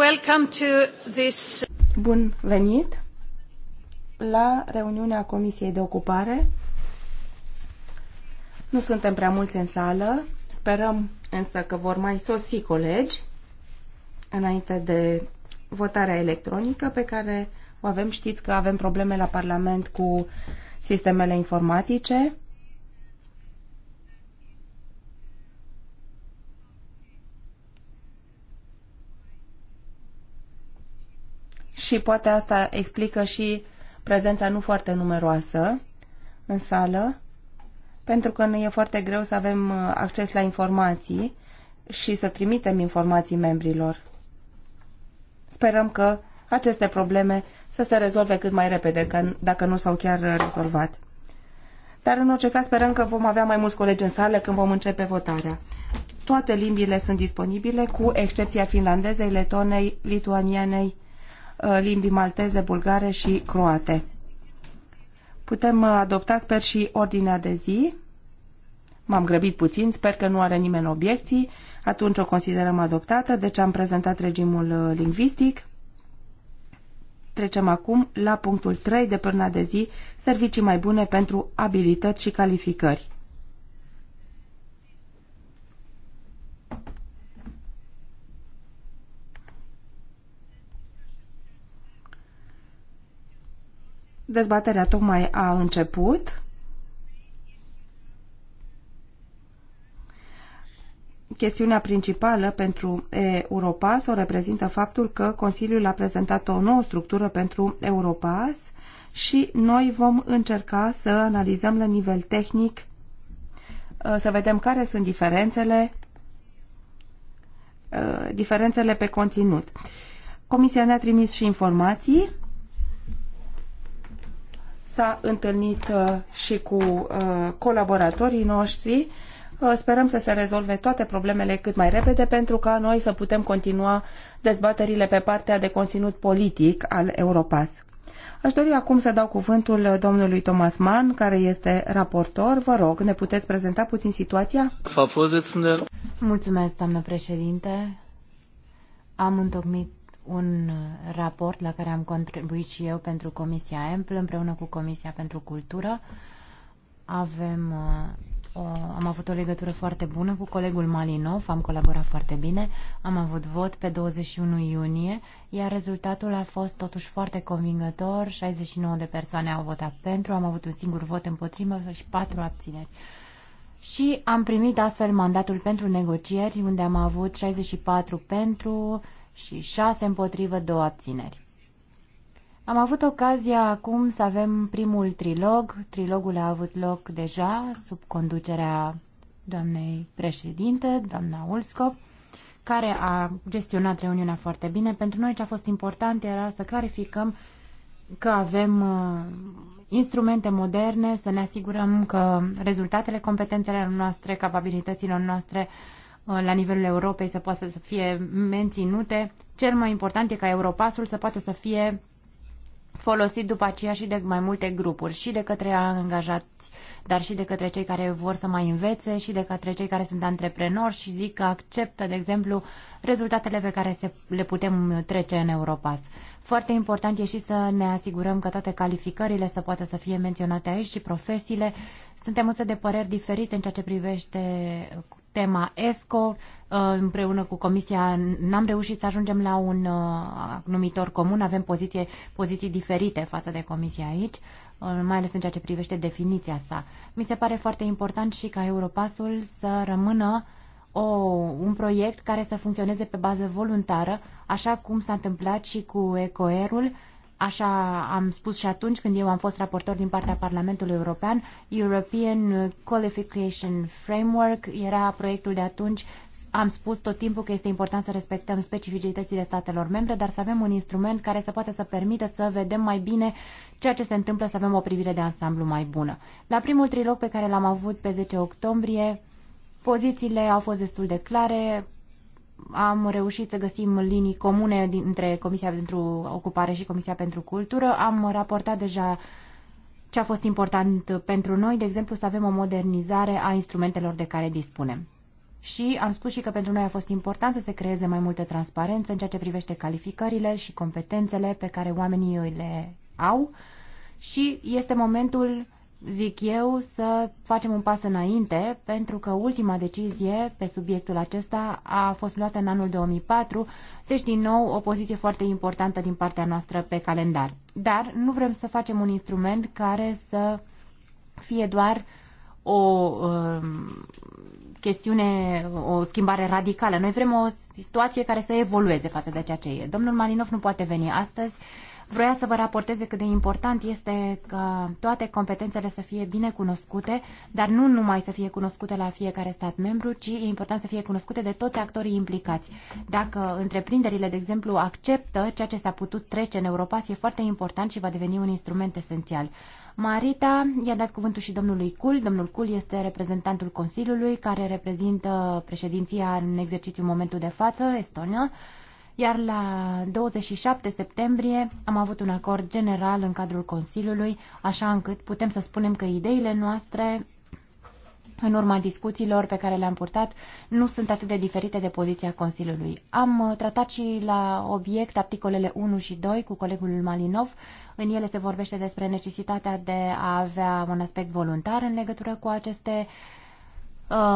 Welcome to this... Bun venit la reuniunea Comisiei de Ocupare. Nu suntem prea mulți în sală, sperăm însă că vor mai sosi colegi înainte de votarea electronică pe care o avem. Știți că avem probleme la Parlament cu sistemele informatice. și poate asta explică și prezența nu foarte numeroasă în sală, pentru că ne e foarte greu să avem uh, acces la informații și să trimitem informații membrilor. Sperăm că aceste probleme să se rezolve cât mai repede, că, dacă nu s-au chiar rezolvat. Dar în orice caz sperăm că vom avea mai mulți colegi în sală când vom începe votarea. Toate limbile sunt disponibile, cu excepția finlandezei, letonei, lituanianei, Uh, limbii malteze, bulgare și croate. Putem uh, adopta, sper, și ordinea de zi. M-am grăbit puțin, sper că nu are nimeni obiecții. Atunci o considerăm adoptată, deci am prezentat regimul uh, lingvistic. Trecem acum la punctul 3 de până de zi, servicii mai bune pentru abilități și calificări. Dezbaterea tocmai a început. Chestiunea principală pentru Europas o reprezintă faptul că Consiliul a prezentat o nouă structură pentru Europas și noi vom încerca să analizăm la nivel tehnic, să vedem care sunt diferențele, diferențele pe conținut. Comisia ne-a trimis și informații s-a întâlnit uh, și cu uh, colaboratorii noștri. Uh, sperăm să se rezolve toate problemele cât mai repede pentru ca noi să putem continua dezbaterile pe partea de conținut politic al Europas. Aș dori acum să dau cuvântul domnului Thomas Mann, care este raportor. Vă rog, ne puteți prezenta puțin situația? Mulțumesc, doamnă președinte. Am întocmit un raport la care am contribuit și eu pentru Comisia EMPL împreună cu Comisia pentru Cultură. Avem, uh, o, am avut o legătură foarte bună cu colegul Malinov, am colaborat foarte bine, am avut vot pe 21 iunie, iar rezultatul a fost totuși foarte convingător, 69 de persoane au votat pentru, am avut un singur vot împotrivă și patru abțineri și am primit astfel mandatul pentru negocieri, unde am avut 64 pentru, și 6 împotrivă, două abțineri. Am avut ocazia acum să avem primul trilog. Trilogul a avut loc deja sub conducerea doamnei președinte, doamna Ulscop, care a gestionat reuniunea foarte bine. Pentru noi ce a fost important era să clarificăm că avem uh, instrumente moderne, să ne asigurăm că rezultatele competențelor noastre, capabilităților noastre uh, Uh, la nivelul Europei să poată să fie menținute. Cel mai important e ca Europasul să poată să fie folosit după aceea și de mai multe grupuri, și de către angajați, dar și de către cei care vor să mai învețe, și de către cei care sunt antreprenori și zic că acceptă, de exemplu, rezultatele pe care se, le putem trece în Europas. Foarte important e și să ne asigurăm că toate calificările să poată să fie menționate aici și profesiile. Suntem însă de păreri diferite în ceea ce privește tema ESCO. Uh, împreună cu Comisia n-am reușit să ajungem la un uh, numitor comun. Avem poziție, poziții diferite față de Comisia aici, uh, mai ales în ceea ce privește definiția sa. Mi se pare foarte important și ca Europasul să rămână o, un proiect care să funcționeze pe bază voluntară, așa cum s-a întâmplat și cu Ecoerul. ul Așa am spus și atunci când eu am fost raportor din partea Parlamentului European, European Qualification Framework era proiectul de atunci. Am spus tot timpul că este important să respectăm specificitățile statelor membre, dar să avem un instrument care să poată să permită să vedem mai bine ceea ce se întâmplă, să avem o privire de ansamblu mai bună. La primul trilog pe care l-am avut pe 10 octombrie, pozițiile au fost destul de clare, am reușit să găsim linii comune dintre Comisia pentru Ocupare și Comisia pentru Cultură. Am raportat deja ce a fost important pentru noi, de exemplu, să avem o modernizare a instrumentelor de care dispunem. Și am spus și că pentru noi a fost important să se creeze mai multă transparență în ceea ce privește calificările și competențele pe care oamenii le au și este momentul zic eu, să facem un pas înainte, pentru că ultima decizie pe subiectul acesta a fost luată în anul 2004, deci din nou o poziție foarte importantă din partea noastră pe calendar. Dar nu vrem să facem un instrument care să fie doar o uh, chestiune, o schimbare radicală. Noi vrem o situație care să evolueze față de ceea ce e. Domnul Malinov nu poate veni astăzi Vroia să vă raporteze cât de important este ca toate competențele să fie bine cunoscute, dar nu numai să fie cunoscute la fiecare stat membru, ci e important să fie cunoscute de toți actorii implicați. Dacă întreprinderile, de exemplu, acceptă ceea ce s-a putut trece în Europa, e foarte important și va deveni un instrument esențial. Marita i-a dat cuvântul și domnului Cul. Domnul Cul este reprezentantul Consiliului care reprezintă președinția în exercițiu momentul de față, Estonia iar la 27 septembrie am avut un acord general în cadrul Consiliului, așa încât putem să spunem că ideile noastre în urma discuțiilor pe care le-am purtat, nu sunt atât de diferite de poziția Consiliului. Am uh, tratat și la obiect articolele 1 și 2 cu colegul Malinov. În ele se vorbește despre necesitatea de a avea un aspect voluntar în legătură cu aceste uh,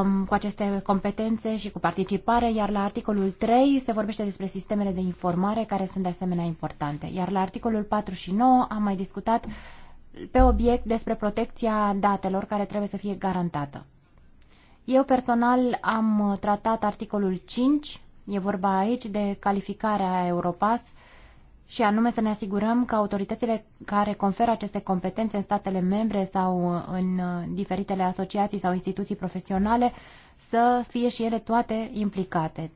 Um, cu aceste competențe și cu participare, iar la articolul 3 se vorbește despre sistemele de informare care sunt de asemenea importante. Iar la articolul 4 și 9 am mai discutat pe obiect despre protecția datelor care trebuie să fie garantată. Eu personal am tratat articolul 5, e vorba aici de calificarea Europass și anume să ne asigurăm că autoritățile care conferă aceste competențe în statele membre sau uh, în uh, diferitele asociații sau instituții profesionale să fie și ele toate implicate.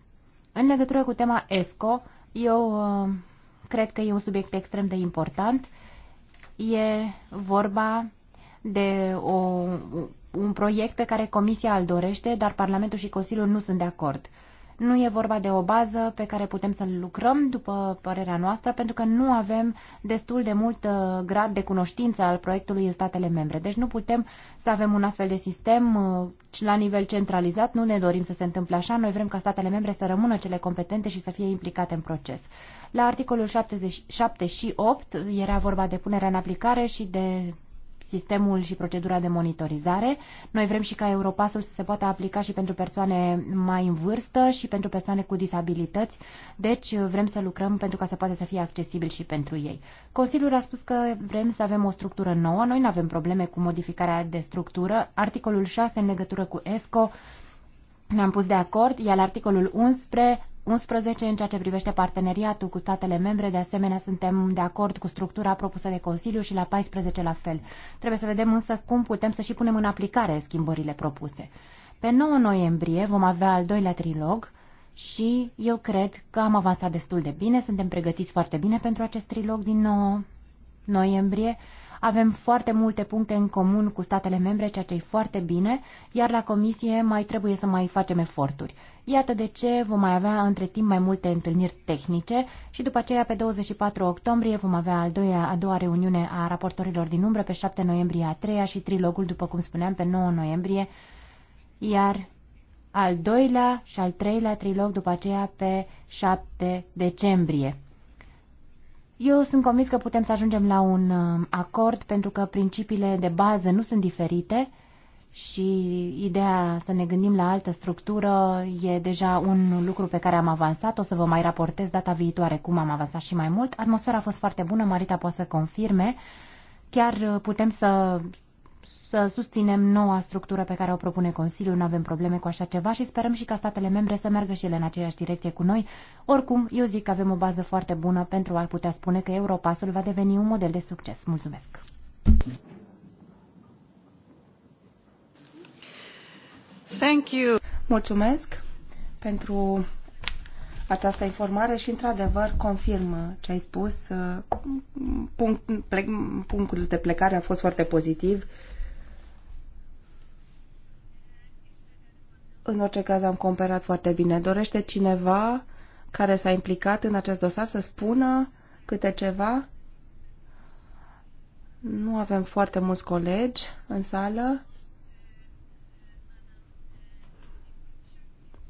În legătură cu tema ESCO, eu uh, cred că e un subiect extrem de important. E vorba de o, un proiect pe care Comisia îl dorește, dar Parlamentul și Consiliul nu sunt de acord. Nu e vorba de o bază pe care putem să lucrăm, după părerea noastră, pentru că nu avem destul de mult uh, grad de cunoștință al proiectului în statele membre. Deci nu putem să avem un astfel de sistem uh, la nivel centralizat. Nu ne dorim să se întâmple așa. Noi vrem ca statele membre să rămână cele competente și să fie implicate în proces. La articolul 77 și 8 era vorba de punerea în aplicare și de sistemul și procedura de monitorizare. Noi vrem și ca Europasul să se poată aplica și pentru persoane mai în vârstă și pentru persoane cu disabilități, deci uh, vrem să lucrăm pentru ca să poată să fie accesibil și pentru ei. Consiliul a spus că vrem să avem o structură nouă, noi nu avem probleme cu modificarea de structură. Articolul 6 în legătură cu ESCO ne-am pus de acord, iar articolul 11 11 în ceea ce privește parteneriatul cu statele membre, de asemenea suntem de acord cu structura propusă de Consiliu și la 14 la fel. Trebuie să vedem însă cum putem să și punem în aplicare schimbările propuse. Pe 9 noiembrie vom avea al doilea trilog și eu cred că am avansat destul de bine, suntem pregătiți foarte bine pentru acest trilog din 9 noiembrie avem foarte multe puncte în comun cu statele membre, ceea ce e foarte bine, iar la comisie mai trebuie să mai facem eforturi. Iată de ce vom mai avea între timp mai multe întâlniri tehnice și după aceea pe 24 octombrie vom avea al doilea, a doua reuniune a raportorilor din umbră, pe 7 noiembrie a treia și trilogul, după cum spuneam, pe 9 noiembrie, iar al doilea și al treilea trilog după aceea pe 7 decembrie. Eu sunt convins că putem să ajungem la un um, acord pentru că principiile de bază nu sunt diferite și ideea să ne gândim la altă structură e deja un lucru pe care am avansat. O să vă mai raportez data viitoare cum am avansat și mai mult. Atmosfera a fost foarte bună, Marita poate să confirme. Chiar uh, putem să să susținem noua structură pe care o propune Consiliul, nu avem probleme cu așa ceva și sperăm și ca statele membre să meargă și ele în aceeași direcție cu noi. Oricum, eu zic că avem o bază foarte bună pentru a putea spune că Europasul va deveni un model de succes. Mulțumesc! Thank you. Mulțumesc pentru această informare și, într-adevăr, confirmă ce ai spus. Punct, plec, punctul de plecare a fost foarte pozitiv În orice caz am comparat foarte bine. Dorește cineva care s-a implicat în acest dosar să spună câte ceva? Nu avem foarte mulți colegi în sală.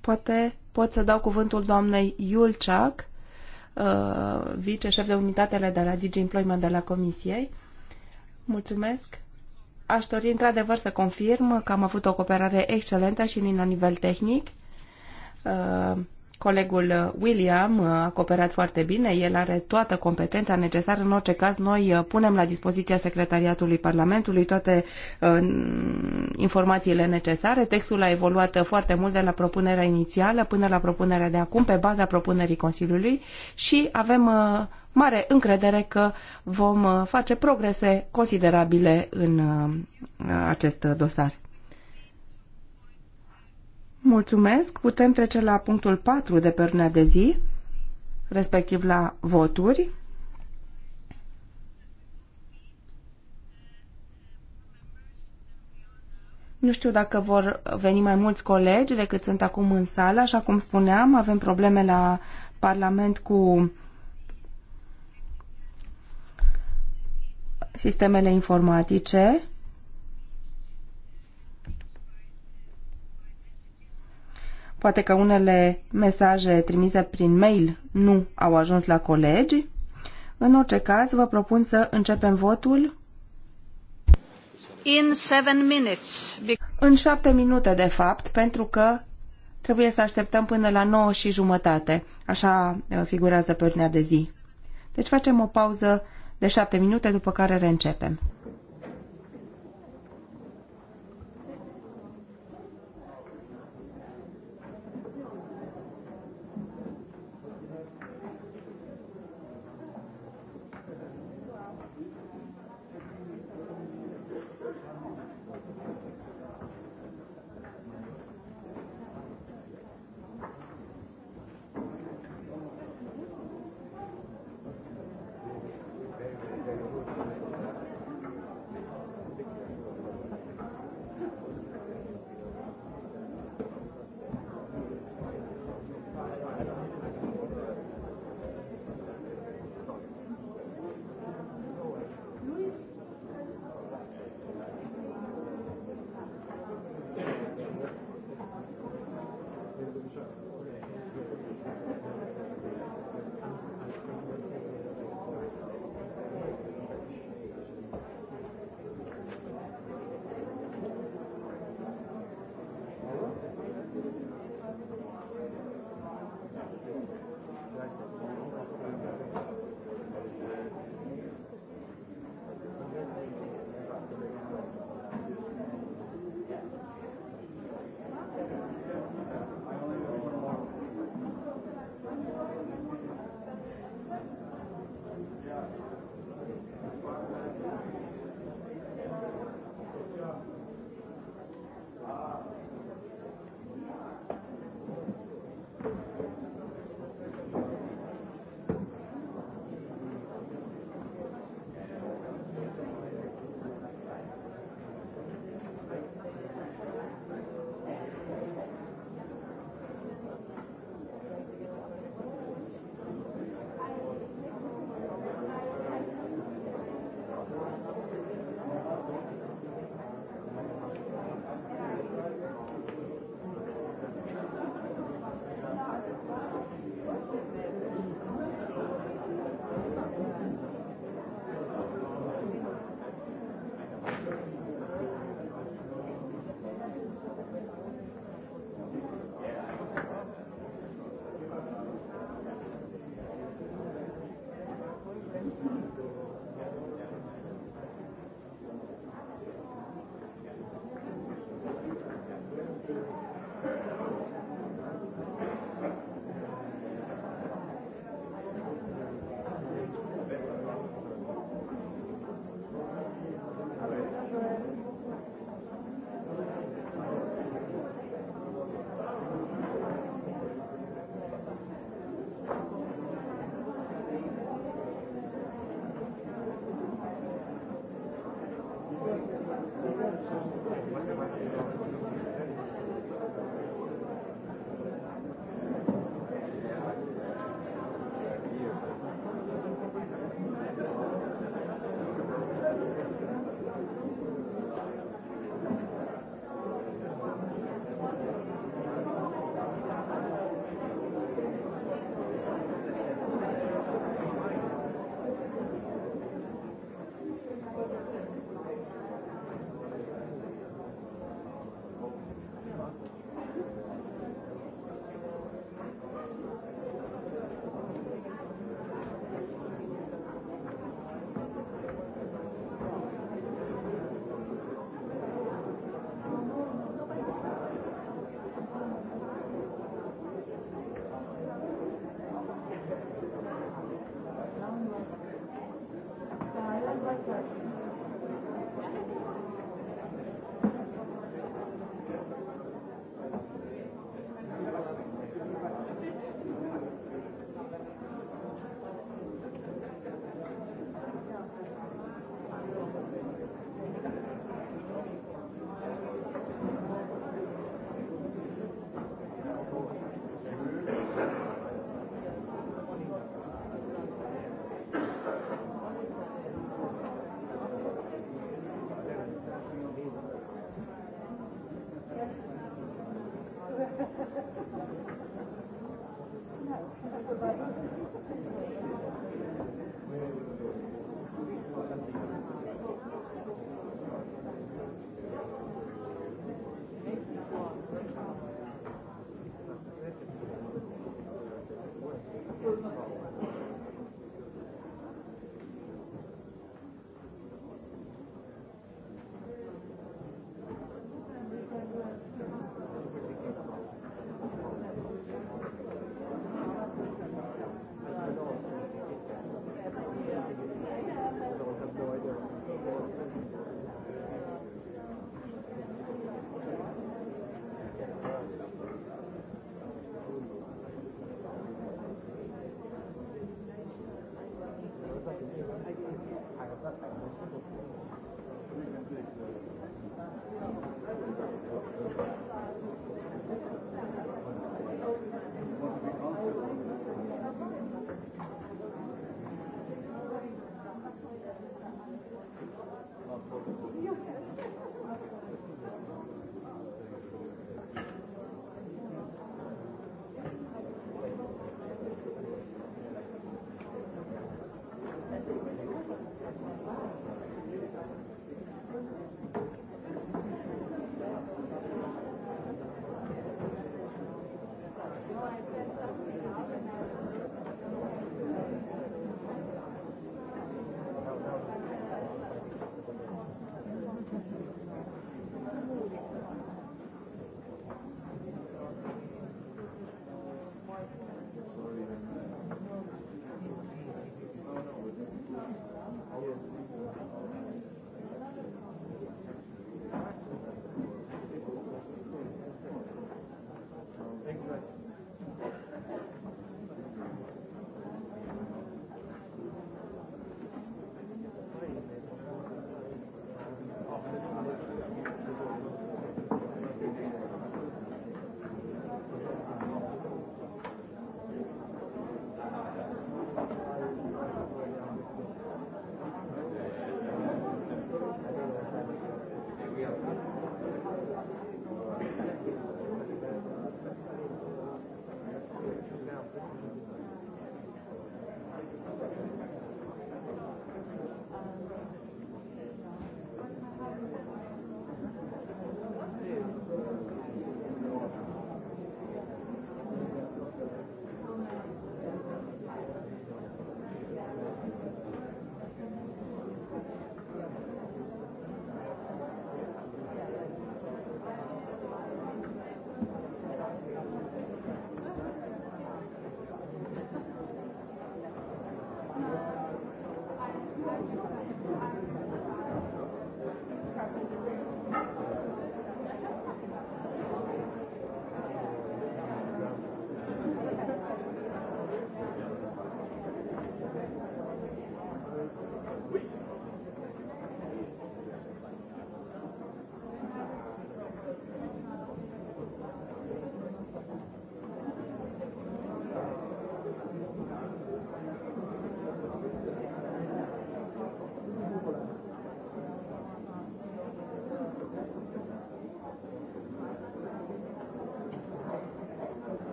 Poate pot să dau cuvântul doamnei Iulciac, uh, vice-șef de unitatele de la Digi Employment de la Comisiei. Mulțumesc! aș dori într-adevăr să confirm că am avut o cooperare excelentă și la nivel tehnic. Uh, colegul William a cooperat foarte bine, el are toată competența necesară. În orice caz, noi uh, punem la dispoziția Secretariatului Parlamentului toate uh, informațiile necesare. Textul a evoluat foarte mult de la propunerea inițială până la propunerea de acum, pe baza propunerii Consiliului și avem uh, mare încredere că vom uh, face progrese considerabile în uh, acest dosar. Mulțumesc. Putem trece la punctul 4 de pe urmea de zi, respectiv la voturi. Nu știu dacă vor veni mai mulți colegi decât sunt acum în sală. Așa cum spuneam, avem probleme la Parlament cu sistemele informatice Poate că unele mesaje trimise prin mail nu au ajuns la colegi. În orice caz, vă propun să începem votul In seven minutes. în șapte minute, de fapt, pentru că trebuie să așteptăm până la nouă și jumătate. Așa uh, figurează pe ordinea de zi. Deci facem o pauză de șapte minute, după care reîncepem.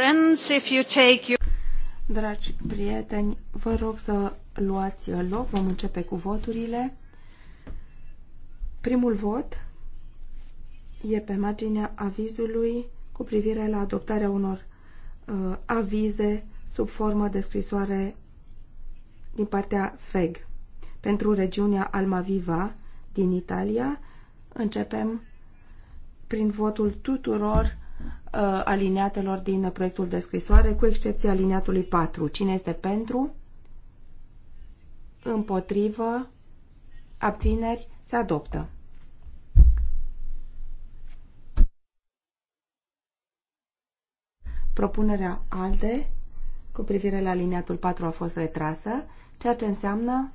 friends, if you take your... Dragi prieteni, vă rog să luați loc. Vom începe cu voturile. Primul vot e pe marginea avizului cu privire la adoptarea unor uh, avize sub formă de scrisoare din partea FEG pentru regiunea Almaviva din Italia. Începem prin votul tuturor uh, aliniatelor din proiectul de scrisoare, cu excepția aliniatului 4. Cine este pentru? Împotrivă? Abțineri? Se adoptă. Propunerea ALDE cu privire la aliniatul 4 a fost retrasă, ceea ce înseamnă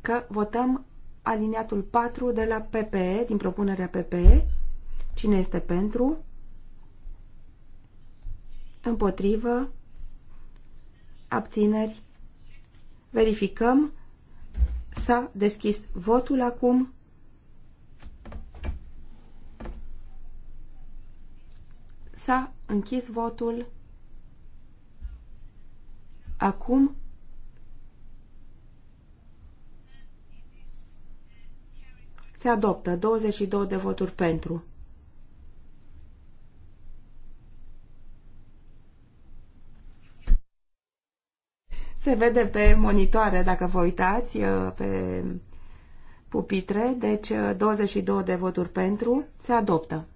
că votăm aliniatul 4 de la PPE, din propunerea PPE, Cine este pentru? Împotrivă? Abțineri? Verificăm. S-a deschis votul acum. S-a închis votul. Acum se adoptă 22 de voturi pentru. se vede pe monitoare, dacă vă uitați, uh, pe pupitre, deci 22 uh, de voturi pentru, se adoptă.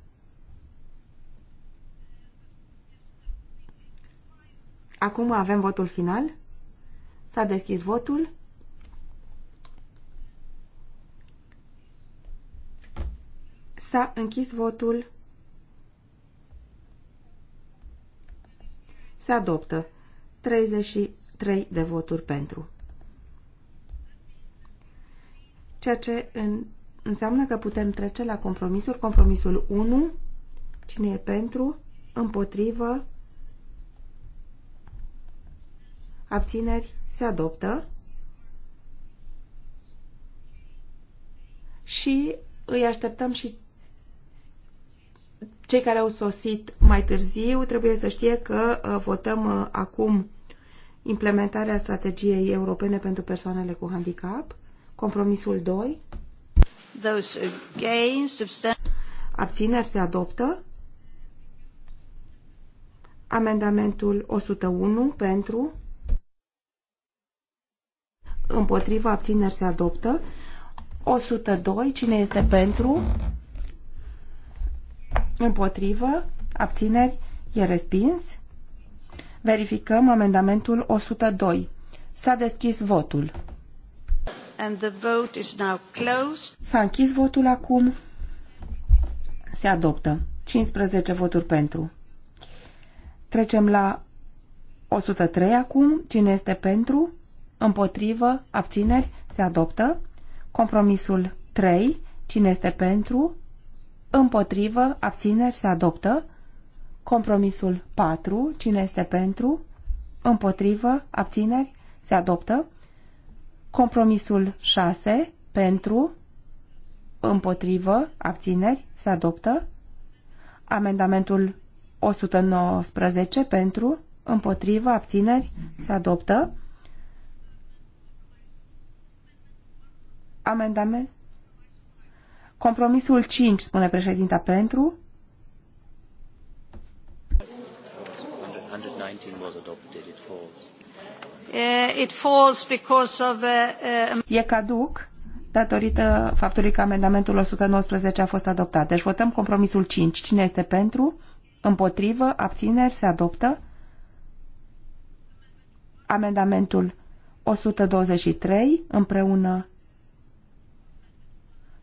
Acum avem votul final. S-a deschis votul. S-a închis votul. Se adoptă. 30 3 de voturi pentru. Ceea ce în, înseamnă că putem trece la compromisul. Compromisul 1, cine e pentru, împotrivă, abțineri, se adoptă. Și îi așteptăm și cei care au sosit mai târziu trebuie să știe că uh, votăm uh, acum implementarea strategiei europene pentru persoanele cu handicap, compromisul 2, Those abțineri se adoptă, amendamentul 101 pentru, împotriva, abțineri se adoptă, 102, cine este pentru, împotrivă, abțineri, e respins, Verificăm amendamentul 102. S-a deschis votul. S-a închis votul acum. Se adoptă. 15 voturi pentru. Trecem la 103 acum. Cine este pentru? Împotrivă? Abțineri? Se adoptă. Compromisul 3. Cine este pentru? Împotrivă? Abțineri? Se adoptă. Compromisul 4. Cine este pentru? Împotrivă? Abțineri? Se adoptă. Compromisul 6. Pentru? Împotrivă? Abțineri? Se adoptă. Amendamentul 119. Pentru? Împotrivă? Abțineri? Se adoptă. Amendament? Compromisul 5, spune președinta pentru, 19 was adopted, it falls. Uh, it falls because of... Uh, uh e caduc datorită faptului că amendamentul 119 a fost adoptat. Deci votăm compromisul 5. Cine este pentru? Împotrivă? Abțineri? Se adoptă? Amendamentul 123 împreună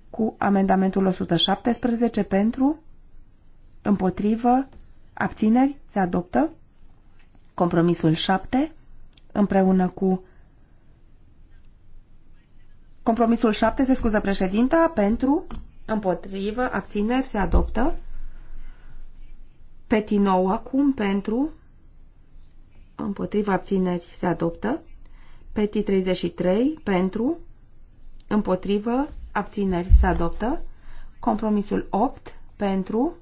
cu amendamentul 117 pentru, împotrivă, abțineri, se adoptă. Compromisul 7 împreună cu Compromisul 7 se scuză președinta pentru, împotrivă, abțineri se adoptă. Peti acum pentru, împotrivă, abțineri se adoptă. Peti 33 pentru, împotrivă, abțineri se adoptă. Compromisul 8 pentru,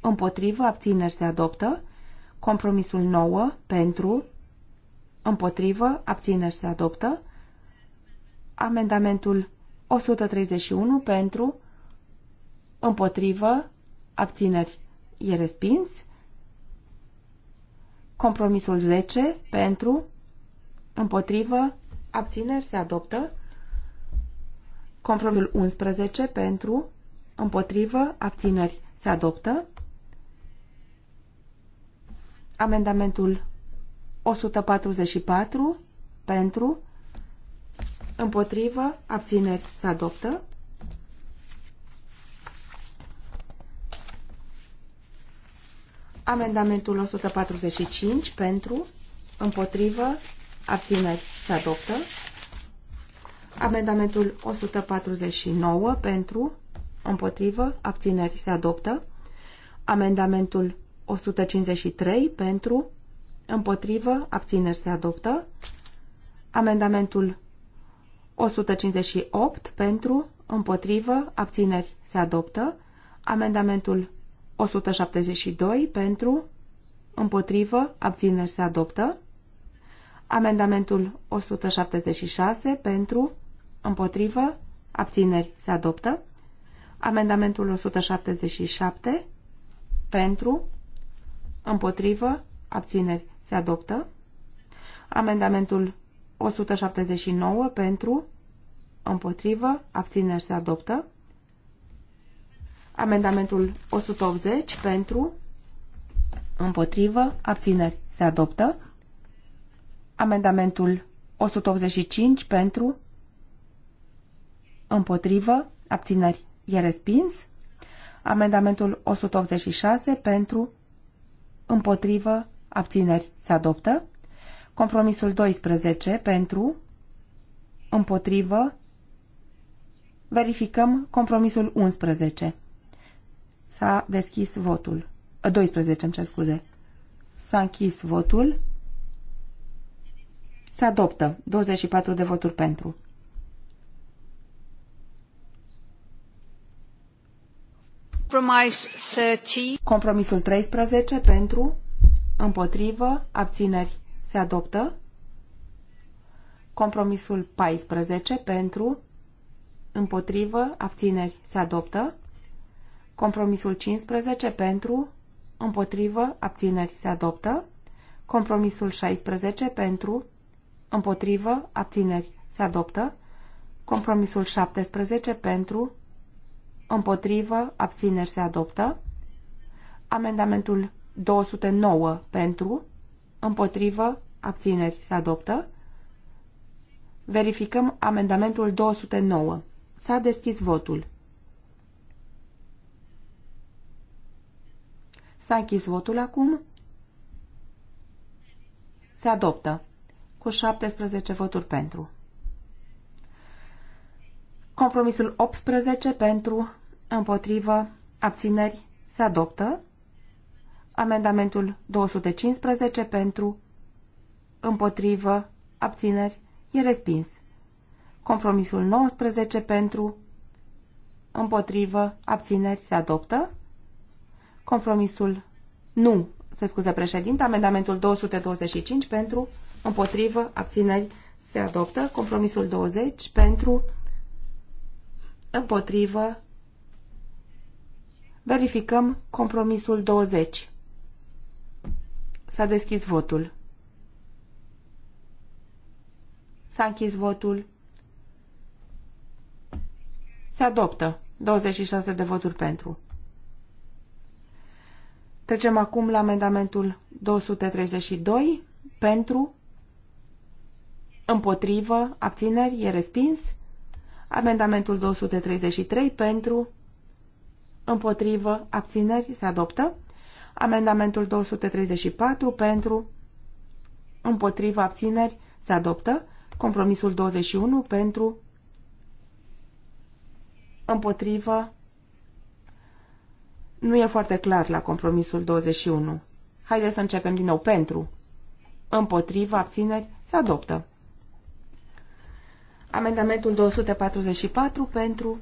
împotrivă, abțineri se adoptă. Compromisul 9 pentru, împotrivă, abțineri se adoptă. Amendamentul 131 pentru, împotrivă, abțineri e respins. Compromisul 10 pentru, împotrivă, abțineri se adoptă. Compromisul 11 pentru, împotrivă, abțineri se adoptă. Amendamentul 144 pentru, împotrivă, abțineri, se adoptă. Amendamentul 145 pentru, împotrivă, abțineri, se adoptă. Amendamentul 149 pentru, împotrivă, abțineri, se adoptă. Amendamentul 153 pentru, împotrivă, abțineri se adoptă. Amendamentul 158 pentru, împotrivă, abțineri se adoptă. Amendamentul 172 pentru, împotrivă, abțineri se adoptă. Amendamentul 176 pentru, împotrivă, abțineri se adoptă. Amendamentul 177 pentru, Împotrivă. Abțineri. Se adoptă. Amendamentul 179 pentru. Împotrivă. Abțineri. Se adoptă. Amendamentul 180 pentru. Împotrivă. Abțineri. Se adoptă. Amendamentul 185 pentru. Împotrivă. Abțineri. E respins. Amendamentul 186 pentru împotrivă, abțineri se adoptă. Compromisul 12 pentru, împotrivă, verificăm compromisul 11. S-a deschis votul. 12, îmi cer scuze. S-a închis votul. Se adoptă 24 de voturi pentru. Compromisul 13 pentru, împotrivă, abțineri se adoptă. Compromisul 14 pentru, împotrivă, abțineri se adoptă. Compromisul 15 pentru, împotrivă, abțineri se adoptă. Compromisul 16 pentru, împotrivă, abțineri se adoptă. Compromisul 17 pentru, împotrivă, abțineri se adoptă. Amendamentul 209 pentru, împotrivă, abțineri se adoptă. Verificăm amendamentul 209. S-a deschis votul. S-a închis votul acum. Se adoptă cu 17 voturi pentru. Compromisul 18 pentru, împotrivă, abțineri, se adoptă. Amendamentul 215 pentru, împotrivă, abțineri, e respins. Compromisul 19 pentru, împotrivă, abțineri, se adoptă. Compromisul nu, se scuze președinte, amendamentul 225 pentru, împotrivă, abțineri, se adoptă. Compromisul 20 pentru, împotrivă, Verificăm compromisul 20. S-a deschis votul. S-a închis votul. Se adoptă 26 de voturi pentru. Trecem acum la amendamentul 232 pentru, împotrivă, abțineri, e respins. Amendamentul 233 pentru, împotrivă, abțineri, se adoptă. Amendamentul 234 pentru, împotrivă, abțineri, se adoptă. Compromisul 21 pentru, împotrivă, nu e foarte clar la compromisul 21. Haideți să începem din nou pentru. Împotrivă, abțineri, se adoptă. Amendamentul 244 pentru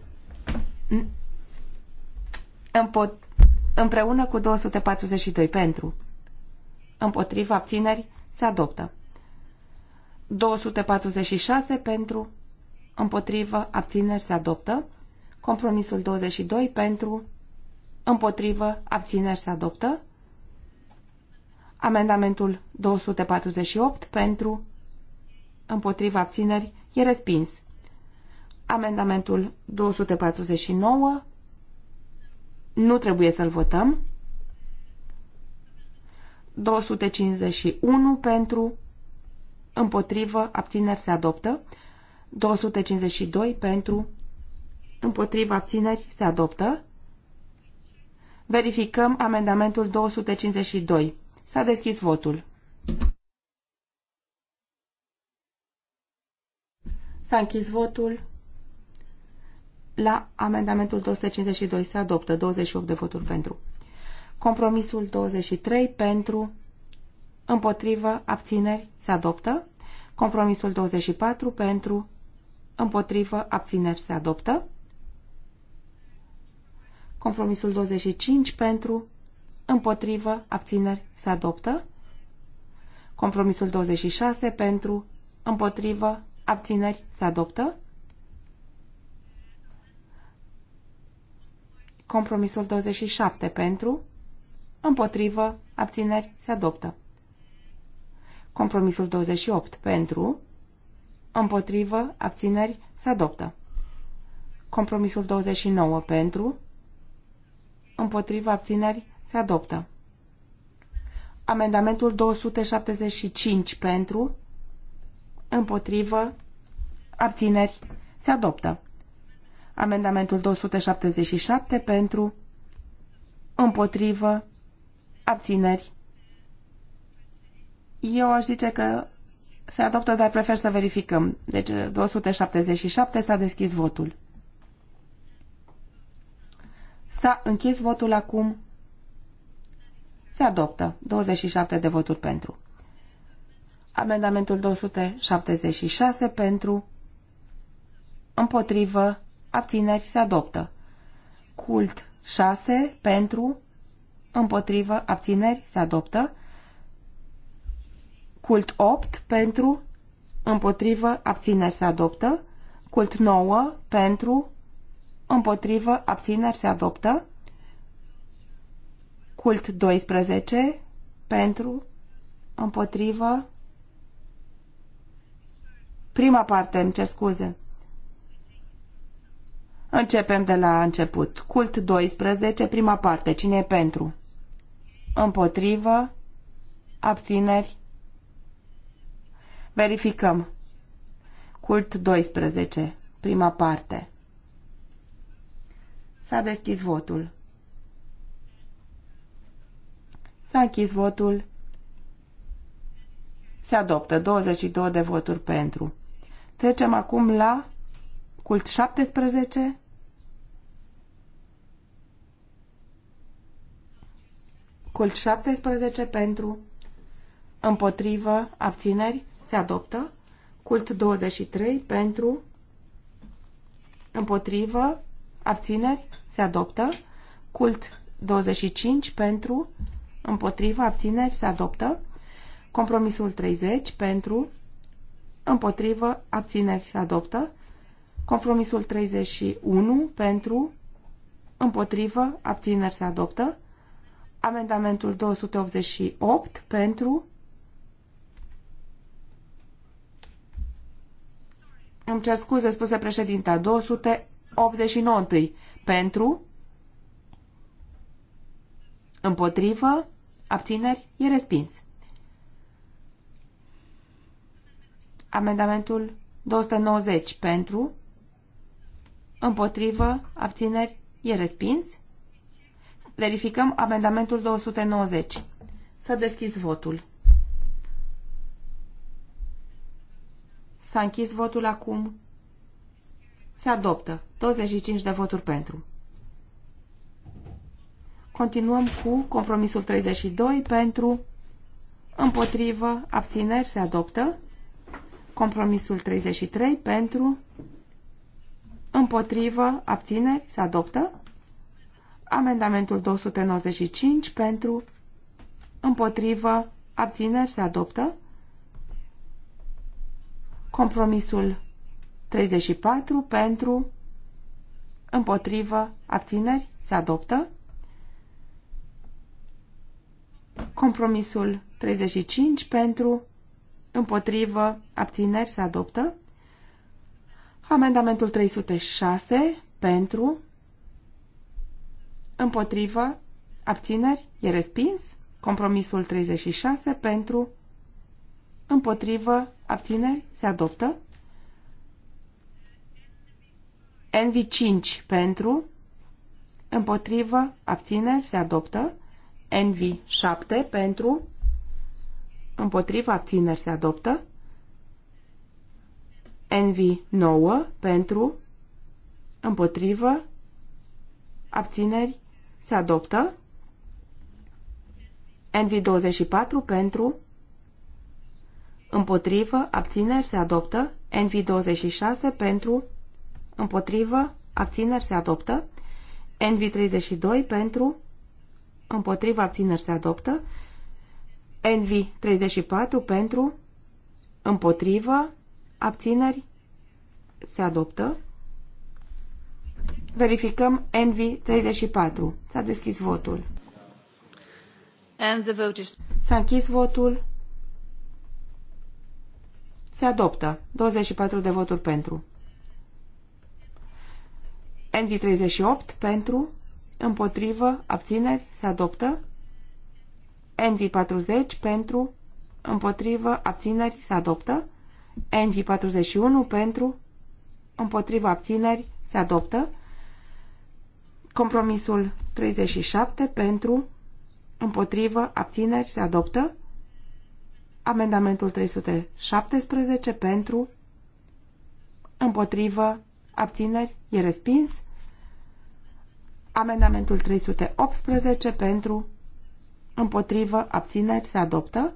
împreună cu 242 pentru. Împotriva abțineri se adoptă. 246 pentru. Împotrivă abțineri se adoptă. Compromisul 22 pentru. Împotrivă abțineri se adoptă. Amendamentul 248 pentru. Împotriva abțineri e respins. Amendamentul 249 nu trebuie să-l votăm. 251 pentru, împotrivă, abțineri se adoptă. 252 pentru, împotrivă, abțineri se adoptă. Verificăm amendamentul 252. S-a deschis votul. S-a închis votul la amendamentul 252 se adoptă 28 de voturi pentru. Compromisul 23 pentru, împotrivă, abțineri se adoptă. Compromisul 24 pentru, împotrivă, abțineri se adoptă. Compromisul 25 pentru, împotrivă, abțineri se adoptă. Compromisul 26 pentru, împotrivă, abțineri se adoptă. Compromisul 27 pentru, împotrivă, abțineri, se adoptă. Compromisul 28 pentru, împotrivă, abțineri, se adoptă. Compromisul 29 pentru, împotrivă, abțineri, se adoptă. Amendamentul 275 pentru, împotrivă, abțineri, se adoptă. Amendamentul 277 pentru, împotrivă, abțineri. Eu aș zice că se adoptă, dar prefer să verificăm. Deci 277 s-a deschis votul. S-a închis votul acum. Se adoptă 27 de voturi pentru. Amendamentul 276 pentru, împotrivă, abțineri se adoptă. Cult 6 pentru, împotrivă, abțineri se adoptă. Cult 8 pentru, împotrivă, abțineri se adoptă. Cult 9 pentru, împotrivă, abțineri se adoptă. Cult 12 pentru, împotrivă, Prima parte, îmi cer scuze. Începem de la început. Cult 12, prima parte. Cine e pentru? Împotrivă. Abțineri. Verificăm. Cult 12, prima parte. S-a deschis votul. S-a închis votul. Se adoptă 22 de voturi pentru. Trecem acum la cult 17. Cult 17 pentru, împotrivă, abțineri, se adoptă. Cult 23 pentru, împotrivă, abțineri, se adoptă. Cult 25 pentru, împotrivă, abțineri, se adoptă. Compromisul 30 pentru, împotrivă, abțineri, se adoptă. Compromisul 31 pentru, împotrivă, abțineri, se adoptă. Amendamentul 288 pentru. Îmi cer scuze, spuse președinta. 289 Pentru. Împotrivă. Abțineri. E respins. Amendamentul 290 pentru. Împotrivă. Abțineri. E respins. Verificăm amendamentul 290. S-a deschis votul. S-a închis votul acum. Se adoptă. 25 de voturi pentru. Continuăm cu compromisul 32 pentru, împotrivă, abțineri, se adoptă. Compromisul 33 pentru, împotrivă, abțineri, se adoptă. Amendamentul 295 pentru, împotrivă, abțineri se adoptă. Compromisul 34 pentru, împotrivă, abțineri se adoptă. Compromisul 35 pentru, împotrivă, abțineri se adoptă. Amendamentul 306 pentru, împotrivă, abțineri, e respins. Compromisul 36 pentru, împotrivă, abțineri, se adoptă. NV5 pentru, împotrivă, abțineri, se adoptă. NV7 pentru, împotrivă, abțineri, se adoptă. NV9 pentru, împotrivă, abțineri, se adoptă. NV24 pentru. Împotrivă. Abțineri. Se adoptă. NV26 pentru. Împotrivă. Abțineri. Se adoptă. NV32 pentru. Împotrivă. Abțineri. Se adoptă. NV34 pentru. Împotrivă. Abțineri. Se adoptă. Verificăm Envy 34. S-a deschis votul. And the vote is... S-a închis votul. Se adoptă. 24 de voturi pentru. Envy 38 pentru. Împotrivă. Abțineri. Se adoptă. NV 40 pentru. Împotrivă. Abțineri. Se adoptă. Envy 41 pentru. Împotrivă. Abțineri. Se adoptă. Compromisul 37 pentru, împotrivă, abțineri se adoptă. Amendamentul 317 pentru, împotrivă, abțineri e respins. Amendamentul 318 pentru, împotrivă, abțineri se adoptă.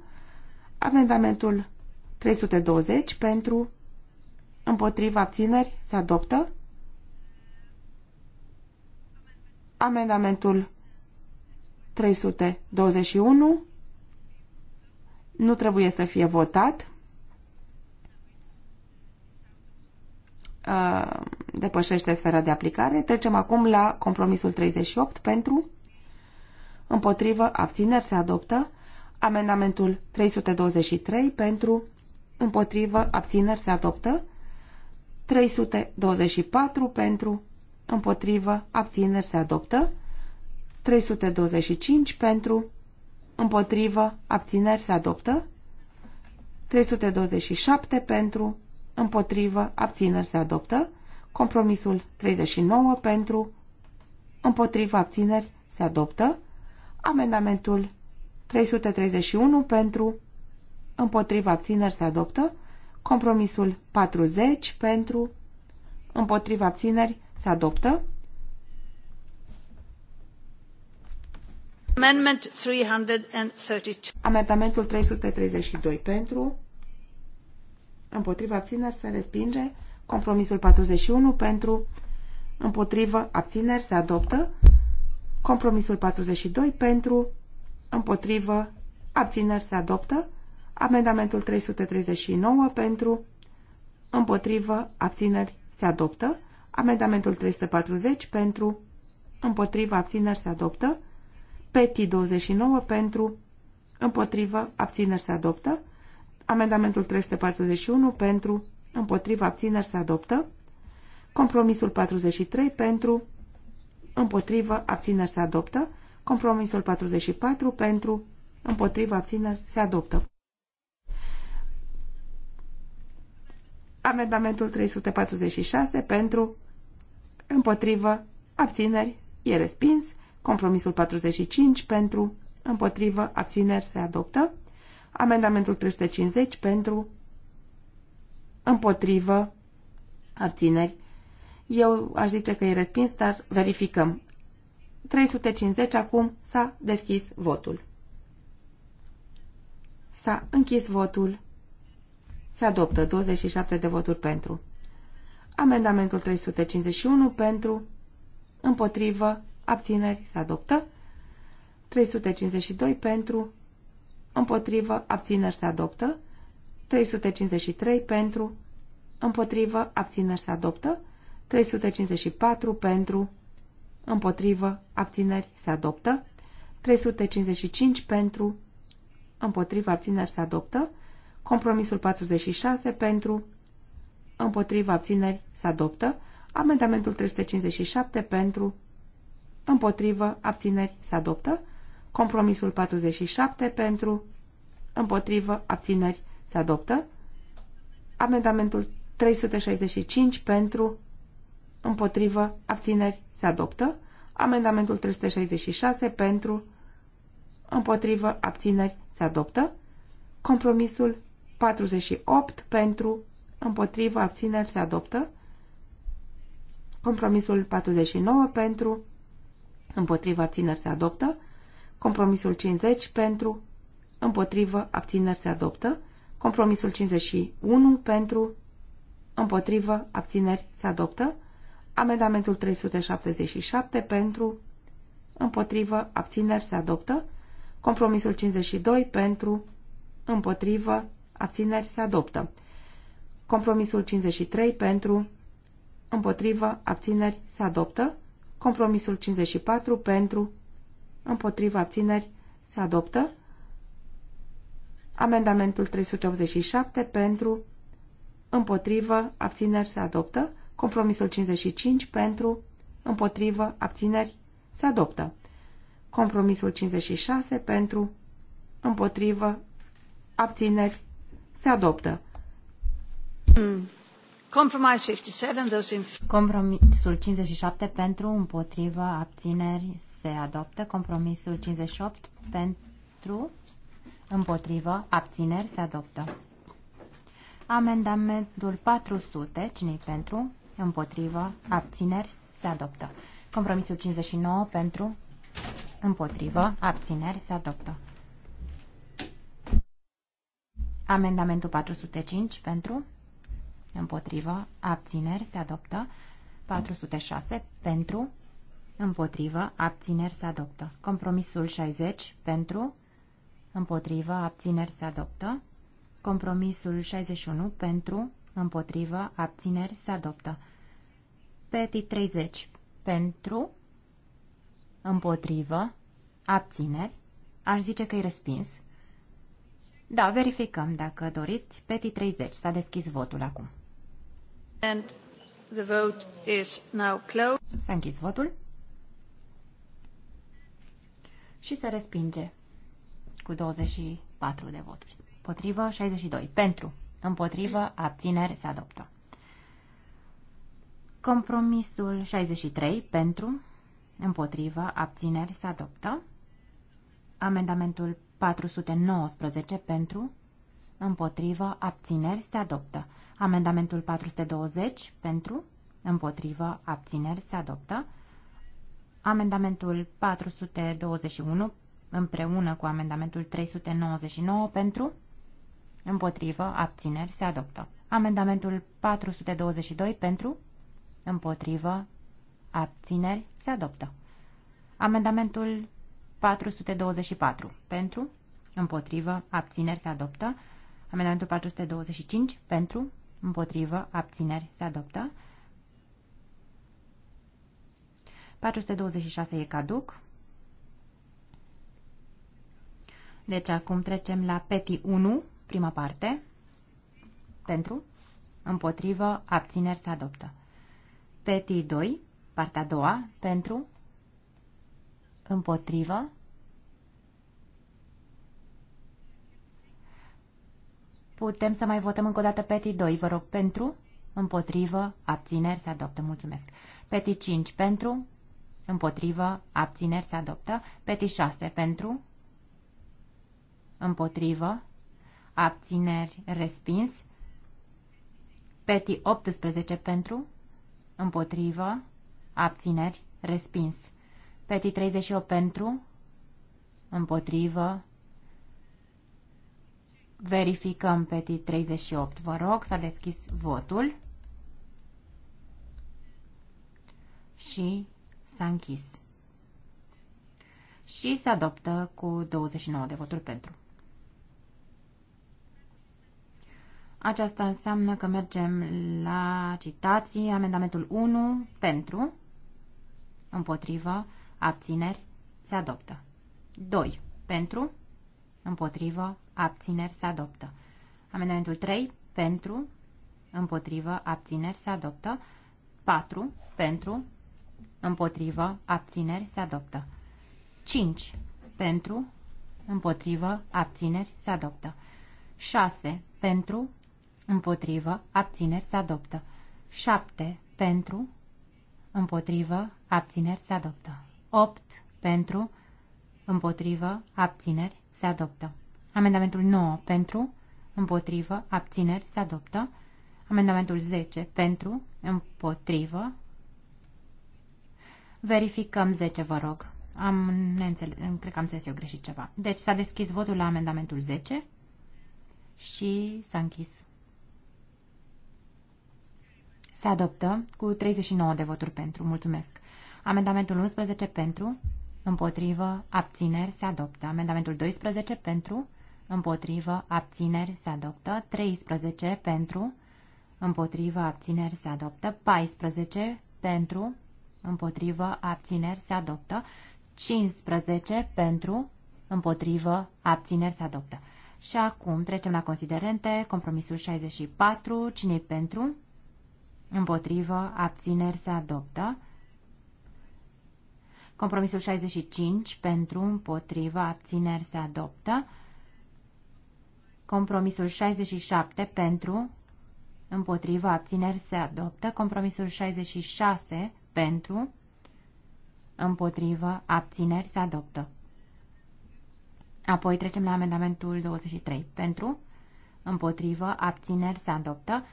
Amendamentul 320 pentru, împotrivă, abțineri se adoptă. Amendamentul 321 nu trebuie să fie votat. Uh, depășește sfera de aplicare. Trecem acum la compromisul 38 pentru împotrivă abțineri se adoptă. Amendamentul 323 pentru împotrivă abțineri se adoptă. 324 pentru împotrivă, abțineri se adoptă. 325 pentru, împotrivă, abțineri se adoptă. 327 pentru, împotrivă, abțineri se adoptă. Compromisul 39 pentru, împotrivă, abțineri se adoptă. Amendamentul 331 pentru, împotrivă, abțineri se adoptă. Compromisul 40 pentru, împotrivă, abțineri se adoptă. Amendment 332. Amendamentul 332 pentru. Împotriva abțineri se respinge. Compromisul 41 pentru. Împotrivă abțineri se adoptă. Compromisul 42 pentru. Împotrivă abțineri se adoptă. Amendamentul 339 pentru. Împotrivă abțineri se adoptă. Amendamentul 340 pentru, împotrivă, abțineri se adoptă. PETI 29 pentru, împotrivă, abțineri se adoptă. Amendamentul 341 pentru, împotrivă, abțineri se adoptă. Compromisul 43 pentru, împotrivă, abțineri se adoptă. Compromisul 44 pentru, împotrivă, abțineri se adoptă. Amendamentul 346 pentru, împotrivă, abțineri, e respins. Compromisul 45 pentru, împotrivă, abțineri, se adoptă. Amendamentul 350 pentru, împotrivă, abțineri. Eu aș zice că e respins, dar verificăm. 350 acum s-a deschis votul. S-a închis votul. Se adoptă 27 de voturi pentru. Amendamentul 351 pentru, împotrivă, abțineri, se adoptă. 352 pentru, împotrivă, abțineri, se adoptă. 353 pentru, împotrivă, abțineri, se adoptă. 354 pentru, împotrivă, abțineri, se adoptă. 355 pentru, împotrivă, abțineri, se adoptă. Compromisul 46 pentru, împotriva abțineri se adoptă. Amendamentul 357 pentru, împotrivă abțineri se adoptă. Compromisul 47 pentru, împotrivă abțineri se adoptă. Amendamentul 365 pentru, împotrivă abțineri se adoptă. Amendamentul 366 pentru, împotrivă abțineri se adoptă. Compromisul 48 pentru, împotrivă, abțineri se adoptă. Compromisul 49 pentru, împotrivă, abțineri se adoptă. Compromisul 50 pentru, împotrivă, abțineri se adoptă. Compromisul 51 pentru, împotrivă, abțineri se adoptă. Amendamentul 377 pentru, împotrivă, abțineri se adoptă. Compromisul 52 pentru, împotrivă, abțineri se adoptă. Compromisul 53 pentru, împotrivă, abțineri se adoptă. Compromisul 54 pentru, împotrivă, abțineri se adoptă. Amendamentul 387 pentru, împotrivă, abțineri se adoptă. Compromisul 55 pentru, împotrivă, abțineri se adoptă. Compromisul 56 pentru, împotrivă, abțineri se adoptă. Compromisul 57 pentru, împotrivă, abțineri se adoptă. Compromisul 58 pentru, împotrivă, abțineri se adoptă. Amendamentul 400, cine pentru, împotrivă, abțineri se adoptă. Compromisul 59 pentru, împotrivă, abțineri se adoptă. Amendamentul 405 pentru, împotrivă, abțineri se adoptă. 406 pentru, împotrivă, abțineri se adoptă. Compromisul 60 pentru, împotrivă, abțineri se adoptă. Compromisul 61 pentru, împotrivă, abțineri se adoptă. Petit 30 pentru, împotrivă, abțineri, aș zice că e respins. Da, verificăm dacă doriți. Peti 30. S-a deschis votul acum. And the vote is now closed. S-a închis votul. Și se respinge cu 24 de voturi. Potrivă 62. Pentru. Împotrivă abțineri se adoptă. Compromisul 63 pentru, împotrivă, abțineri se adoptă. Amendamentul 419 pentru, împotrivă, abțineri, se adoptă. Amendamentul 420 pentru, împotrivă, abțineri, se adoptă. Amendamentul 421 împreună cu amendamentul 399 pentru, împotrivă, abțineri, se adoptă. Amendamentul 422 pentru, împotrivă, abțineri, se adoptă. Amendamentul 424 pentru, împotrivă, abțineri se adoptă. Amendamentul 425 pentru, împotrivă, abțineri se adoptă. 426 e caduc. Deci acum trecem la PETI 1, prima parte. Pentru, împotrivă, abțineri se adoptă. PETI 2, partea a doua, pentru, Împotrivă. Putem să mai votăm încă o dată peti 2, vă rog, pentru, împotrivă, abțineri, se adoptă, mulțumesc. peti 5, pentru, împotrivă, abțineri, se adoptă. peti 6, pentru, împotrivă, abțineri, respins. Peti 18, pentru, împotrivă, abțineri, respins. Peti 38 pentru, împotrivă. Verificăm Peti 38. Vă rog, s-a deschis votul și s-a închis. Și se adoptă cu 29 de voturi pentru. Aceasta înseamnă că mergem la citații, amendamentul 1 pentru, împotrivă, abțineri, se adoptă. 2. Pentru, împotrivă, abțineri, se adoptă. Amendamentul 3. Pentru, împotrivă, abțineri, se adoptă. 4. Pentru, împotrivă, abțineri, se adoptă. 5. Pentru, împotrivă, abțineri, se adoptă. 6. Pentru, împotrivă, abțineri, se adoptă. 7. Pentru, împotrivă, abțineri, se adoptă. 8 pentru, împotrivă, abțineri, se adoptă. Amendamentul 9 pentru, împotrivă, abțineri, se adoptă. Amendamentul 10 pentru, împotrivă. Verificăm 10, vă rog. Am, neînțeles, cred că am înțeles eu greșit ceva. Deci s-a deschis votul la amendamentul 10 și s-a închis. Se adoptă cu 39 de voturi pentru. Mulțumesc. Amendamentul 11 pentru, împotrivă, abțineri se adoptă. Amendamentul 12 pentru, împotrivă, abțineri se adoptă. 13 pentru, împotrivă, abțineri se adoptă. 14 pentru, împotrivă, abțineri se adoptă. 15 pentru, împotrivă, abțineri se adoptă. Și acum trecem la considerente, compromisul 64, cine pentru, împotrivă, abțineri se adoptă. Compromisul 65 pentru, împotriva, abțineri se adoptă. Compromisul 67 pentru, împotriva, abțineri se adoptă. Compromisul 66 pentru, împotriva, abțineri se adoptă. Apoi trecem la amendamentul 23. Pentru, împotriva, abțineri se adoptă.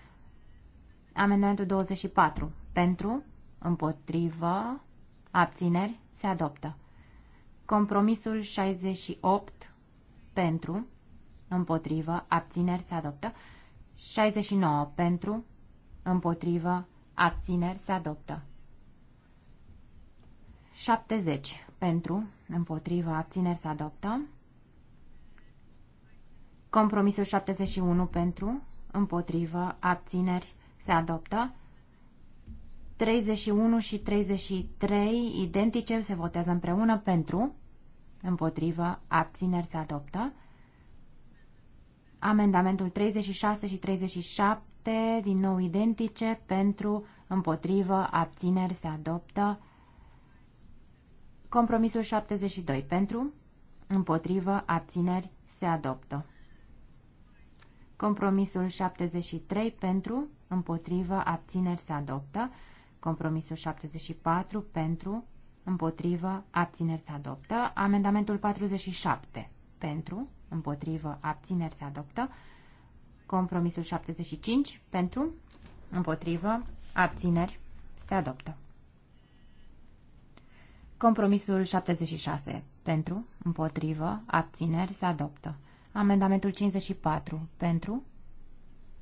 Amendamentul 24. Pentru, împotriva, abțineri se adoptă. Compromisul 68 pentru, împotrivă, abțineri se adoptă. 69 pentru, împotrivă, abțineri se adoptă. 70 pentru, împotrivă, abțineri se adoptă. Compromisul 71 pentru, împotrivă, abțineri se adoptă. 31 și 33 identice se votează împreună pentru, împotrivă, abțineri se adoptă. Amendamentul 36 și 37, din nou identice, pentru, împotrivă, abțineri se adoptă. Compromisul 72, pentru, împotrivă, abțineri se adoptă. Compromisul 73, pentru, împotrivă, abțineri se adoptă. Compromisul 74 pentru, împotrivă, abțineri se adoptă. Amendamentul 47 pentru, împotrivă, abțineri se adoptă. Compromisul 75 pentru, împotrivă, abțineri se adoptă. Compromisul 76 pentru, împotrivă, abțineri se adoptă. Amendamentul 54 pentru,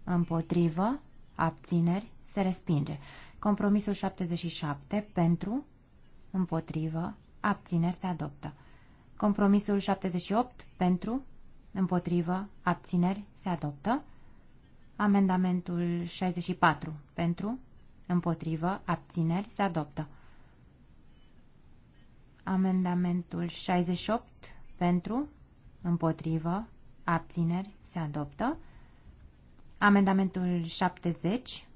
împotrivă, abțineri se respinge. Compromisul 77 pentru, împotrivă, abțineri se adoptă. Compromisul 78 pentru, împotrivă, abțineri se adoptă. Amendamentul 64 pentru, împotrivă, abțineri se adoptă. Amendamentul 68 pentru, împotrivă, abțineri se adoptă. Amendamentul 70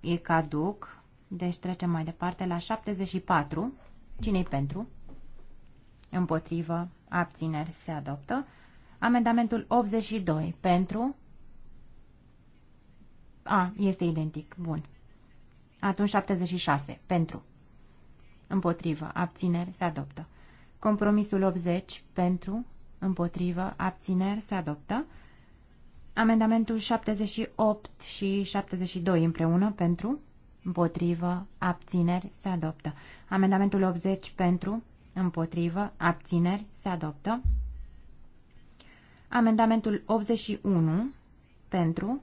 e caduc deci trecem mai departe la 74. cine pentru? Împotrivă. Abțineri. Se adoptă. Amendamentul 82. Pentru? A, este identic. Bun. Atunci 76. Pentru. Împotrivă. Abțineri. Se adoptă. Compromisul 80. Pentru. Împotrivă. Abțineri. Se adoptă. Amendamentul 78 și 72 împreună. Pentru împotrivă, abțineri, se adoptă. Amendamentul 80 pentru, împotrivă, abțineri, se adoptă. Amendamentul 81 pentru,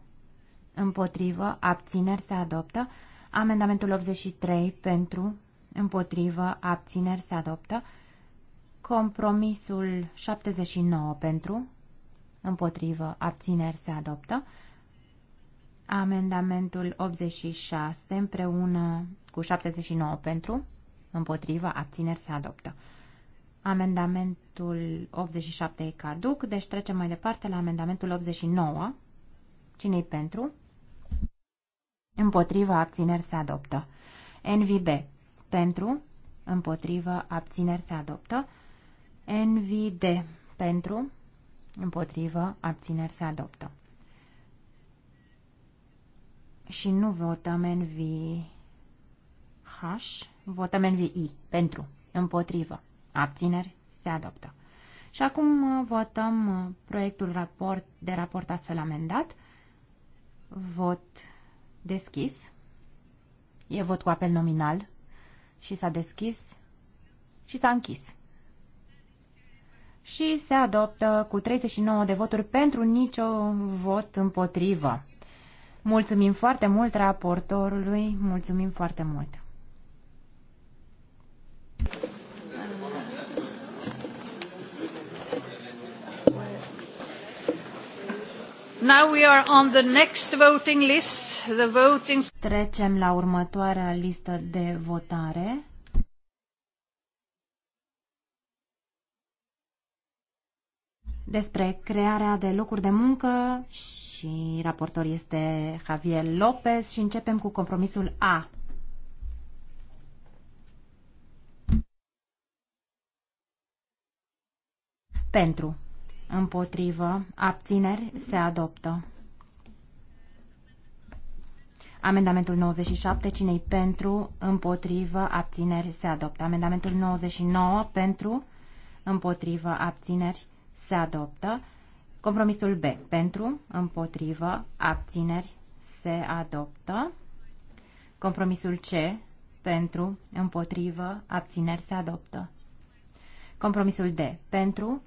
împotrivă, abțineri, se adoptă. Amendamentul 83 pentru, împotrivă, abțineri, se adoptă. Compromisul 79 pentru, împotrivă, abțineri, se adoptă. Amendamentul 86 împreună cu 79 pentru, împotriva, abțineri se adoptă. Amendamentul 87 e caduc, deci trecem mai departe la amendamentul 89. cine e pentru? Împotriva, abțineri se adoptă. NVB. Pentru, împotriva, abțineri se adoptă. NVD. Pentru, împotriva, abțineri se adoptă și nu votăm în h, votăm în i pentru, împotrivă, abțineri, se adoptă. Și acum uh, votăm uh, proiectul raport, de raport astfel amendat. Vot deschis. E vot cu apel nominal și s-a deschis și s-a închis. Și se adoptă cu 39 de voturi pentru nicio vot împotrivă. Mulțumim foarte mult raportorului, mulțumim foarte mult. Now we are on the next voting list. The voting... Trecem la următoarea listă de votare. despre crearea de locuri de muncă și raportor este Javier Lopez și începem cu compromisul A. Pentru. Împotrivă. Abțineri. Se adoptă. Amendamentul 97. cinei pentru? Împotrivă. Abțineri. Se adoptă. Amendamentul 99. Pentru. Împotrivă. Abțineri se adoptă. Compromisul B. Pentru, împotrivă, abțineri, se adoptă. Compromisul C. Pentru, împotrivă, abțineri, se adoptă. Compromisul D. Pentru,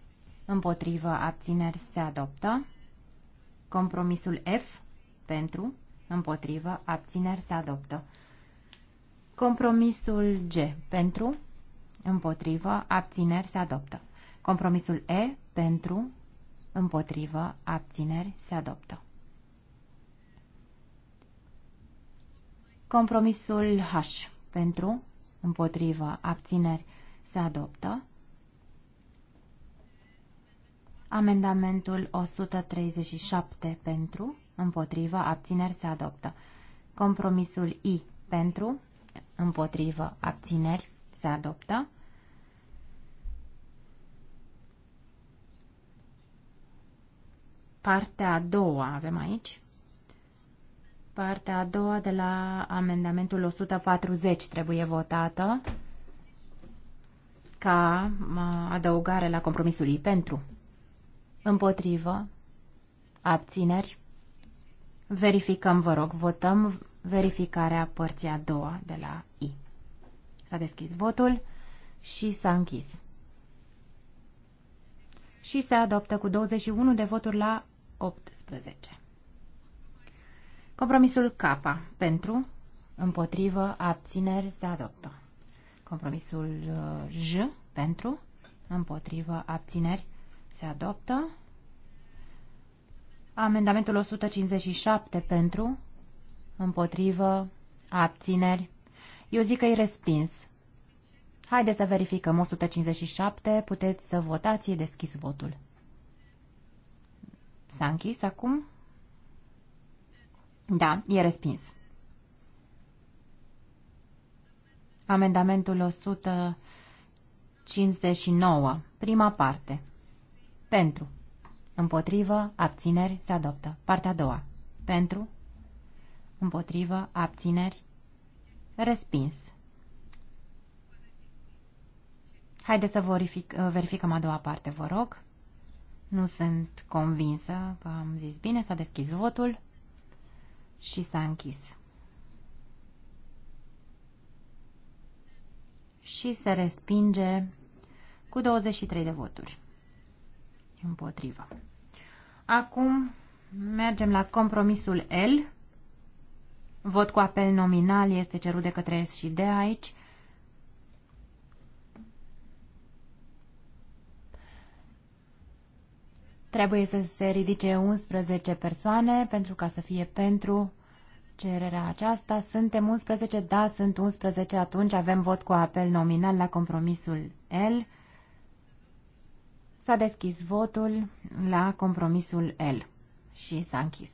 împotrivă, abțineri, se adoptă. Compromisul F. Pentru, împotrivă, abțineri, se adoptă. Compromisul G. Pentru, împotrivă, abțineri, se adoptă. Compromisul E pentru, împotrivă, abțineri se adoptă. Compromisul H pentru, împotrivă, abțineri se adoptă. Amendamentul 137 pentru, împotrivă, abțineri se adoptă. Compromisul I pentru, împotrivă, abțineri se adoptă. partea a doua avem aici. Partea a doua de la amendamentul 140 trebuie votată ca adăugare la compromisului pentru. Împotrivă. Abțineri. Verificăm, vă rog, votăm verificarea părții a doua de la I. S-a deschis votul și s-a închis. Și se adoptă cu 21 de voturi la 18. Compromisul K pentru, împotrivă, abțineri se adoptă. Compromisul uh, J pentru, împotrivă, abțineri se adoptă. Amendamentul 157 pentru, împotrivă, abțineri. Eu zic că e respins. Haideți să verificăm 157, puteți să votați, e deschis votul. S-a închis acum? Da, e respins. Amendamentul 159, prima parte. Pentru. Împotrivă, abțineri, se adoptă. Partea a doua. Pentru. Împotrivă, abțineri, respins. Haideți să verific, verificăm a doua parte, vă rog. Nu sunt convinsă că am zis bine, s-a deschis votul și s-a închis. Și se respinge cu 23 de voturi împotrivă. Acum mergem la compromisul L. Vot cu apel nominal este cerut de către S și D aici. Trebuie să se ridice 11 persoane pentru ca să fie pentru cererea aceasta. Suntem 11, da, sunt 11, atunci avem vot cu apel nominal la compromisul L. S-a deschis votul la compromisul L și s-a închis.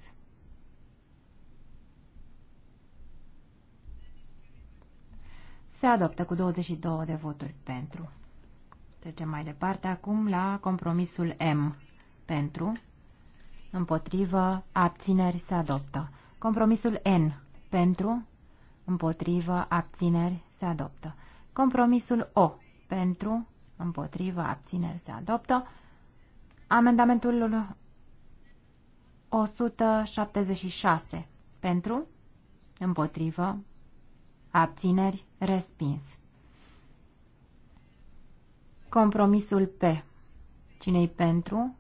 Se adoptă cu 22 de voturi pentru. Trecem mai departe acum la compromisul M pentru, împotrivă, abțineri se adoptă. Compromisul N pentru, împotrivă, abțineri se adoptă. Compromisul O pentru, împotrivă, abțineri se adoptă. Amendamentul 176 pentru, împotrivă, abțineri respins. Compromisul P. Cine-i pentru,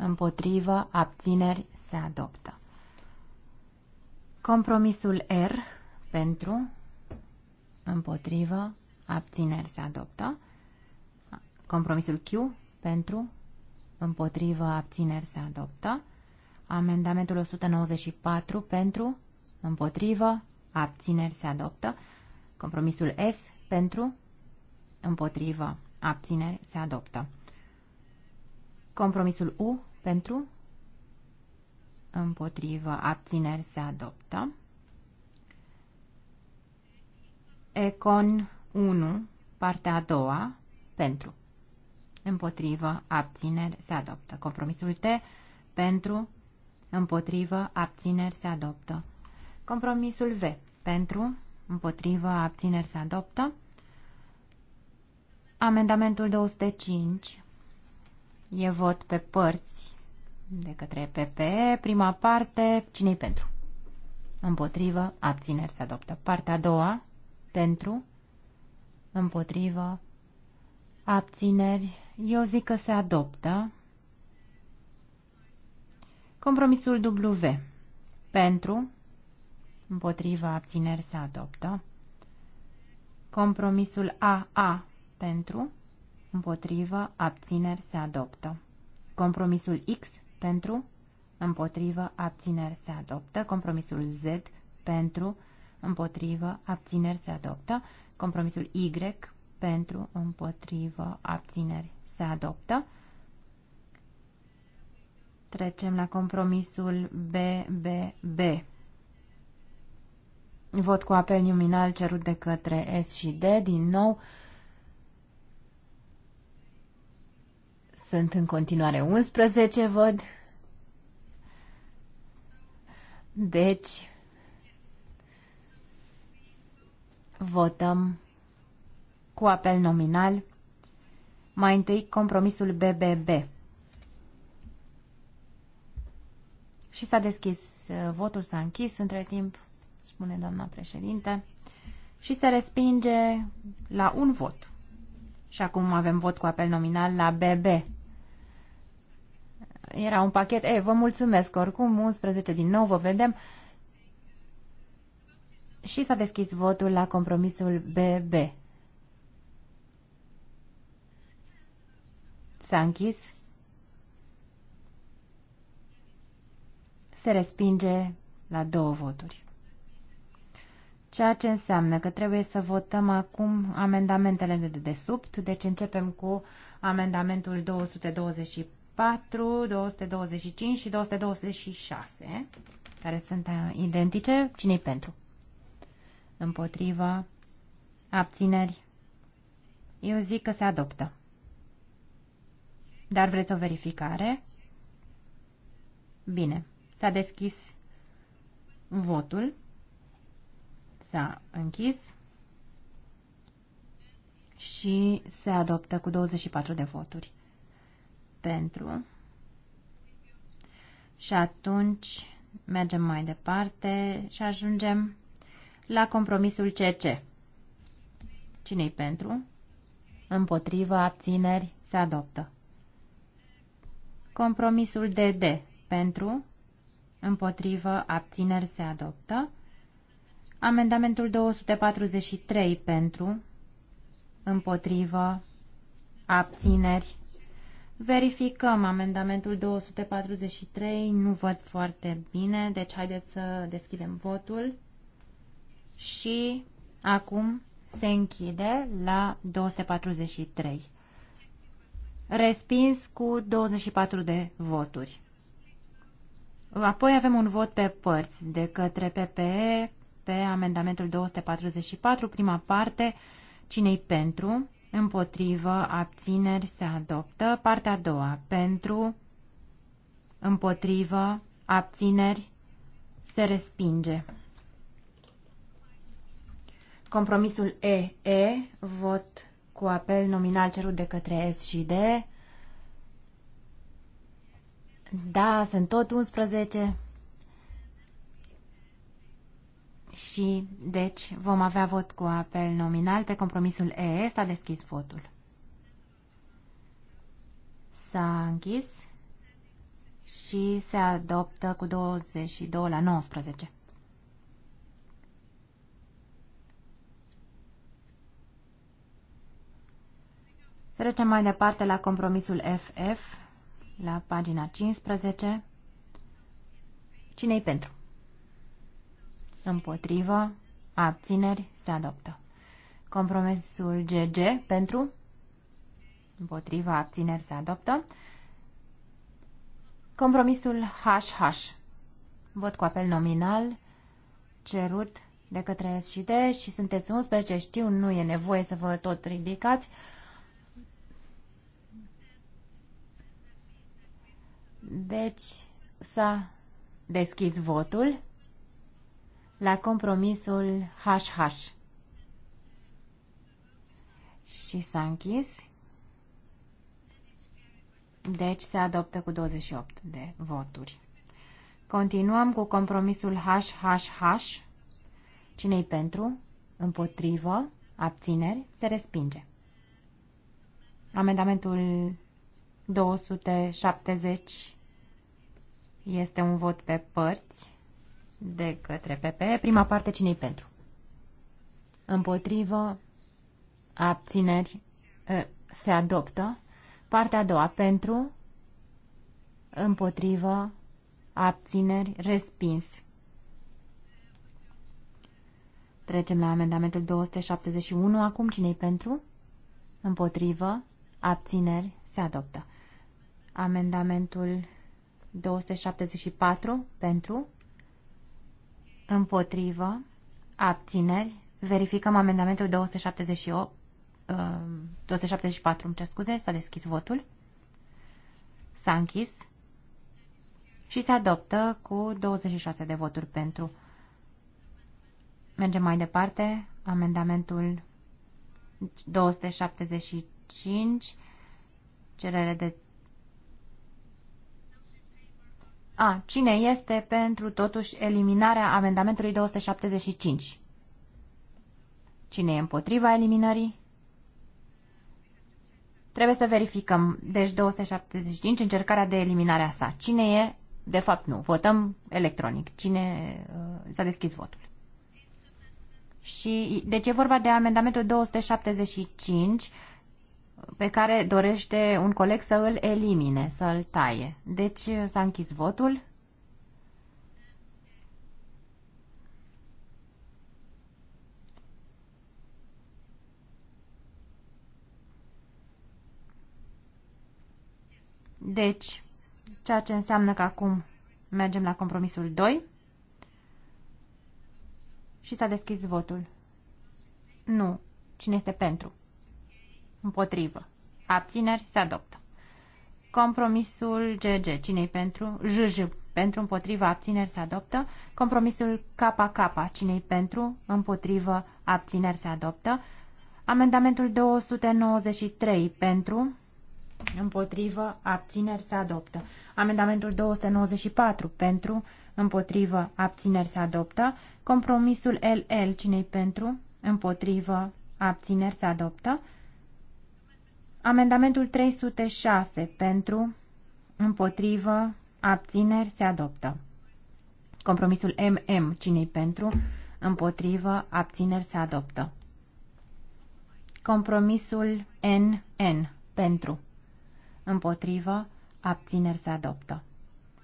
împotrivă, abțineri, se adoptă. Compromisul R pentru, împotrivă, abțineri, se adoptă. Compromisul Q pentru, împotrivă, abțineri, se adoptă. Amendamentul 194 pentru, împotrivă, abțineri, se adoptă. Compromisul S pentru, împotrivă, abțineri, se adoptă. Compromisul U pentru? Împotrivă. Abțineri se adoptă. Econ 1, partea a doua, pentru. Împotrivă, abțineri, se adoptă. Compromisul T, pentru, împotrivă, abțineri, se adoptă. Compromisul V, pentru, împotrivă, abțineri, se adoptă. Amendamentul 205, E vot pe părți de către PPE. Prima parte, cine-i pentru? Împotrivă, abțineri se adoptă. Partea a doua, pentru, împotrivă, abțineri. Eu zic că se adoptă. Compromisul W. Pentru, împotrivă, abțineri se adoptă. Compromisul AA pentru, împotrivă, abțineri se adoptă. Compromisul X pentru, împotrivă, abțineri se adoptă. Compromisul Z pentru, împotrivă, abțineri se adoptă. Compromisul Y pentru, împotrivă, abțineri se adoptă. Trecem la compromisul BBB. Vot cu apel nominal cerut de către S și D. Din nou, Sunt în continuare 11, văd. Deci, votăm cu apel nominal mai întâi compromisul BBB. Și s-a deschis, uh, votul s-a închis între timp, spune doamna președinte, și se respinge la un vot. Și acum avem vot cu apel nominal la BB era un pachet. E, vă mulțumesc oricum, 11 din nou vă vedem. Și s-a deschis votul la compromisul BB. S-a închis. Se respinge la două voturi. Ceea ce înseamnă că trebuie să votăm acum amendamentele de dedesubt, deci începem cu amendamentul 224 4, 225 și 226, care sunt uh, identice. cine pentru? Împotrivă. Abțineri. Eu zic că se adoptă. Dar vreți o verificare? Bine. S-a deschis votul. S-a închis. Și se adoptă cu 24 de voturi pentru. Și atunci mergem mai departe și ajungem la compromisul CC. Cine-i pentru? Împotriva abțineri, se adoptă. Compromisul DD pentru, împotrivă, abțineri se adoptă. Amendamentul 243 pentru, împotrivă, abțineri Verificăm amendamentul 243, nu văd foarte bine, deci haideți să deschidem votul și acum se închide la 243. Respins cu 24 de voturi. Apoi avem un vot pe părți de către PPE pe amendamentul 244, prima parte, Cine cine-i pentru, împotrivă, abțineri, se adoptă. Partea a doua, pentru, împotrivă, abțineri, se respinge. Compromisul EE, vot cu apel nominal cerut de către S și D. Da, sunt tot 11 și, deci, vom avea vot cu apel nominal pe compromisul EE. S-a deschis votul. S-a închis și se adoptă cu 22 la 19. Trecem mai departe la compromisul FF, la pagina 15. Cine-i pentru? împotrivă, abțineri, se adoptă. Compromisul GG pentru, împotrivă, abțineri, se adoptă. Compromisul HH, vot cu apel nominal, cerut de către SCD și sunteți 11, știu, nu e nevoie să vă tot ridicați. Deci s-a deschis votul la compromisul HH. Și s-a închis. Deci se adoptă cu 28 de voturi. Continuăm cu compromisul HHH. Cine-i pentru? Împotrivă? Abțineri? Se respinge. Amendamentul 270 este un vot pe părți de către PP. Prima parte, cine pentru? Împotrivă, abțineri, se adoptă. Partea a doua, pentru, împotrivă, abțineri, respins. Trecem la amendamentul 271. Acum cine-i pentru? Împotrivă, abțineri, se adoptă. Amendamentul 274 pentru, Împotrivă. Abțineri. Verificăm amendamentul 278, 274, uh, îmi cer scuze, s-a deschis votul. S-a închis și se adoptă cu 26 de voturi pentru. Mergem mai departe. Amendamentul 275, cerere de A. Cine este pentru totuși eliminarea amendamentului 275? Cine e împotriva eliminării? Trebuie să verificăm. Deci 275, încercarea de eliminare a sa. Cine e? De fapt nu. Votăm electronic. Cine uh, s-a deschis votul? Și, deci e vorba de amendamentul 275 pe care dorește un coleg să îl elimine, să îl taie. Deci s-a închis votul. Deci, ceea ce înseamnă că acum mergem la compromisul 2 și s-a deschis votul. Nu. Cine este pentru? Împotrivă. Abțineri se adoptă. Compromisul GG. Cine-i pentru? JJ. Pentru împotrivă abțineri se adoptă. Compromisul KK. Cine-i pentru? Împotrivă abțineri se adoptă. Amendamentul 293 pentru împotrivă abțineri se adoptă. Amendamentul 294 pentru împotrivă abțineri se adoptă. Compromisul LL. Cine-i pentru? Împotrivă abțineri se adoptă. Amendamentul 306 pentru, împotrivă, abțineri se adoptă. Compromisul MM, cinei pentru, împotrivă, abțineri se adoptă. Compromisul NN, pentru, împotrivă, abțineri se adoptă.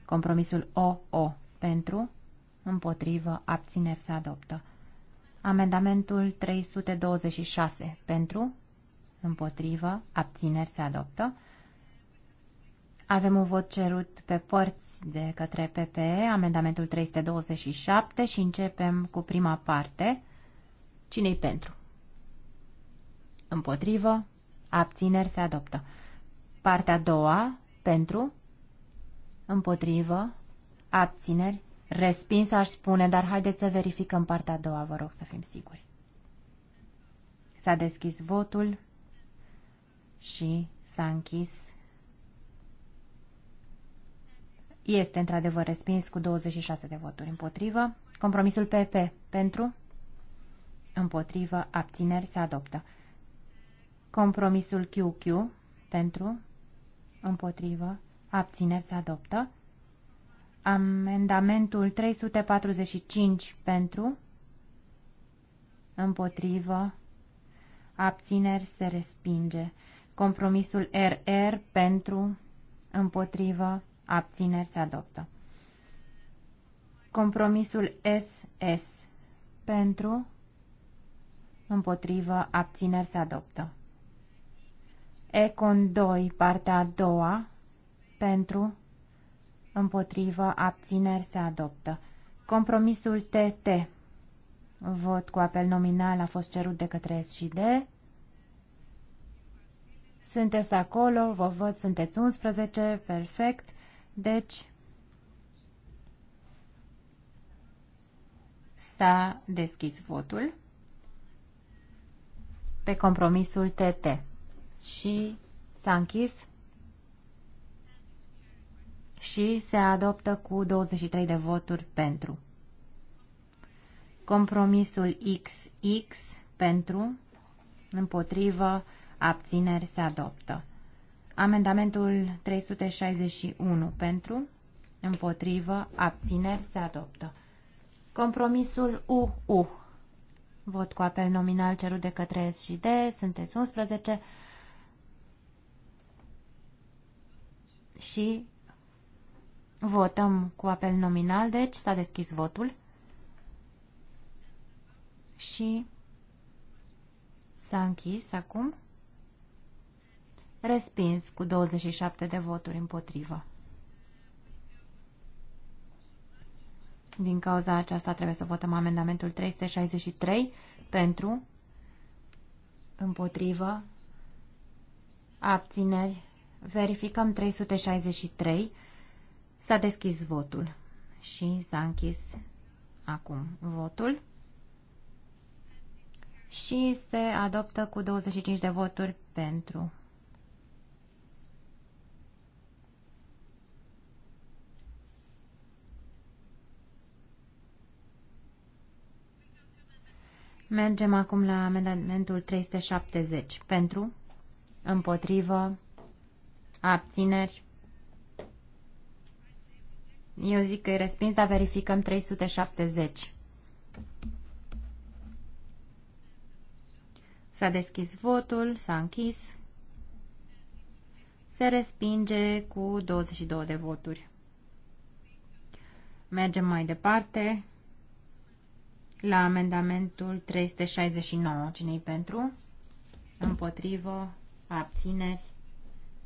Compromisul OO, pentru, împotrivă, abțineri se adoptă. Amendamentul 326, pentru, împotrivă, abțineri se adoptă. Avem un vot cerut pe părți de către PPE, amendamentul 327 și începem cu prima parte. Cine-i pentru? Împotrivă, abțineri se adoptă. Partea a doua, pentru, împotrivă, abțineri, respins aș spune, dar haideți să verificăm partea a doua, vă rog să fim siguri. S-a deschis votul și s-a închis. Este într-adevăr respins cu 26 de voturi împotrivă. Compromisul PP pentru, împotrivă, abțineri se adoptă. Compromisul QQ pentru, împotrivă, abțineri se adoptă. Amendamentul 345 pentru, împotrivă, abțineri se respinge. Compromisul RR pentru, împotrivă, abțineri se adoptă. Compromisul SS pentru, împotrivă, abțineri se adoptă. Econ 2, partea a doua, pentru, împotrivă, abțineri se adoptă. Compromisul TT, vot cu apel nominal, a fost cerut de către S sunteți acolo, vă văd, sunteți 11, perfect. Deci, s-a deschis votul pe compromisul TT și s-a închis și se adoptă cu 23 de voturi pentru. Compromisul XX pentru, împotrivă, Abțineri se adoptă. Amendamentul 361 pentru, împotrivă, abțineri se adoptă. Compromisul UU. Vot cu apel nominal cerut de către S și D. Sunteți 11. Și votăm cu apel nominal, deci s-a deschis votul. Și s-a închis acum respins cu 27 de voturi împotrivă. Din cauza aceasta trebuie să votăm amendamentul 363 pentru, împotrivă, abțineri. Verificăm 363. S-a deschis votul și s-a închis acum votul și se adoptă cu 25 de voturi pentru. Mergem acum la amendamentul 370. Pentru, împotrivă, abțineri. Eu zic că e respins, dar verificăm 370. S-a deschis votul, s-a închis. Se respinge cu 22 de voturi. Mergem mai departe la amendamentul 369. cine pentru? Împotrivă? Abțineri?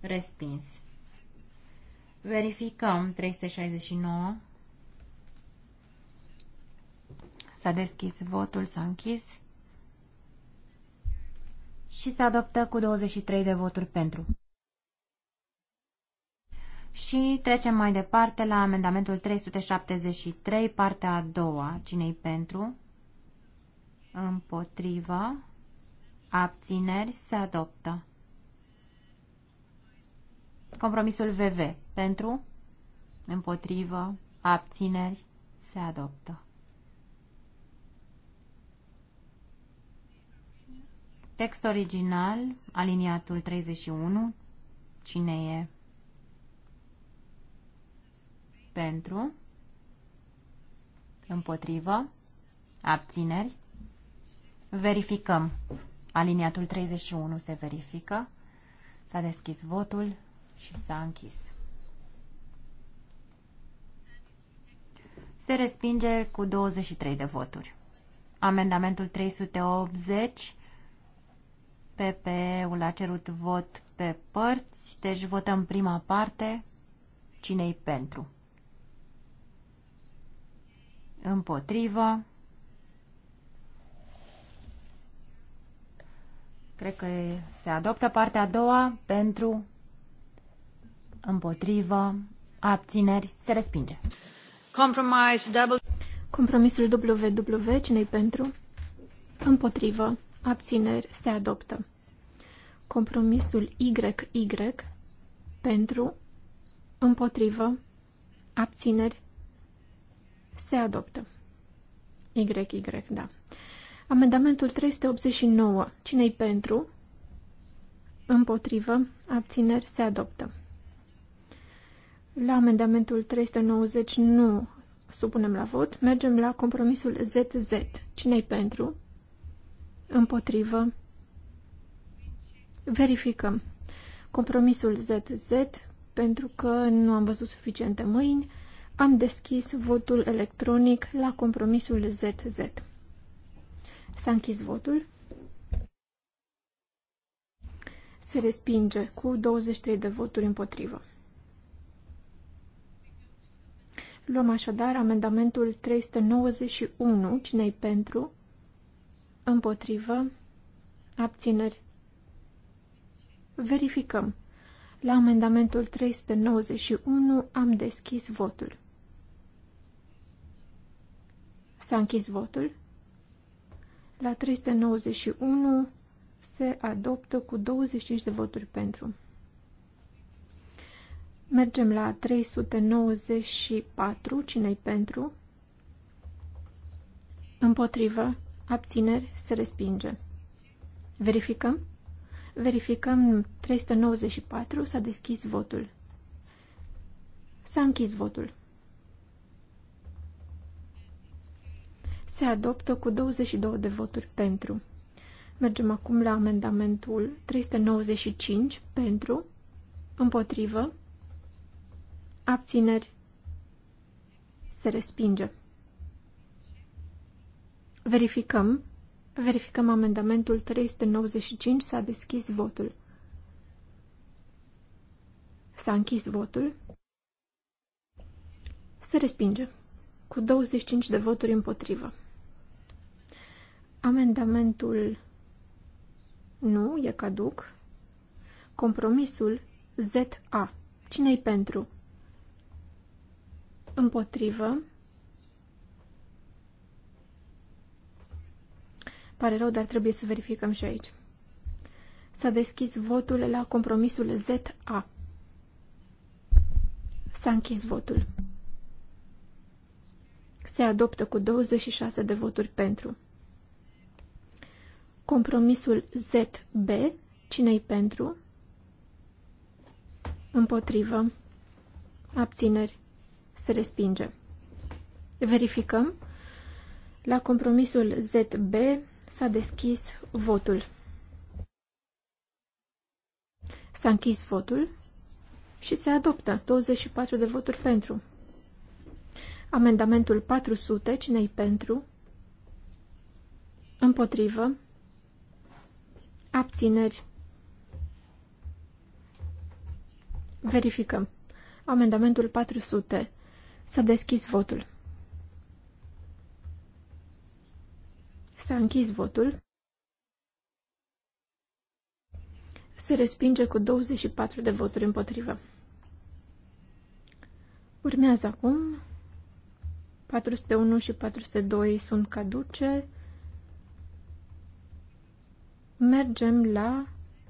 Respins. Verificăm 369. S-a deschis votul, s-a închis și se adoptă cu 23 de voturi pentru. Și trecem mai departe la amendamentul 373, partea a doua. Cine-i pentru? Împotrivă. Abțineri. Se adoptă. Compromisul VV. Pentru? Împotrivă. Abțineri. Se adoptă. Text original, aliniatul 31. Cine e pentru, împotrivă, abțineri. Verificăm. Aliniatul 31 se verifică. S-a deschis votul și s-a închis. Se respinge cu 23 de voturi. Amendamentul 380. PPE-ul a cerut vot pe părți, deci votăm prima parte. Cine-i pentru? împotrivă. Cred că se adoptă partea a doua pentru împotrivă, abțineri, se respinge. Compromise double. Compromisul W, cine pentru? Împotrivă, abțineri, se adoptă. Compromisul YY, pentru, împotrivă, abțineri, se adoptă. YY, da. Amendamentul 389. Cine-i pentru? Împotrivă. Abțineri. Se adoptă. La amendamentul 390 nu supunem la vot. Mergem la compromisul ZZ. Cine-i pentru? Împotrivă. Verificăm. Compromisul ZZ, pentru că nu am văzut suficiente mâini, am deschis votul electronic la compromisul ZZ. S-a închis votul. Se respinge cu 23 de voturi împotrivă. Luăm așadar amendamentul 391. Cine-i pentru? Împotrivă? Abțineri? Verificăm. La amendamentul 391 am deschis votul. S-a închis votul. La 391 se adoptă cu 25 de voturi pentru. Mergem la 394. Cine-i pentru? Împotrivă. Abțineri. Se respinge. Verificăm. Verificăm 394. S-a deschis votul. S-a închis votul. se adoptă cu 22 de voturi pentru. Mergem acum la amendamentul 395 pentru, împotrivă, abțineri, se respinge. Verificăm. Verificăm amendamentul 395, s-a deschis votul. S-a închis votul. Se respinge. Cu 25 de voturi împotrivă. Amendamentul nu e caduc. Compromisul ZA. Cine-i pentru? Împotrivă. Pare rău, dar trebuie să verificăm și aici. S-a deschis votul la compromisul ZA. S-a închis votul. Se adoptă cu 26 de voturi pentru. Compromisul ZB, cine-i pentru? Împotrivă. Abțineri. Se respinge. Verificăm. La compromisul ZB s-a deschis votul. S-a închis votul și se adoptă 24 de voturi pentru. Amendamentul 400, cine-i pentru? Împotrivă, Abțineri. Verificăm. Amendamentul 400. S-a deschis votul. S-a închis votul. Se respinge cu 24 de voturi împotrivă. Urmează acum 401 și 402 sunt caduce mergem la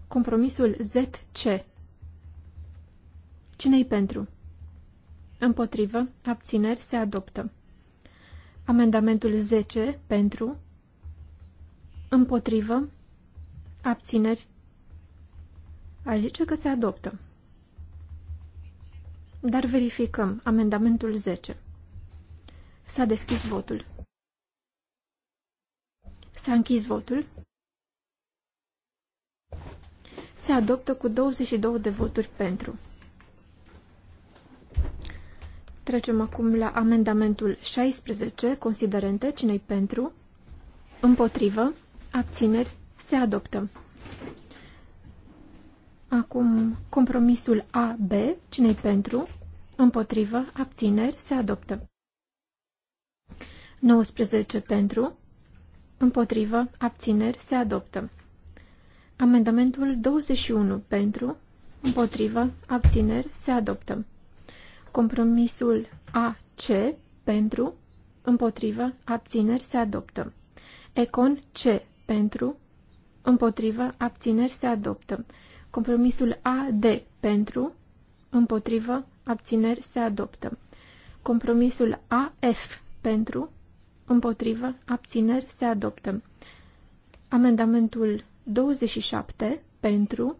compromisul ZC. Cine-i pentru? Împotrivă, abțineri, se adoptă. Amendamentul 10, pentru, împotrivă, abțineri, aș zice că se adoptă. Dar verificăm amendamentul 10. S-a deschis votul. S-a închis votul se adoptă cu 22 de voturi pentru. Trecem acum la amendamentul 16, considerente, cine pentru, împotrivă, abțineri, se adoptă. Acum, compromisul AB, cine pentru, împotrivă, abțineri, se adoptă. 19 pentru, împotrivă, abțineri, se adoptă. Amendamentul 21 pentru, împotrivă, abțineri, se adoptă. Compromisul AC pentru, împotrivă, abțineri, se adoptă. Econ C pentru, împotrivă, abțineri, se adoptă. Compromisul AD pentru, împotrivă, abțineri, se adoptă. Compromisul AF pentru, împotrivă, abțineri, se adoptă. Amendamentul 27 pentru,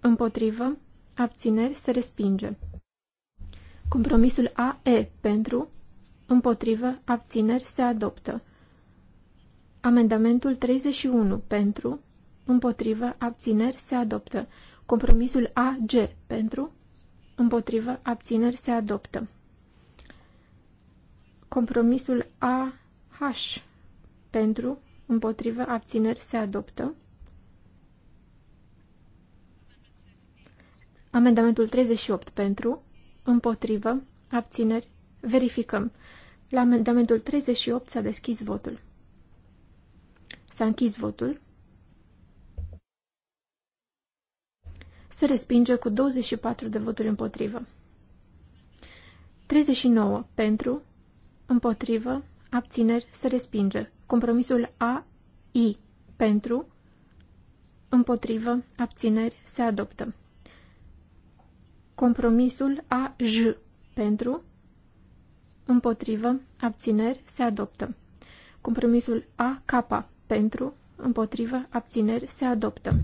împotrivă, abțineri se respinge. Compromisul AE pentru, împotrivă, abțineri se adoptă. Amendamentul 31 pentru, împotrivă, abțineri se adoptă. Compromisul AG pentru, împotrivă, abțineri se adoptă. Compromisul AH pentru, Împotrivă abțineri se adoptă. Amendamentul 38 pentru. Împotrivă abțineri. Verificăm. La amendamentul 38 s-a deschis votul. S-a închis votul. Se respinge cu 24 de voturi împotrivă. 39 pentru, împotrivă, abțineri, se respinge. Compromisul AI pentru, împotrivă, abțineri se adoptă. Compromisul AJ pentru, împotrivă, abțineri se adoptă. Compromisul AK pentru, împotrivă, abțineri se adoptă.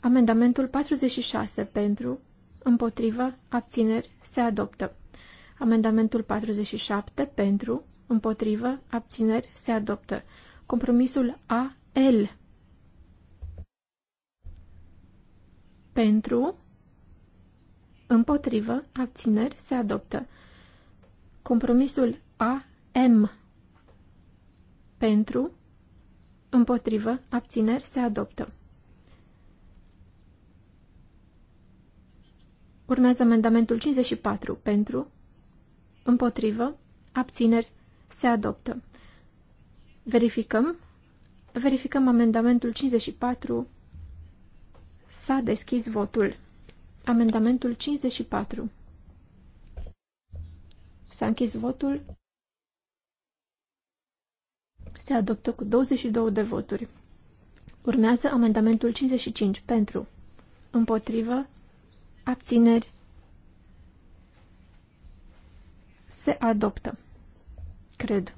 Amendamentul 46 pentru, împotrivă, abțineri se adoptă. Amendamentul 47 pentru, împotrivă, abțineri, se adoptă. Compromisul A L Pentru, împotrivă, abțineri, se adoptă. Compromisul A M Pentru, împotrivă, abțineri, se adoptă. Urmează amendamentul 54. Pentru, împotrivă, abțineri, se adoptă. Verificăm. Verificăm amendamentul 54. S-a deschis votul. Amendamentul 54. S-a închis votul. Se adoptă cu 22 de voturi. Urmează amendamentul 55 pentru, împotrivă, abțineri, se adoptă cred.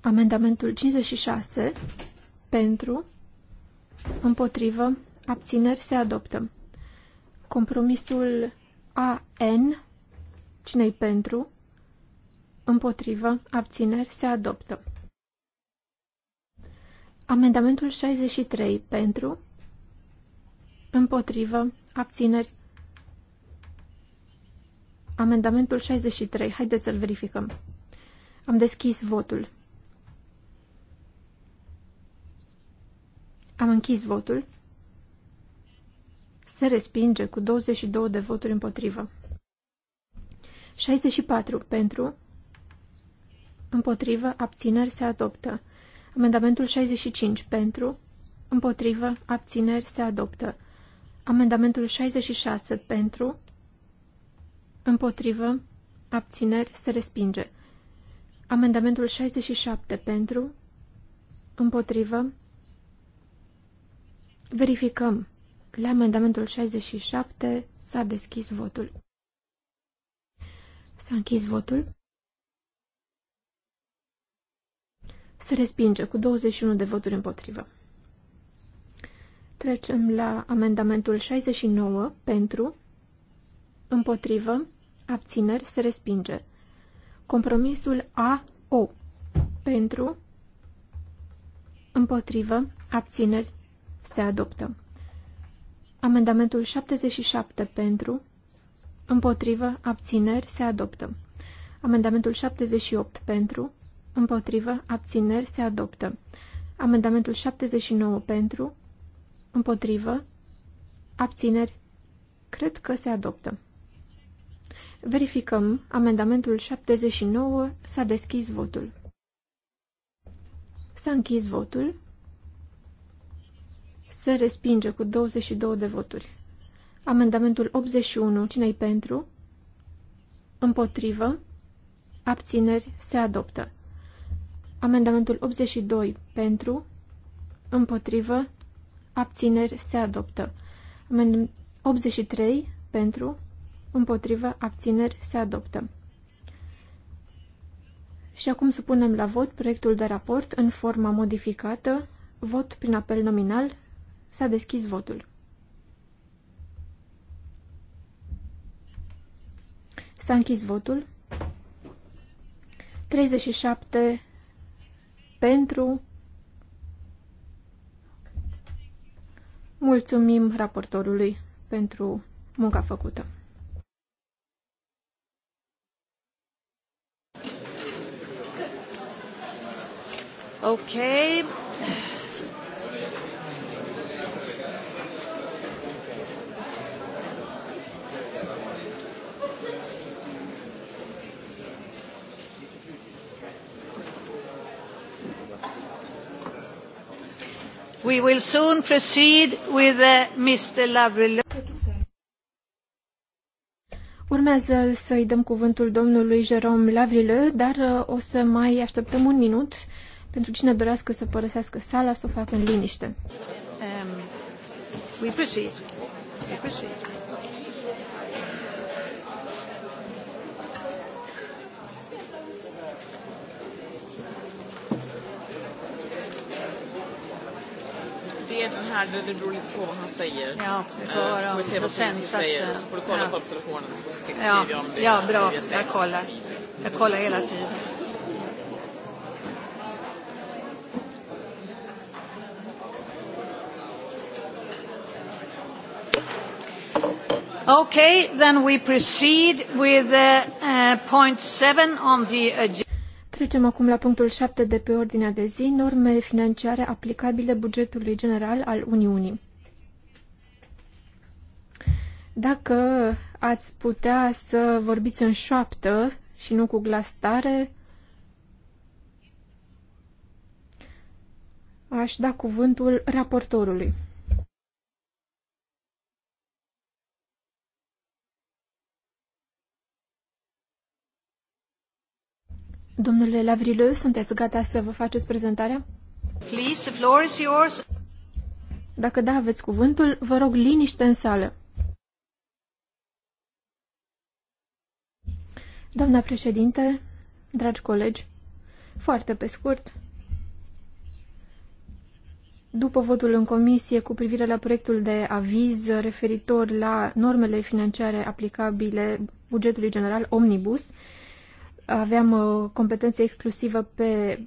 Amendamentul 56 pentru, împotrivă, abțineri se adoptă. Compromisul AN, cine-i pentru, împotrivă, abțineri se adoptă. Amendamentul 63 pentru, împotrivă, abțineri Amendamentul 63. Haideți să-l verificăm. Am deschis votul. Am închis votul. Se respinge cu 22 de voturi împotrivă. 64. Pentru. Împotrivă. Abțineri. Se adoptă. Amendamentul 65. Pentru. Împotrivă. Abțineri. Se adoptă. Amendamentul 66. Pentru. Împotrivă. Abțineri. Se respinge. Amendamentul 67 pentru. Împotrivă. Verificăm. La amendamentul 67 s-a deschis votul. S-a închis votul. Se respinge cu 21 de voturi împotrivă. Trecem la amendamentul 69 pentru, Împotrivă. Abțineri. Se respinge. Compromisul AO. Pentru. Împotrivă. Abțineri. Se adoptă. Amendamentul 77 pentru. Împotrivă. Abțineri. Se adoptă. Amendamentul 78 pentru. Împotrivă. Abțineri. Se adoptă. Amendamentul 79 pentru. Împotrivă. Abțineri. Cred că se adoptă. Verificăm. Amendamentul 79 s-a deschis votul. S-a închis votul. Se respinge cu 22 de voturi. Amendamentul 81. Cine-i pentru? Împotrivă. Abțineri. Se adoptă. Amendamentul 82. Pentru. Împotrivă. Abțineri. Se adoptă. Amendamentul 83. Pentru împotrivă, abțineri, se adoptă. Și acum să punem la vot proiectul de raport în forma modificată, vot prin apel nominal, s-a deschis votul. S-a închis votul. 37 pentru. Mulțumim raportorului pentru munca făcută. Okay. We will soon proceed with uh, Mr. Lavrilo. Urmează să-i dăm cuvântul domnului Jerome Lavrileux, dar uh, o să mai așteptăm un minut pentru cine dorească să părăsească sala, să o facă în liniște. Um, we proceed. We proceed. det är den här, det beror lite på vad han säger. Ja, eh, vi får, eh, så vi vad polisen säger. Så får du kolla ja. på telefonen så skriver ja. jag om det. Ja, bra. jag kollar. Jag kollar hela tiden. Okay, then we proceed with the, uh, uh, point seven on the agenda. Trecem acum la punctul 7 de pe ordinea de zi, norme financiare aplicabile bugetului general al Uniunii. Dacă ați putea să vorbiți în șoaptă și nu cu glas tare, aș da cuvântul raportorului. Domnule Lavrileu, sunteți gata să vă faceți prezentarea? Please, the floor is yours. Dacă da, aveți cuvântul, vă rog liniște în sală. Doamna președinte, dragi colegi, foarte pe scurt, după votul în comisie cu privire la proiectul de aviz referitor la normele financiare aplicabile bugetului general Omnibus, aveam uh, competență exclusivă pe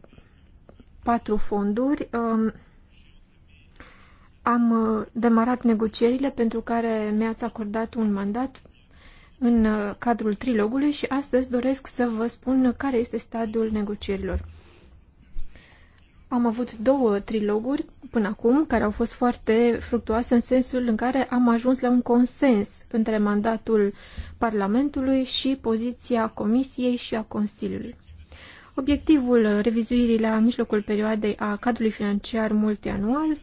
patru fonduri. Um, am uh, demarat negocierile pentru care mi-ați acordat un mandat în uh, cadrul trilogului și astăzi doresc să vă spun care este stadiul negocierilor. Am avut două triloguri până acum care au fost foarte fructuoase în sensul în care am ajuns la un consens între mandatul Parlamentului și poziția Comisiei și a Consiliului. Obiectivul revizuirii la mijlocul perioadei a cadrului financiar multianual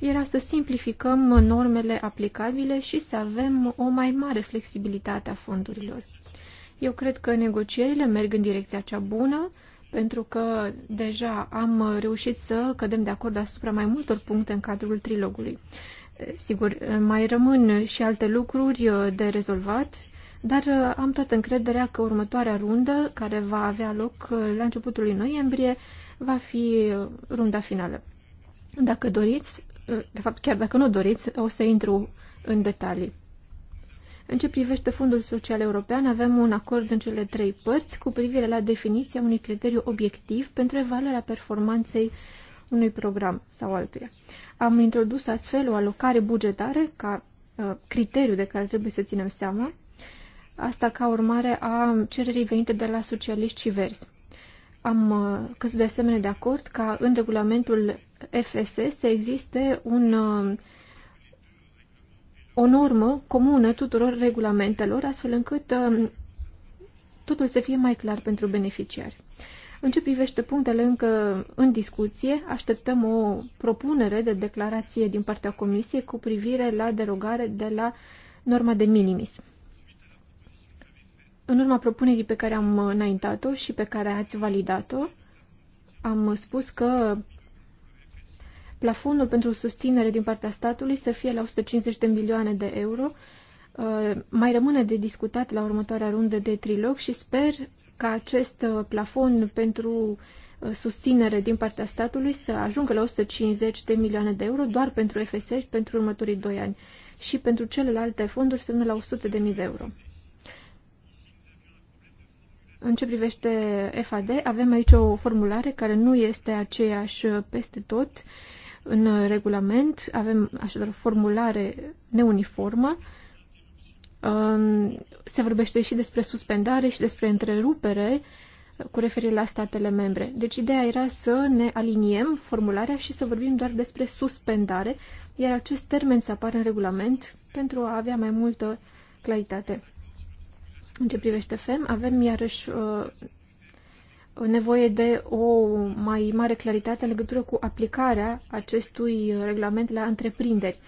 era să simplificăm normele aplicabile și să avem o mai mare flexibilitate a fondurilor. Eu cred că negocierile merg în direcția cea bună, pentru că deja am reușit să cădem de acord asupra mai multor puncte în cadrul trilogului. Sigur, mai rămân și alte lucruri de rezolvat, dar am toată încrederea că următoarea rundă, care va avea loc la începutul lui noiembrie, va fi runda finală. Dacă doriți, de fapt chiar dacă nu doriți, o să intru în detalii. În ce privește Fondul Social European, avem un acord în cele trei părți cu privire la definiția unui criteriu obiectiv pentru evaluarea performanței unui program sau altuia. Am introdus astfel o alocare bugetare ca uh, criteriu de care trebuie să ținem seama, asta ca urmare a cererii venite de la socialiști și verzi. Am uh, căzut de asemenea de acord ca în regulamentul FSS să existe un uh, o normă comună tuturor regulamentelor, astfel încât um, totul să fie mai clar pentru beneficiari. În ce privește punctele încă în discuție, așteptăm o propunere de declarație din partea Comisiei cu privire la derogare de la norma de minimis. În urma propunerii pe care am înaintat-o și pe care ați validat-o, am spus că plafonul pentru susținere din partea statului să fie la 150 de milioane de euro. Uh, mai rămâne de discutat la următoarea rundă de trilog și sper ca acest uh, plafon pentru uh, susținere din partea statului să ajungă la 150 de milioane de euro doar pentru FSE pentru următorii doi ani și pentru celelalte fonduri semnă la 100 de mii de euro. În ce privește FAD, avem aici o formulare care nu este aceeași peste tot în regulament avem așadar o formulare neuniformă. Um, se vorbește și despre suspendare și despre întrerupere uh, cu referire la statele membre. Deci ideea era să ne aliniem formularea și să vorbim doar despre suspendare, iar acest termen să apare în regulament pentru a avea mai multă claritate. În ce privește FEM, avem iarăși uh, nevoie de o mai mare claritate în legătură cu aplicarea acestui regulament la întreprinderi.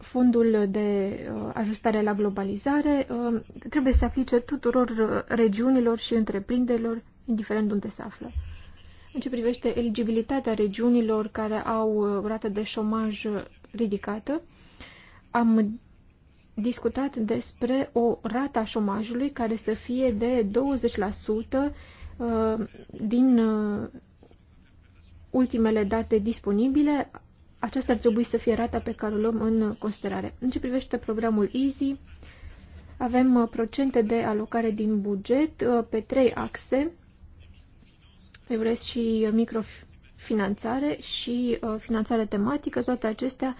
Fondul de uh, ajustare la globalizare uh, trebuie să aplice tuturor uh, regiunilor și întreprinderilor, indiferent unde se află. În ce privește eligibilitatea regiunilor care au rată de șomaj ridicată, am discutat despre o rata șomajului care să fie de 20% Uh, din uh, ultimele date disponibile, aceasta ar trebui să fie rata pe care o luăm în considerare. În ce privește programul EASY, avem uh, procente de alocare din buget pe trei axe, Eurest și microfinanțare și finanțare tematică, toate acestea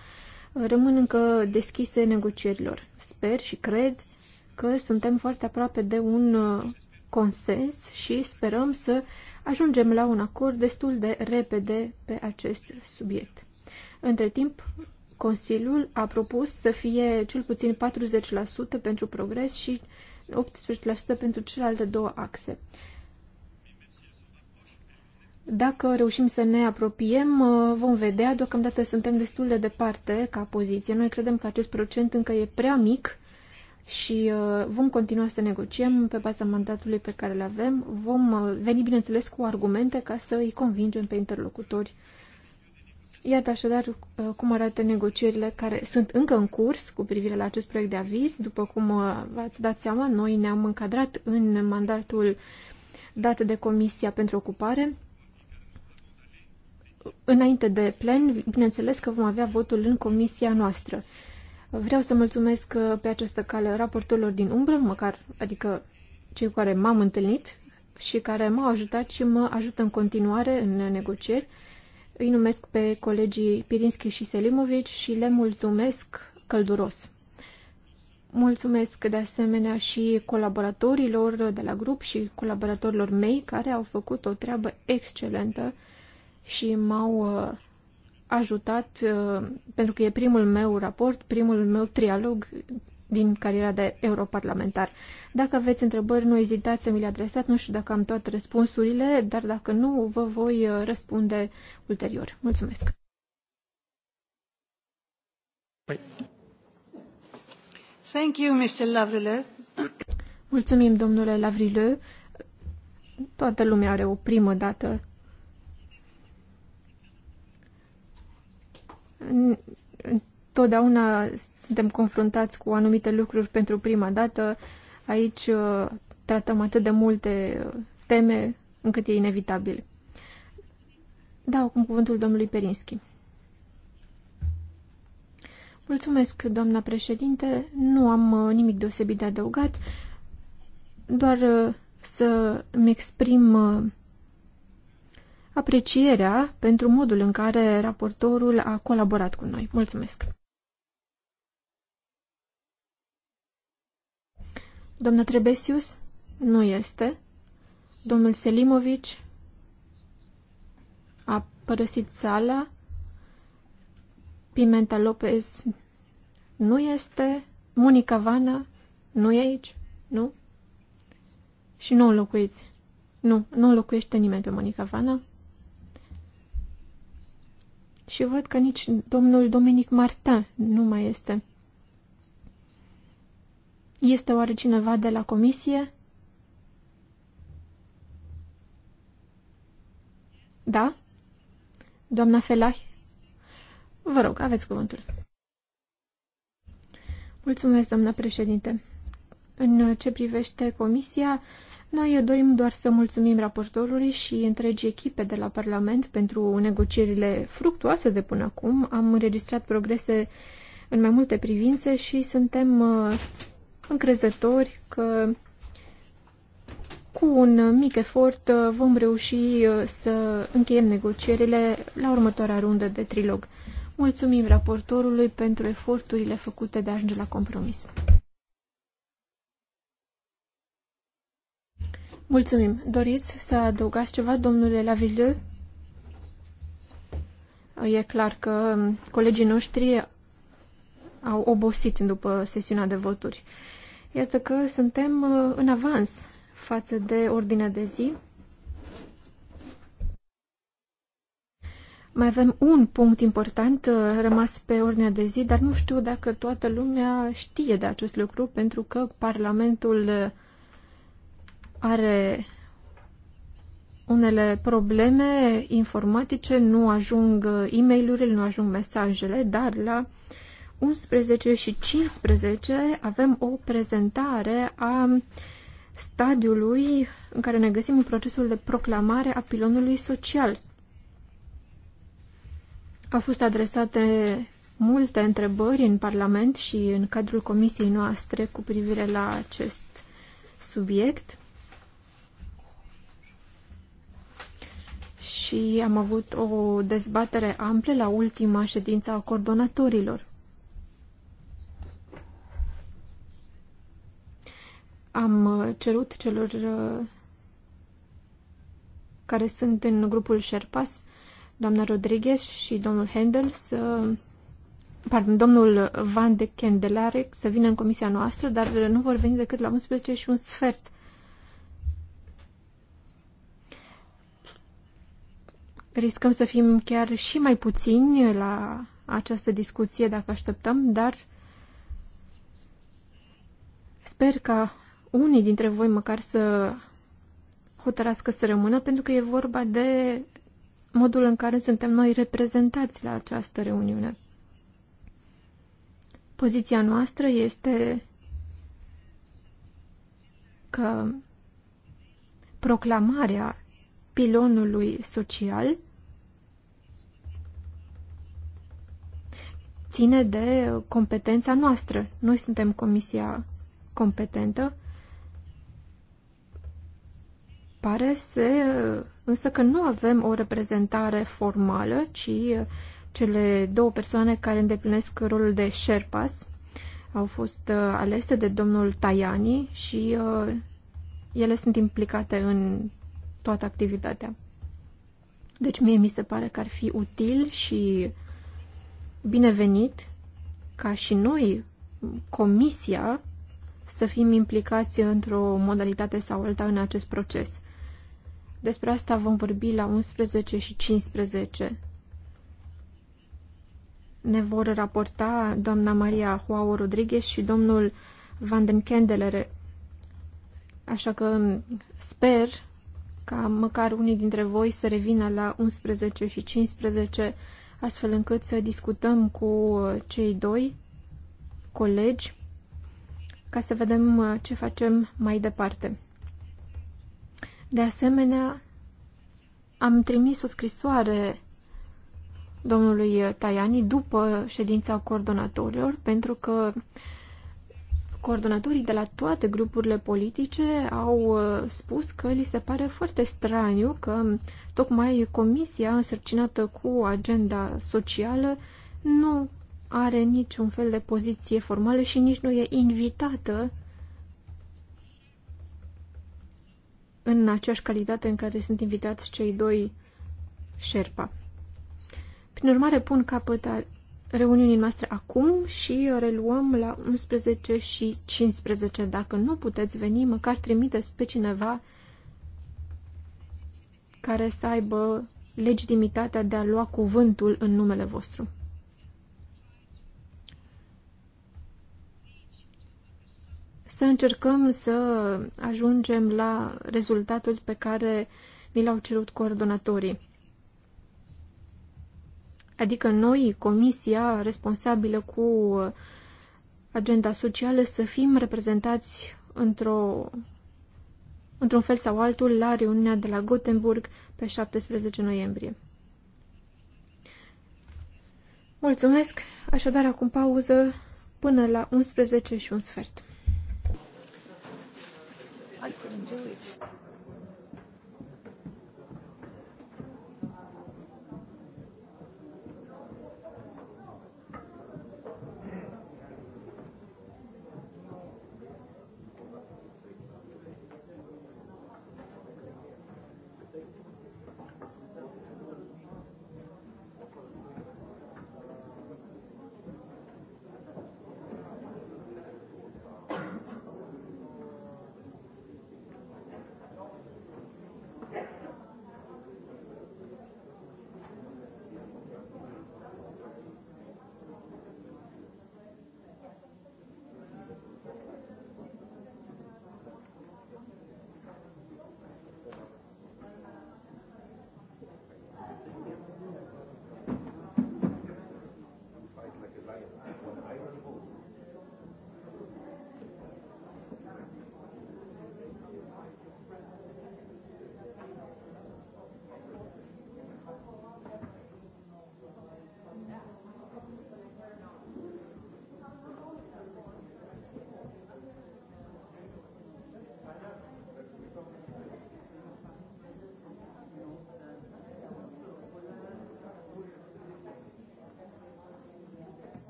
rămân încă deschise negocierilor. Sper și cred că suntem foarte aproape de un consens și sperăm să ajungem la un acord destul de repede pe acest subiect. Între timp, Consiliul a propus să fie cel puțin 40% pentru progres și 18% pentru celelalte două axe. Dacă reușim să ne apropiem, vom vedea. Deocamdată suntem destul de departe ca poziție. Noi credem că acest procent încă e prea mic și uh, vom continua să negociem pe baza mandatului pe care îl avem. Vom uh, veni, bineînțeles, cu argumente ca să îi convingem pe interlocutori. Iată așadar uh, cum arată negocierile care sunt încă în curs cu privire la acest proiect de aviz. După cum v-ați dat seama, noi ne-am încadrat în mandatul dat de Comisia pentru Ocupare. Înainte de plen, bineînțeles că vom avea votul în comisia noastră. Vreau să mulțumesc uh, pe această cale raportorilor din umbră, măcar, adică cei cu care m-am întâlnit și care m-au ajutat și mă ajută în continuare în negocieri. Îi numesc pe colegii Pirinski și Selimovici și le mulțumesc călduros. Mulțumesc de asemenea și colaboratorilor de la grup și colaboratorilor mei care au făcut o treabă excelentă și m-au uh, ajutat, uh, pentru că e primul meu raport, primul meu trialog din cariera de europarlamentar. Dacă aveți întrebări, nu ezitați să mi le adresați. Nu știu dacă am toate răspunsurile, dar dacă nu, vă voi uh, răspunde ulterior. Mulțumesc! Păi. Thank you, Mr. Lavrile. Mulțumim, domnule Lavrile. Toată lumea are o primă dată totdeauna suntem confruntați cu anumite lucruri pentru prima dată. Aici uh, tratăm atât de multe uh, teme încât e inevitabil. Da, acum cuvântul domnului Perinski. Mulțumesc, doamna președinte. Nu am uh, nimic deosebit de adăugat, doar să-mi exprim aprecierea pentru modul în care raportorul a colaborat cu noi. Mulțumesc! Doamna Trebesius? Nu este. Domnul Selimovici a părăsit sala. Pimenta Lopez nu este. Monica Vana nu e aici, nu? Și nu locuiți? Nu, nu locuiește nimeni pe Monica Vana. Și văd că nici domnul Dominic Martin nu mai este. Este oare cineva de la comisie? Da? Doamna Felahi? Vă rog, aveți cuvântul. Mulțumesc, doamna președinte. În ce privește comisia, noi dorim doar să mulțumim raportorului și întregii echipe de la Parlament pentru negocierile fructuoase de până acum. Am înregistrat progrese în mai multe privințe și suntem uh, încrezători că cu un mic efort uh, vom reuși uh, să încheiem negocierile la următoarea rundă de trilog. Mulțumim raportorului pentru eforturile făcute de a ajunge la compromis. Mulțumim. Doriți să adăugați ceva, domnule Lavilleux? E clar că colegii noștri au obosit după sesiunea de voturi. Iată că suntem uh, în avans față de ordinea de zi. Mai avem un punct important uh, rămas pe ordinea de zi, dar nu știu dacă toată lumea știe de acest lucru, pentru că Parlamentul are unele probleme informatice, nu ajung e mail nu ajung mesajele, dar la 11 și 15 avem o prezentare a stadiului în care ne găsim în procesul de proclamare a pilonului social. Au fost adresate multe întrebări în Parlament și în cadrul comisiei noastre cu privire la acest subiect. și am avut o dezbatere amplă la ultima ședință a coordonatorilor. Am cerut celor uh, care sunt în grupul Sherpas, doamna Rodriguez și domnul Handel, să, pardon, domnul Van de Candelare să vină în comisia noastră, dar nu vor veni decât la 11 și un sfert. riscăm să fim chiar și mai puțini la această discuție dacă așteptăm, dar sper că unii dintre voi măcar să hotărască să rămână, pentru că e vorba de modul în care suntem noi reprezentați la această reuniune. Poziția noastră este că proclamarea pilonului social ține de competența noastră. Noi suntem comisia competentă. Pare să, însă că nu avem o reprezentare formală, ci cele două persoane care îndeplinesc rolul de Sherpas au fost uh, alese de domnul Tajani și uh, ele sunt implicate în toată activitatea. Deci mie mi se pare că ar fi util și uh, binevenit ca și noi, Comisia, să fim implicați într-o modalitate sau alta în acest proces. Despre asta vom vorbi la 11 și 15. Ne vor raporta doamna Maria Huao Rodriguez și domnul Van den Kendelere. Așa că sper ca măcar unii dintre voi să revină la 11 și 15 astfel încât să discutăm cu cei doi colegi ca să vedem uh, ce facem mai departe. De asemenea, am trimis o scrisoare domnului Tajani după ședința coordonatorilor pentru că uh, coordonatorii de la toate grupurile politice au uh, spus că li se pare foarte straniu că um, tocmai comisia însărcinată cu agenda socială nu are niciun fel de poziție formală și nici nu e invitată în aceeași calitate în care sunt invitați cei doi șerpa. Prin urmare, pun capăt reuniunii noastre acum și reluăm la 11 și 15. Dacă nu puteți veni, măcar trimiteți pe cineva care să aibă legitimitatea de a lua cuvântul în numele vostru. Să încercăm să ajungem la rezultatul pe care ni l-au cerut coordonatorii. Adică noi, comisia responsabilă cu agenda socială, să fim reprezentați într-o într-un fel sau altul la reuniunea de la Gothenburg pe 17 noiembrie. Mulțumesc, așadar acum pauză până la 11 și un sfert. I it.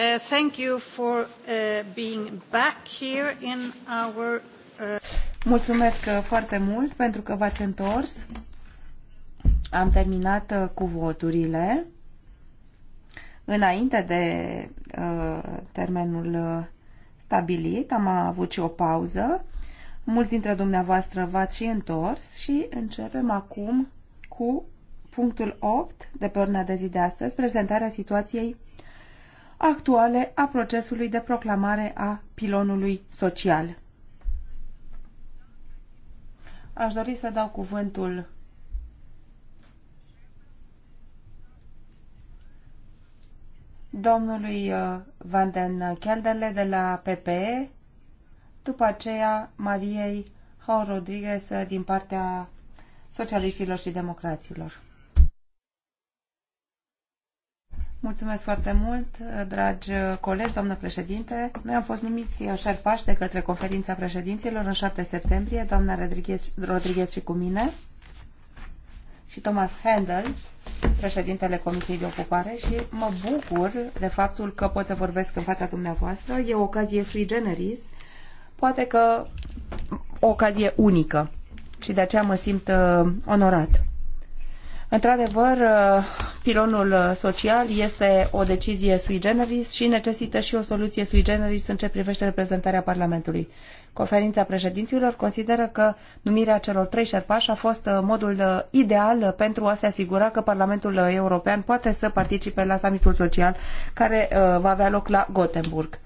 Uh, thank you for uh, being back here in our uh, Mulțumesc foarte mult pentru că v-ați întors. Am terminat cu voturile. Înainte de termenul stabilit, am avut și o pauză. Mulți dintre dumneavoastră v-ați și întors și începem acum cu punctul 8 de pe ordinea de zi de astăzi, prezentarea situației actuale a procesului de proclamare a pilonului social. Aș dori să dau cuvântul domnului uh, Van den Kelderle de la PPE, după aceea Mariei Hau Rodriguez uh, din partea socialiștilor și democraților. Mulțumesc foarte mult, dragi colegi, doamnă președinte. Noi am fost numiți șerpași de către conferința președinților în 7 septembrie, doamna Rodriguez, Rodriguez și cu mine și Thomas Handel, președintele Comisiei de Ocupare și mă bucur de faptul că pot să vorbesc în fața dumneavoastră. E o ocazie sui generis, poate că o ocazie unică și de aceea mă simt uh, onorat. Într-adevăr, uh, pilonul social este o decizie sui generis și necesită și o soluție sui generis în ce privește reprezentarea Parlamentului. Conferința președinților consideră că numirea celor trei șerpași a fost uh, modul uh, ideal pentru a se asigura că Parlamentul European poate să participe la summitul social care va avea loc la Gothenburg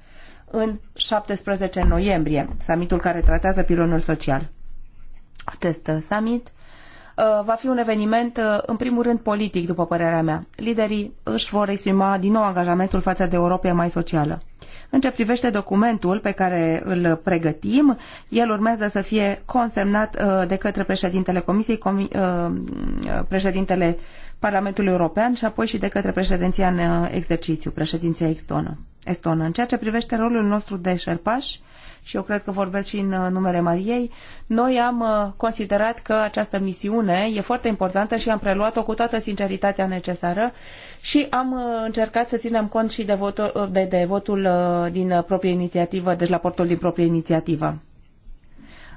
în 17 noiembrie, summitul care tratează pilonul social. Acest summit Uh, va fi un eveniment, uh, în primul rând, politic, după părerea mea. Liderii își vor exprima din nou angajamentul față de Europa mai socială. În ce privește documentul pe care îl pregătim, el urmează să fie consemnat uh, de către președintele Comisiei, președintele Parlamentului European și apoi și de către președinția în exercițiu, președinția estonă. estonă. În ceea ce privește rolul nostru de șerpași, și eu cred că vorbesc și în uh, numele Mariei, noi am uh, considerat că această misiune e foarte importantă și am preluat-o cu toată sinceritatea necesară și am uh, încercat să ținem cont și de votul, de, de votul din proprie inițiativă, deci raportul din proprie inițiativă.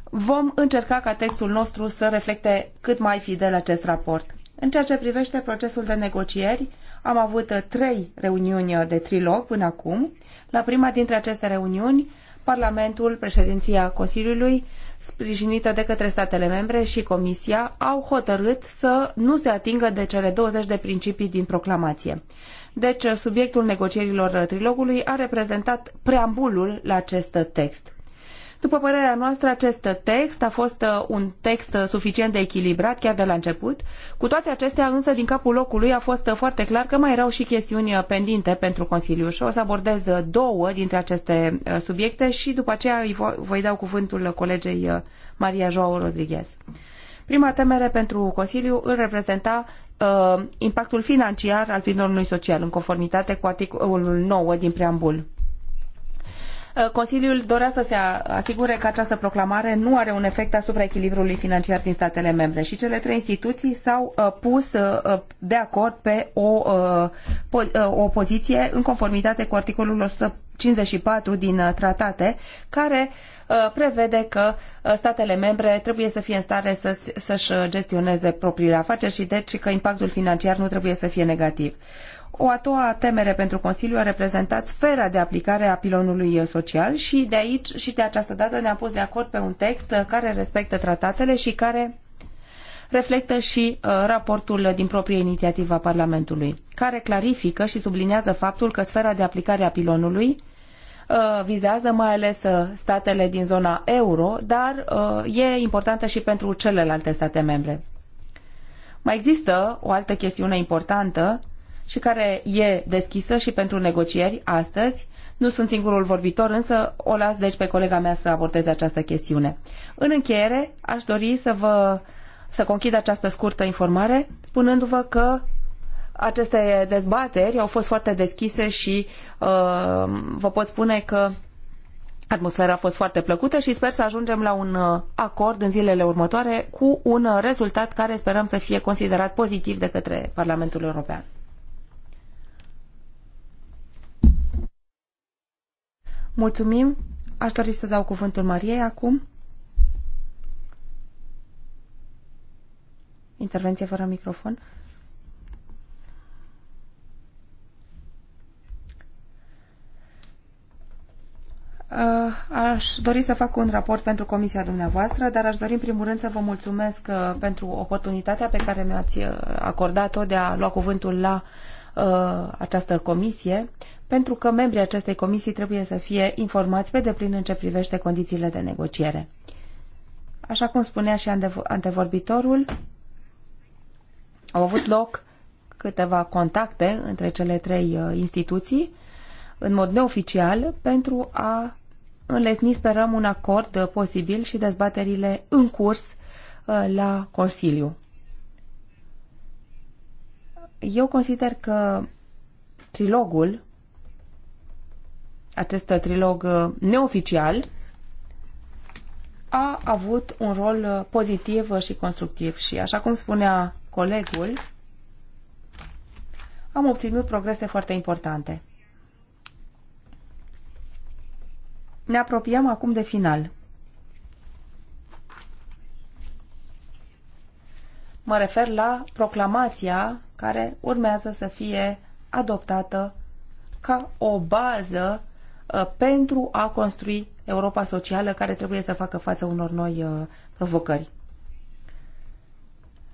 Vom încerca ca textul nostru să reflecte cât mai fidel acest raport. În ceea ce privește procesul de negocieri, am avut trei reuniuni de trilog până acum. La prima dintre aceste reuniuni Parlamentul, președinția Consiliului, sprijinită de către statele membre și Comisia, au hotărât să nu se atingă de cele 20 de principii din proclamație. Deci, subiectul negocierilor trilogului a reprezentat preambulul la acest text. După părerea noastră, acest text a fost uh, un text uh, suficient de echilibrat chiar de la început. Cu toate acestea, însă, din capul locului a fost uh, foarte clar că mai erau și chestiuni pendinte pentru Consiliu și o să abordez două dintre aceste subiecte și după aceea îi voi da cuvântul colegei Maria Joao Rodriguez. Prima temere pentru Consiliu îl reprezenta uh, impactul financiar al pilonului social, în conformitate cu articolul 9 din preambul. Uh, Consiliul dorea să se asigure că această proclamare nu are un efect asupra echilibrului financiar din statele membre și cele trei instituții s-au uh, pus uh, de acord pe o, o poziție în conformitate cu articolul 154 din tratate, care prevede că statele membre trebuie să fie în stare să, să-și gestioneze propriile afaceri și deci că impactul financiar nu trebuie să fie negativ. O a doua temere pentru Consiliu a reprezentat sfera de aplicare a pilonului social și de aici și de această dată ne-am pus de acord pe un text care respectă tratatele și care reflectă și uh, raportul din proprie inițiativă a Parlamentului, care clarifică și subliniază faptul că sfera de aplicare a pilonului uh, vizează mai ales uh, statele din zona euro, dar uh, e importantă și pentru celelalte state membre. Mai există o altă chestiune importantă și care e deschisă și pentru negocieri astăzi. Nu sunt singurul vorbitor, însă o las deci pe colega mea să abordeze această chestiune. În încheiere, aș dori să vă să conchid această scurtă informare spunându-vă că aceste dezbateri au fost foarte deschise și uh, vă pot spune că Atmosfera a fost foarte plăcută și sper să ajungem la un uh, acord în zilele următoare cu un uh, rezultat care sperăm să fie considerat pozitiv de către Parlamentul European. Mulțumim. Aș dori să dau cuvântul Mariei acum. Intervenție fără microfon. Uh, aș dori să fac un raport pentru comisia dumneavoastră, dar aș dori în primul rând să vă mulțumesc uh, pentru oportunitatea pe care mi-ați uh, acordat-o de a lua cuvântul la această comisie pentru că membrii acestei comisii trebuie să fie informați pe deplin în ce privește condițiile de negociere. Așa cum spunea și antevorbitorul, au avut loc câteva contacte între cele trei uh, instituții, în mod neoficial, pentru a înlesni, sperăm, un acord uh, posibil și dezbaterile în curs uh, la Consiliu. Eu consider că trilogul acest trilog uh, neoficial a avut un rol uh, pozitiv și constructiv și, așa cum spunea colegul, am obținut progrese foarte importante. Ne apropiem acum de final. Mă refer la proclamația care urmează să fie adoptată ca o bază Uh, pentru a construi Europa socială care trebuie să facă față unor noi uh, provocări.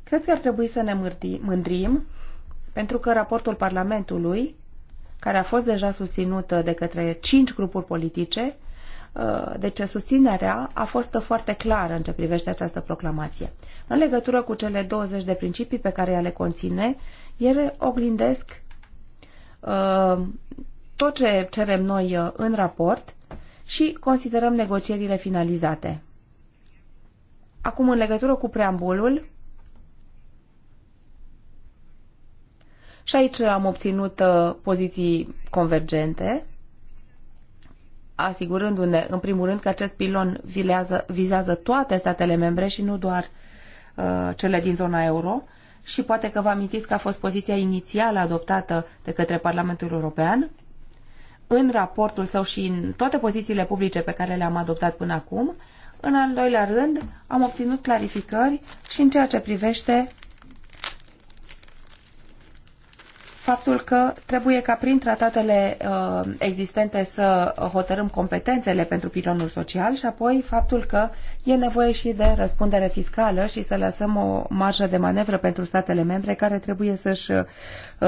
Cred că ar trebui să ne mândrim pentru că raportul Parlamentului, care a fost deja susținut uh, de către cinci grupuri politice, deci susținerea a fost foarte clară în ce privește această proclamație. În legătură cu cele 20 de principii pe care ea le conține, ele oglindesc tot ce cerem noi uh, în raport și considerăm negocierile finalizate. Acum, în legătură cu preambulul, și aici am obținut uh, poziții convergente, asigurându-ne, în primul rând, că acest pilon vilează, vizează toate statele membre și nu doar uh, cele din zona euro. Și poate că vă amintiți că a fost poziția inițială adoptată de către Parlamentul European, în raportul său și în toate pozițiile publice pe care le-am adoptat până acum. În al doilea rând, am obținut clarificări și în ceea ce privește faptul că trebuie ca prin tratatele uh, existente să hotărâm competențele pentru pilonul social și apoi faptul că e nevoie și de răspundere fiscală și să lăsăm o marjă de manevră pentru statele membre care trebuie să-și uh,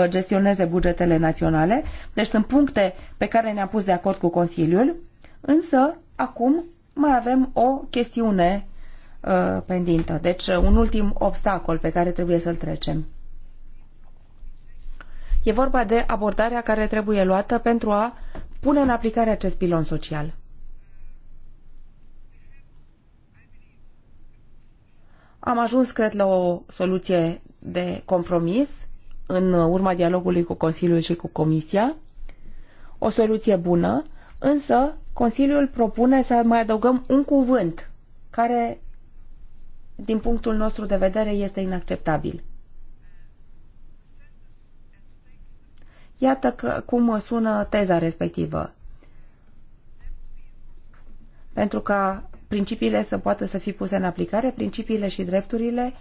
gestioneze bugetele naționale. Deci sunt puncte pe care ne-am pus de acord cu Consiliul, însă acum mai avem o chestiune uh, pendintă, deci uh, un ultim obstacol pe care trebuie să-l trecem. E vorba de abordarea care trebuie luată pentru a pune în aplicare acest pilon social. Am ajuns, cred, la o soluție de compromis în urma dialogului cu Consiliul și cu Comisia. O soluție bună, însă Consiliul propune să mai adăugăm un cuvânt care, din punctul nostru de vedere, este inacceptabil. Iată că, cum sună teza respectivă. Pentru ca principiile să poată să fie puse în aplicare, principiile și drepturile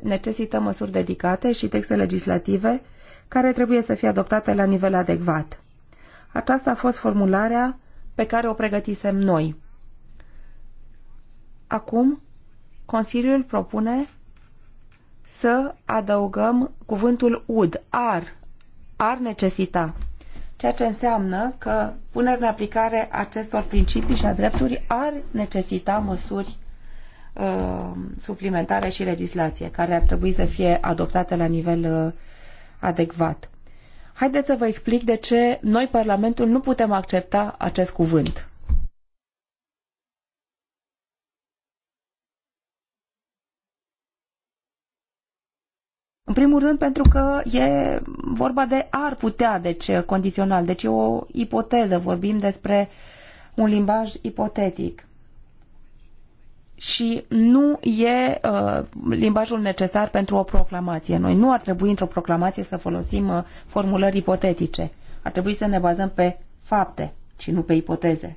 necesită măsuri dedicate și texte legislative care trebuie să fie adoptate la nivel adecvat. Aceasta a fost formularea pe care o pregătisem noi. Acum, Consiliul propune să adăugăm cuvântul ud, ar, ar necesita. Ceea ce înseamnă că punerea în aplicare acestor principii și a drepturi ar necesita măsuri uh, suplimentare și legislație care ar trebui să fie adoptate la nivel uh, adecvat. Haideți să vă explic de ce noi, Parlamentul, nu putem accepta acest cuvânt. În primul rând pentru că e vorba de ar putea, deci condițional, deci e o ipoteză, vorbim despre un limbaj ipotetic. Și nu e uh, limbajul necesar pentru o proclamație. Noi nu ar trebui într-o proclamație să folosim uh, formulări ipotetice. Ar trebui să ne bazăm pe fapte și nu pe ipoteze.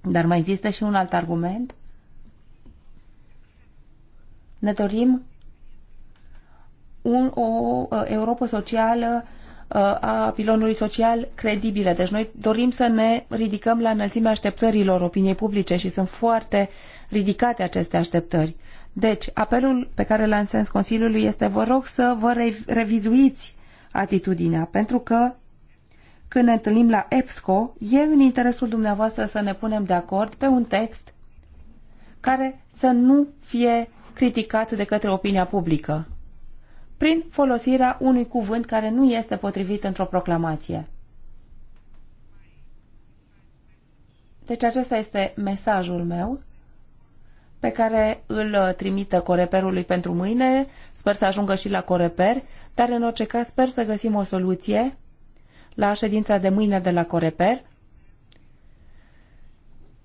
Dar mai există și un alt argument. Ne dorim un, o uh, Europa socială uh, a pilonului social credibile. Deci noi dorim să ne ridicăm la înălțimea așteptărilor opiniei publice și sunt foarte ridicate aceste așteptări. Deci, apelul pe care l sens Consiliului este vă rog să vă revizuiți atitudinea, pentru că când ne întâlnim la EPSCO, e în interesul dumneavoastră să ne punem de acord pe un text care să nu fie criticat de către opinia publică prin folosirea unui cuvânt care nu este potrivit într-o proclamație. Deci acesta este mesajul meu pe care îl trimită coreperului pentru mâine. Sper să ajungă și la coreper, dar în orice caz sper să găsim o soluție la ședința de mâine de la coreper.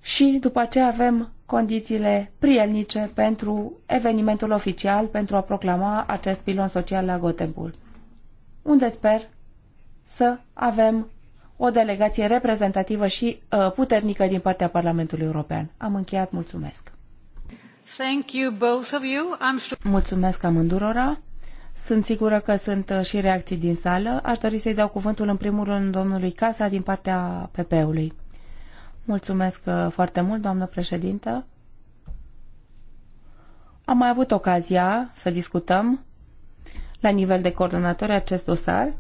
Și după aceea avem condițiile prielnice pentru evenimentul oficial pentru a proclama acest pilon social la Gothenburg, unde sper să avem o delegație reprezentativă și uh, puternică din partea Parlamentului European. Am încheiat, mulțumesc! Thank you, both of you. I'm... Mulțumesc amândurora! Sunt sigură că sunt uh, și reacții din sală. Aș dori să-i dau cuvântul în primul rând domnului Casa din partea PP-ului. Mulțumesc uh, foarte mult, doamnă președintă. Am mai avut ocazia să discutăm la nivel de coordonatori acest dosar,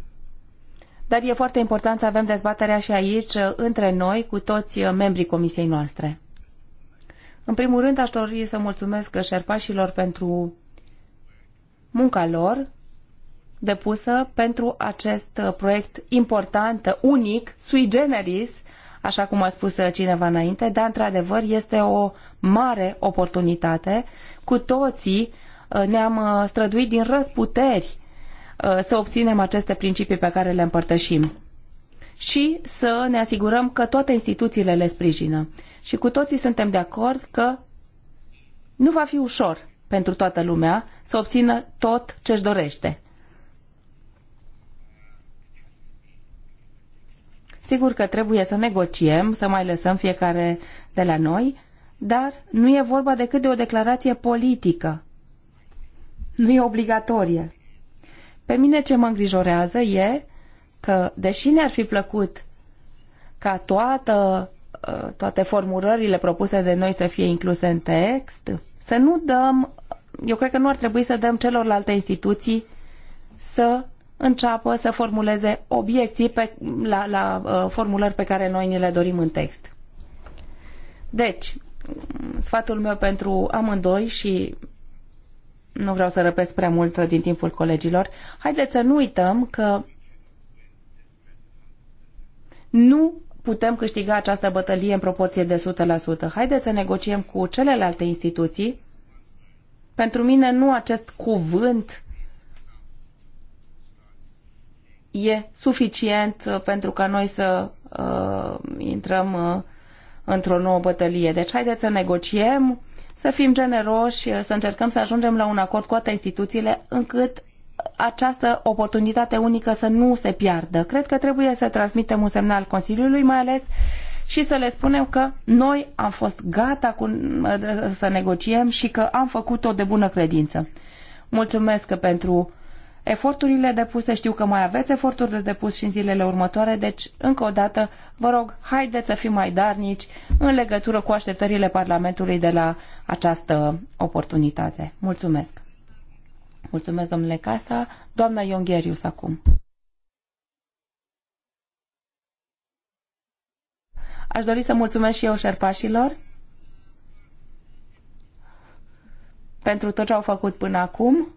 dar e foarte important să avem dezbaterea și aici uh, între noi cu toți uh, membrii comisiei noastre. În primul rând aș dori să mulțumesc șerpașilor pentru munca lor depusă pentru acest proiect important, unic, sui generis, așa cum a spus cineva înainte, dar într-adevăr este o mare oportunitate. Cu toții uh, ne-am uh, străduit din răzputeri uh, să obținem aceste principii pe care le împărtășim și să ne asigurăm că toate instituțiile le sprijină. Și cu toții suntem de acord că nu va fi ușor pentru toată lumea să obțină tot ce-și dorește. Sigur că trebuie să negociem, să mai lăsăm fiecare de la noi, dar nu e vorba decât de o declarație politică. Nu e obligatorie. Pe mine ce mă îngrijorează e că, deși ne-ar fi plăcut ca toată, uh, toate formulările propuse de noi să fie incluse în text, să nu dăm, eu cred că nu ar trebui să dăm celorlalte instituții să înceapă să formuleze obiecții pe, la, la uh, formulări pe care noi ni le dorim în text. Deci, sfatul meu pentru amândoi și nu vreau să răpesc prea mult din timpul colegilor, haideți să nu uităm că nu putem câștiga această bătălie în proporție de 100%. Haideți să negociem cu celelalte instituții. Pentru mine nu acest cuvânt e suficient uh, pentru ca noi să uh, intrăm uh, într-o nouă bătălie. Deci haideți să negociem, să fim generoși, uh, să încercăm să ajungem la un acord cu toate instituțiile încât această oportunitate unică să nu se piardă. Cred că trebuie să transmitem un semnal Consiliului, mai ales și să le spunem că noi am fost gata cu, uh, să negociem și că am făcut-o de bună credință. Mulțumesc pentru eforturile depuse. Știu că mai aveți eforturi de depus și în zilele următoare, deci, încă o dată, vă rog, haideți să fim mai darnici în legătură cu așteptările Parlamentului de la această oportunitate. Mulțumesc! Mulțumesc, domnule Casa. Doamna Iongherius acum. Aș dori să mulțumesc și eu șerpașilor pentru tot ce au făcut până acum.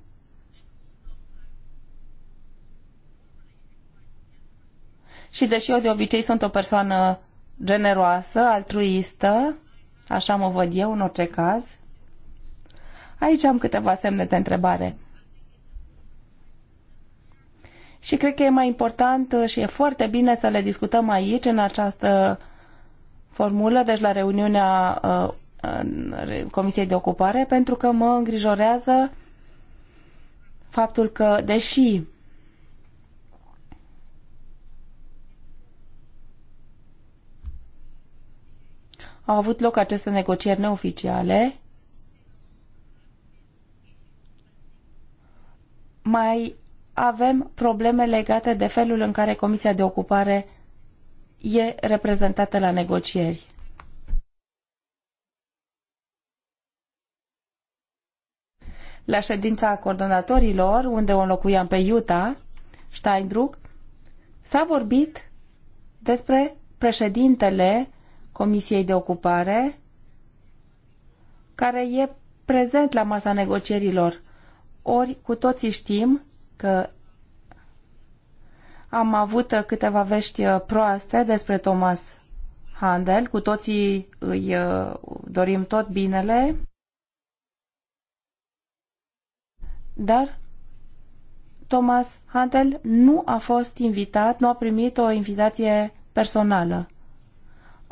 și deși eu de obicei sunt o persoană generoasă, altruistă, așa mă văd eu în orice caz, aici am câteva semne de întrebare. Și cred că e mai important și e foarte bine să le discutăm aici, în această formulă, deci la reuniunea uh, Comisiei de Ocupare, pentru că mă îngrijorează faptul că, deși au avut loc aceste negocieri neoficiale mai avem probleme legate de felul în care Comisia de Ocupare e reprezentată la negocieri. La ședința coordonatorilor, unde o înlocuiam pe Iuta, Steinbrück, s-a vorbit despre președintele Comisiei de Ocupare, care e prezent la masa negocierilor. Ori cu toții știm că am avut câteva vești uh, proaste despre Thomas Handel, cu toții îi uh, dorim tot binele, dar Thomas Handel nu a fost invitat, nu a primit o invitație personală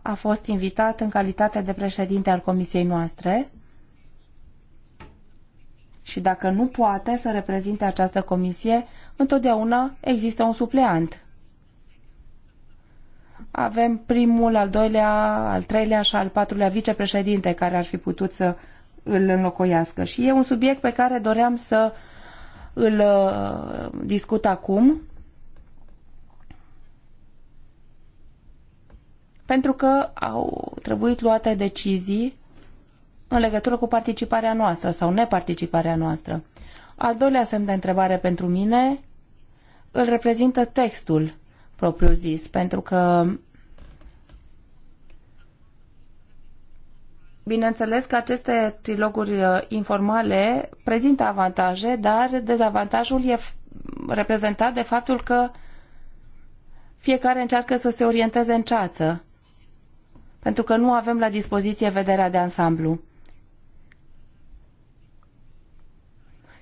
a fost invitat în calitate de președinte al comisiei noastre și dacă nu poate să reprezinte această comisie, întotdeauna există un supleant. Avem primul, al doilea, al treilea și al patrulea vicepreședinte care ar fi putut să îl înlocuiască. Și e un subiect pe care doream să îl uh, discut acum pentru că au trebuit luate decizii în legătură cu participarea noastră sau neparticiparea noastră. Al doilea semn de întrebare pentru mine îl reprezintă textul propriu zis, pentru că Bineînțeles că aceste triloguri uh, informale prezintă avantaje, dar dezavantajul e reprezentat de faptul că fiecare încearcă să se orienteze în ceață pentru că nu avem la dispoziție vederea de ansamblu.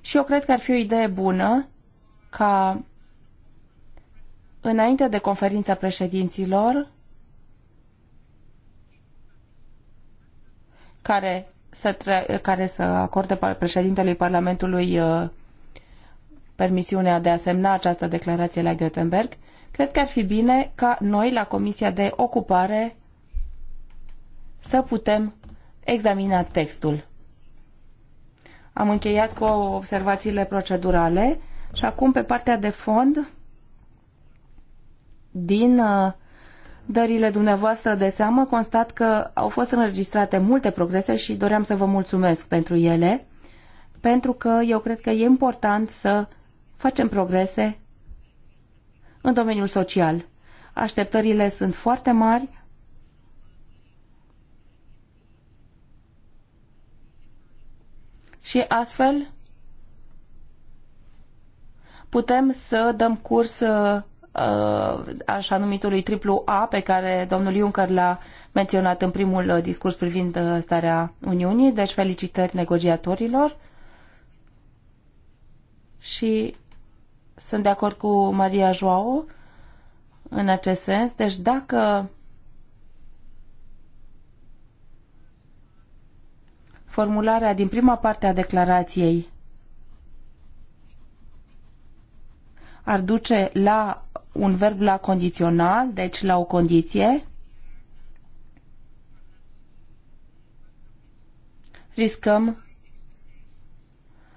Și eu cred că ar fi o idee bună ca înainte de conferința președinților, care să, care să acorde președintelui Parlamentului uh, permisiunea de a semna această declarație la Göteborg, cred că ar fi bine ca noi, la Comisia de Ocupare, să putem examina textul. Am încheiat cu observațiile procedurale și acum pe partea de fond din uh, dările dumneavoastră de seamă constat că au fost înregistrate multe progrese și doream să vă mulțumesc pentru ele, pentru că eu cred că e important să facem progrese în domeniul social. Așteptările sunt foarte mari și astfel putem să dăm curs uh, așa numitului triplu A pe care domnul Juncker l-a menționat în primul uh, discurs privind uh, starea Uniunii, deci felicitări negociatorilor și sunt de acord cu Maria Joao în acest sens, deci dacă formularea din prima parte a declarației ar duce la un verb la condițional, deci la o condiție, riscăm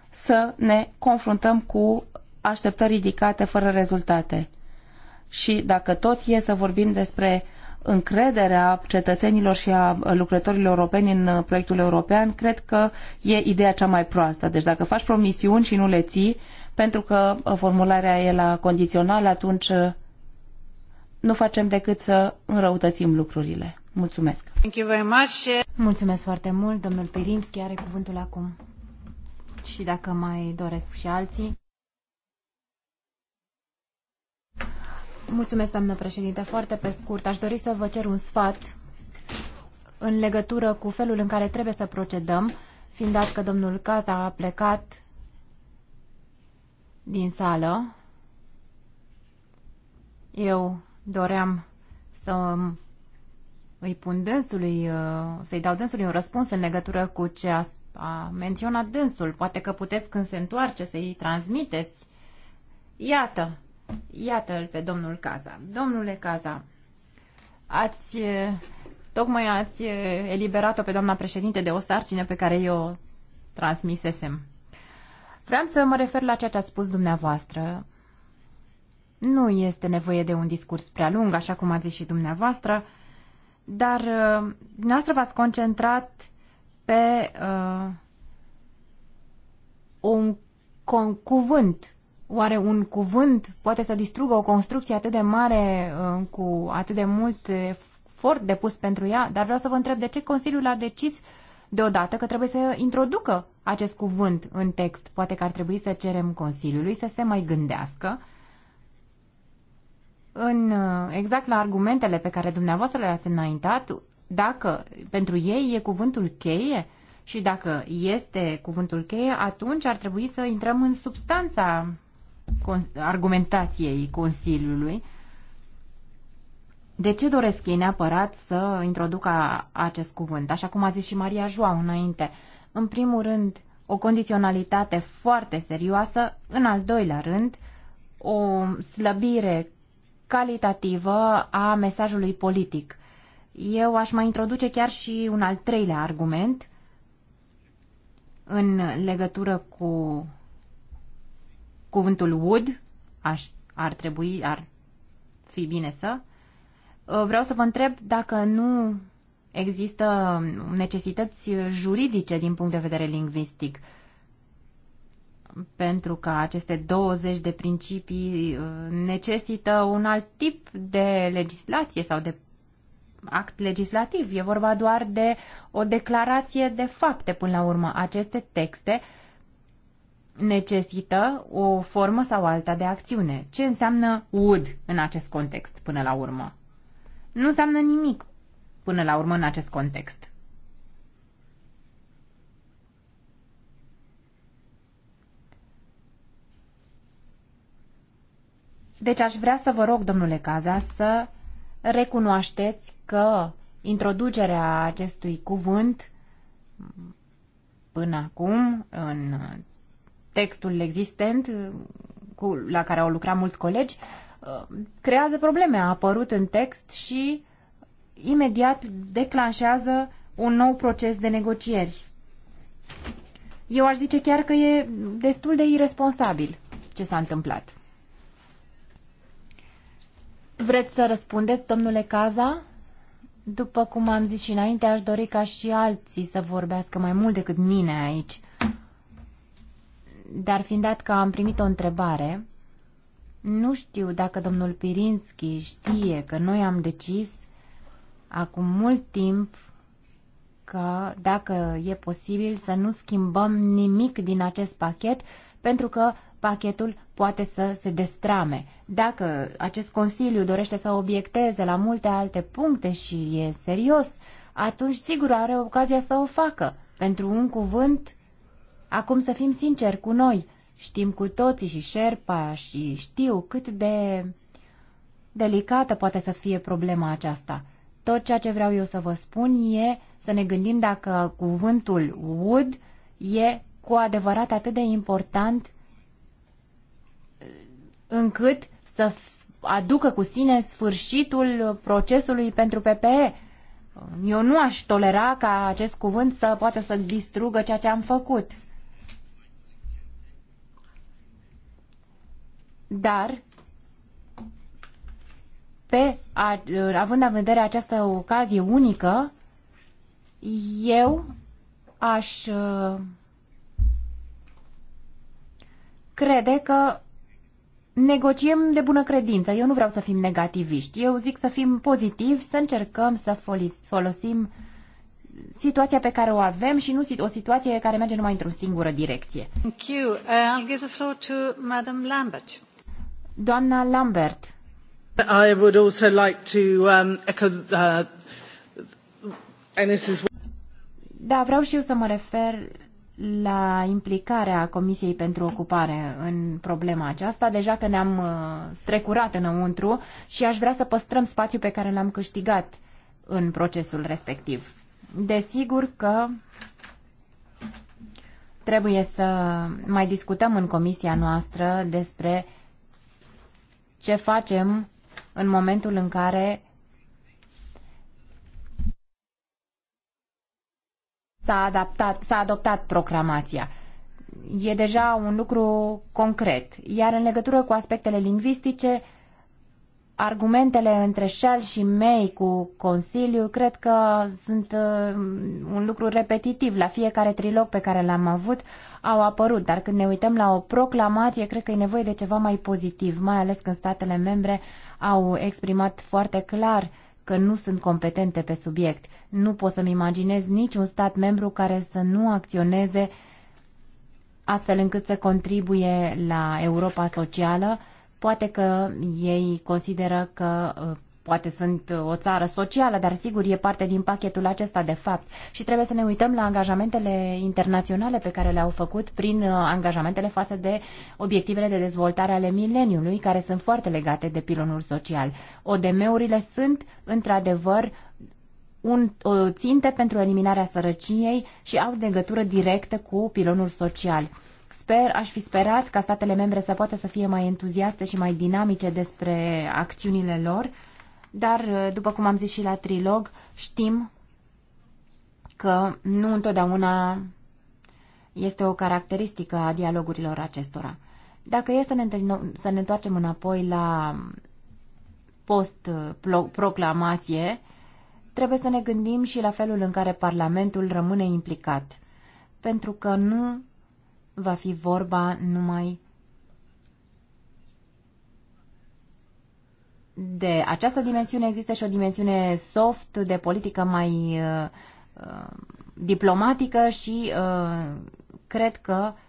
să ne confruntăm cu așteptări ridicate fără rezultate. Și dacă tot e să vorbim despre uh, încrederea cetățenilor și a lucrătorilor europeni în uh, proiectul european, cred că e ideea cea mai proastă. Deci dacă faci promisiuni și nu le ții, pentru că uh, formularea e la condițional, atunci uh, nu facem decât să înrăutățim lucrurile. Mulțumesc! Thank you very much. Mulțumesc foarte mult! Domnul Pirinski are cuvântul acum. Și dacă mai doresc și alții. Mulțumesc, doamnă președinte. Foarte pe scurt, aș dori să vă cer un sfat în legătură cu felul în care trebuie să procedăm, fiind dat că domnul Caza a plecat din sală. Eu doream să îi pun dânsului, să-i dau dânsului un răspuns în legătură cu ce a, a menționat dânsul. Poate că puteți când se întoarce să-i transmiteți. Iată, Iată-l pe domnul Caza. Domnule Caza, ați, eh, tocmai ați eh, eliberat-o pe doamna președinte de o sarcină pe care eu transmisesem. Vreau să mă refer la ceea ce ați spus dumneavoastră. Nu este nevoie de un discurs prea lung, așa cum ați zis și dumneavoastră, dar eh, dumneavoastră v-ați concentrat pe uh, un cuvânt Oare un cuvânt poate să distrugă o construcție atât de mare, uh, cu atât de mult efort depus pentru ea? Dar vreau să vă întreb de ce Consiliul a decis deodată că trebuie să introducă acest cuvânt în text. Poate că ar trebui să cerem Consiliului să se mai gândească în, uh, exact la argumentele pe care dumneavoastră le-ați înaintat, dacă pentru ei e cuvântul cheie și dacă este cuvântul cheie, atunci ar trebui să intrăm în substanța argumentației Consiliului. De ce doresc ei neapărat să introducă acest cuvânt? Așa cum a zis și Maria Joa înainte. În primul rând, o condiționalitate foarte serioasă, în al doilea rând, o slăbire calitativă a mesajului politic. Eu aș mai introduce chiar și un al treilea argument în legătură cu cuvântul would, aș, ar trebui, ar fi bine să. Uh, vreau să vă întreb dacă nu există necesități juridice din punct de vedere lingvistic pentru că aceste 20 de principii uh, necesită un alt tip de legislație sau de act legislativ. E vorba doar de o declarație de fapte până la urmă. Aceste texte uh, necesită o formă sau alta de acțiune. Ce înseamnă would în acest context, până la urmă? Nu înseamnă nimic, până la urmă, în acest context. Deci aș vrea să vă rog, domnule Caza, să recunoașteți că introducerea acestui cuvânt până acum în textul existent uh, cu, la care au lucrat mulți colegi, uh, creează probleme. A apărut în text și imediat declanșează un nou proces de negocieri. Eu aș zice chiar că e destul de irresponsabil ce s-a întâmplat. Vreți să răspundeți, domnule Caza? După cum am zis și înainte, aș dori ca și alții să vorbească mai mult decât mine aici. Dar fiind dat că am primit o întrebare, nu știu dacă domnul Pirinski știe că noi am decis acum mult timp că, dacă e posibil, să nu schimbăm nimic din acest pachet, pentru că pachetul poate să se destrame. Dacă acest Consiliu dorește să obiecteze la multe alte puncte și e serios, atunci sigur are ocazia să o facă. Pentru un cuvânt Acum să fim sinceri cu noi. Știm cu toții și șerpa și știu cât de delicată poate să fie problema aceasta. Tot ceea ce vreau eu să vă spun e să ne gândim dacă cuvântul would e cu adevărat atât de important încât să aducă cu sine sfârșitul procesului pentru PPE. Eu nu aș tolera ca acest cuvânt să poată să distrugă ceea ce am făcut. dar pe, având în vedere această ocazie unică, eu aș uh, crede că negociem de bună credință. Eu nu vreau să fim negativiști. Eu zic să fim pozitivi, să încercăm să folosim situația pe care o avem și nu o situație care merge numai într-o singură direcție. Thank you. Uh, I'll give the floor to Madam Lambert. Doamna Lambert. I would also like to um, echo uh, and this is da, vreau și eu să mă refer la implicarea Comisiei pentru Ocupare în problema aceasta, deja că ne-am uh, strecurat înăuntru și aș vrea să păstrăm spațiul pe care l-am câștigat în procesul respectiv. Desigur că trebuie să mai discutăm în comisia noastră despre uh, ce facem în momentul în care s-a, adaptat, s-a adoptat proclamația. E deja un lucru concret. Iar în legătură cu aspectele lingvistice, argumentele între Shell și May cu Consiliu cred că sunt uh, un lucru repetitiv. La fiecare trilog pe care l-am avut au apărut, dar când ne uităm la o proclamație, cred că e nevoie de ceva mai pozitiv, mai ales când statele membre au exprimat foarte clar că nu sunt competente pe subiect. Nu pot să-mi imaginez niciun stat membru care să nu acționeze astfel încât să contribuie la Europa socială Poate că ei consideră că uh, poate sunt uh, o țară socială, dar sigur e parte din pachetul acesta de fapt. Și trebuie să ne uităm la angajamentele internaționale pe care le-au făcut prin uh, angajamentele față de obiectivele de dezvoltare ale mileniului, care sunt foarte legate de pilonul social. ODM-urile sunt, într-adevăr, un, o ținte pentru eliminarea sărăciei și au legătură directă cu pilonul social. Sper, aș fi sperat ca statele membre să poată să fie mai entuziaste și mai dinamice despre acțiunile lor, dar, după cum am zis și la trilog, știm că nu întotdeauna este o caracteristică a dialogurilor acestora. Dacă e să ne, să ne întoarcem înapoi la post-proclamație, trebuie să ne gândim și la felul în care Parlamentul rămâne implicat, pentru că nu va fi vorba numai de această dimensiune. Există și o dimensiune soft, de politică mai uh, uh diplomatică și uh, cred că uh,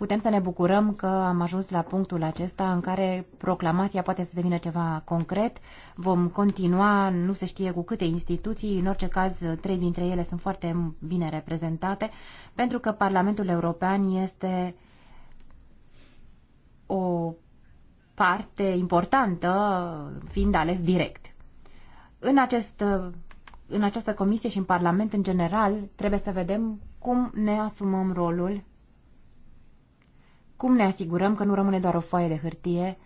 putem să ne bucurăm că am ajuns la punctul acesta în care proclamația poate să devină ceva concret. Vom continua, nu se știe cu câte instituții, în orice caz trei dintre ele sunt foarte bine reprezentate, pentru că Parlamentul European este o parte importantă, fiind ales direct. În, acest, în această comisie și în Parlament în general trebuie să vedem cum ne asumăm rolul cum ne asigurăm că nu rămâne doar o foaie de hârtie,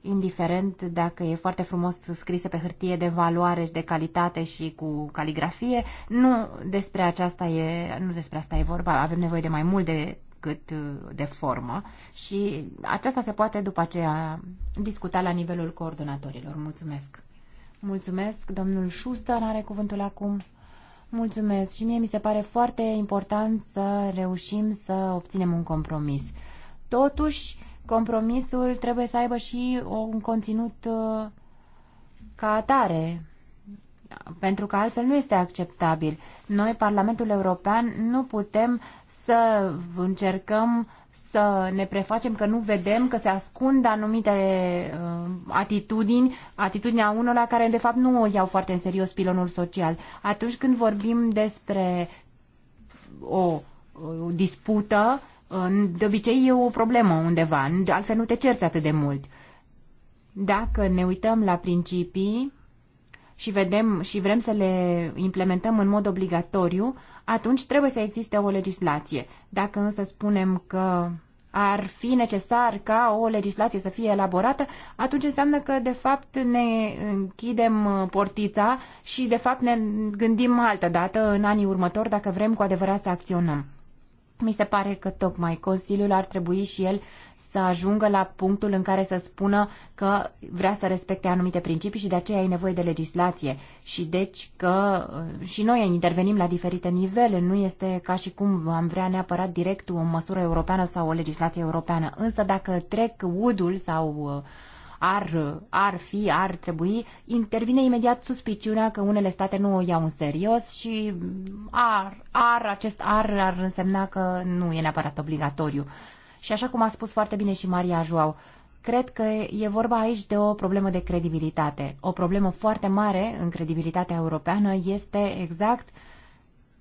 indiferent dacă e foarte frumos scrisă pe hârtie de valoare și de calitate și cu caligrafie, nu despre aceasta e, nu despre asta e vorba. Avem nevoie de mai mult de cât uh, de formă și aceasta se poate după aceea discuta la nivelul coordonatorilor. Mulțumesc! Mulțumesc! Domnul Schuster are cuvântul acum. Mulțumesc! Și mie mi se pare foarte important să reușim să obținem un compromis. Totuși, compromisul trebuie să aibă și un conținut uh, ca atare, pentru că altfel nu este acceptabil. Noi, Parlamentul European, nu putem să încercăm să ne prefacem că nu vedem, că se ascund anumite uh, atitudini, atitudinea unora care de fapt nu iau foarte în serios pilonul social. Atunci când vorbim despre o, o dispută, de obicei e o problemă undeva, altfel nu te cerți atât de mult. Dacă ne uităm la principii și vedem și vrem să le implementăm în mod obligatoriu, atunci trebuie să existe o legislație. Dacă însă spunem că ar fi necesar ca o legislație să fie elaborată, atunci înseamnă că de fapt ne închidem uh, portița și de fapt ne gândim altă dată în anii următori dacă vrem cu adevărat să acționăm. Mi se pare că tocmai Consiliul ar trebui și el să ajungă la punctul în care să spună că vrea să respecte anumite principii și de aceea ai nevoie de legislație. Și deci că și noi intervenim la diferite nivele, nu este ca și cum am vrea neapărat direct o măsură europeană sau o legislație europeană. Însă dacă trec udul sau uh, ar, ar fi, ar trebui, intervine imediat suspiciunea că unele state nu o iau în serios și ar, ar, acest ar ar însemna că nu e neapărat obligatoriu. Și așa cum a spus foarte bine și Maria Joau, cred că e vorba aici de o problemă de credibilitate. O problemă foarte mare în credibilitatea europeană este exact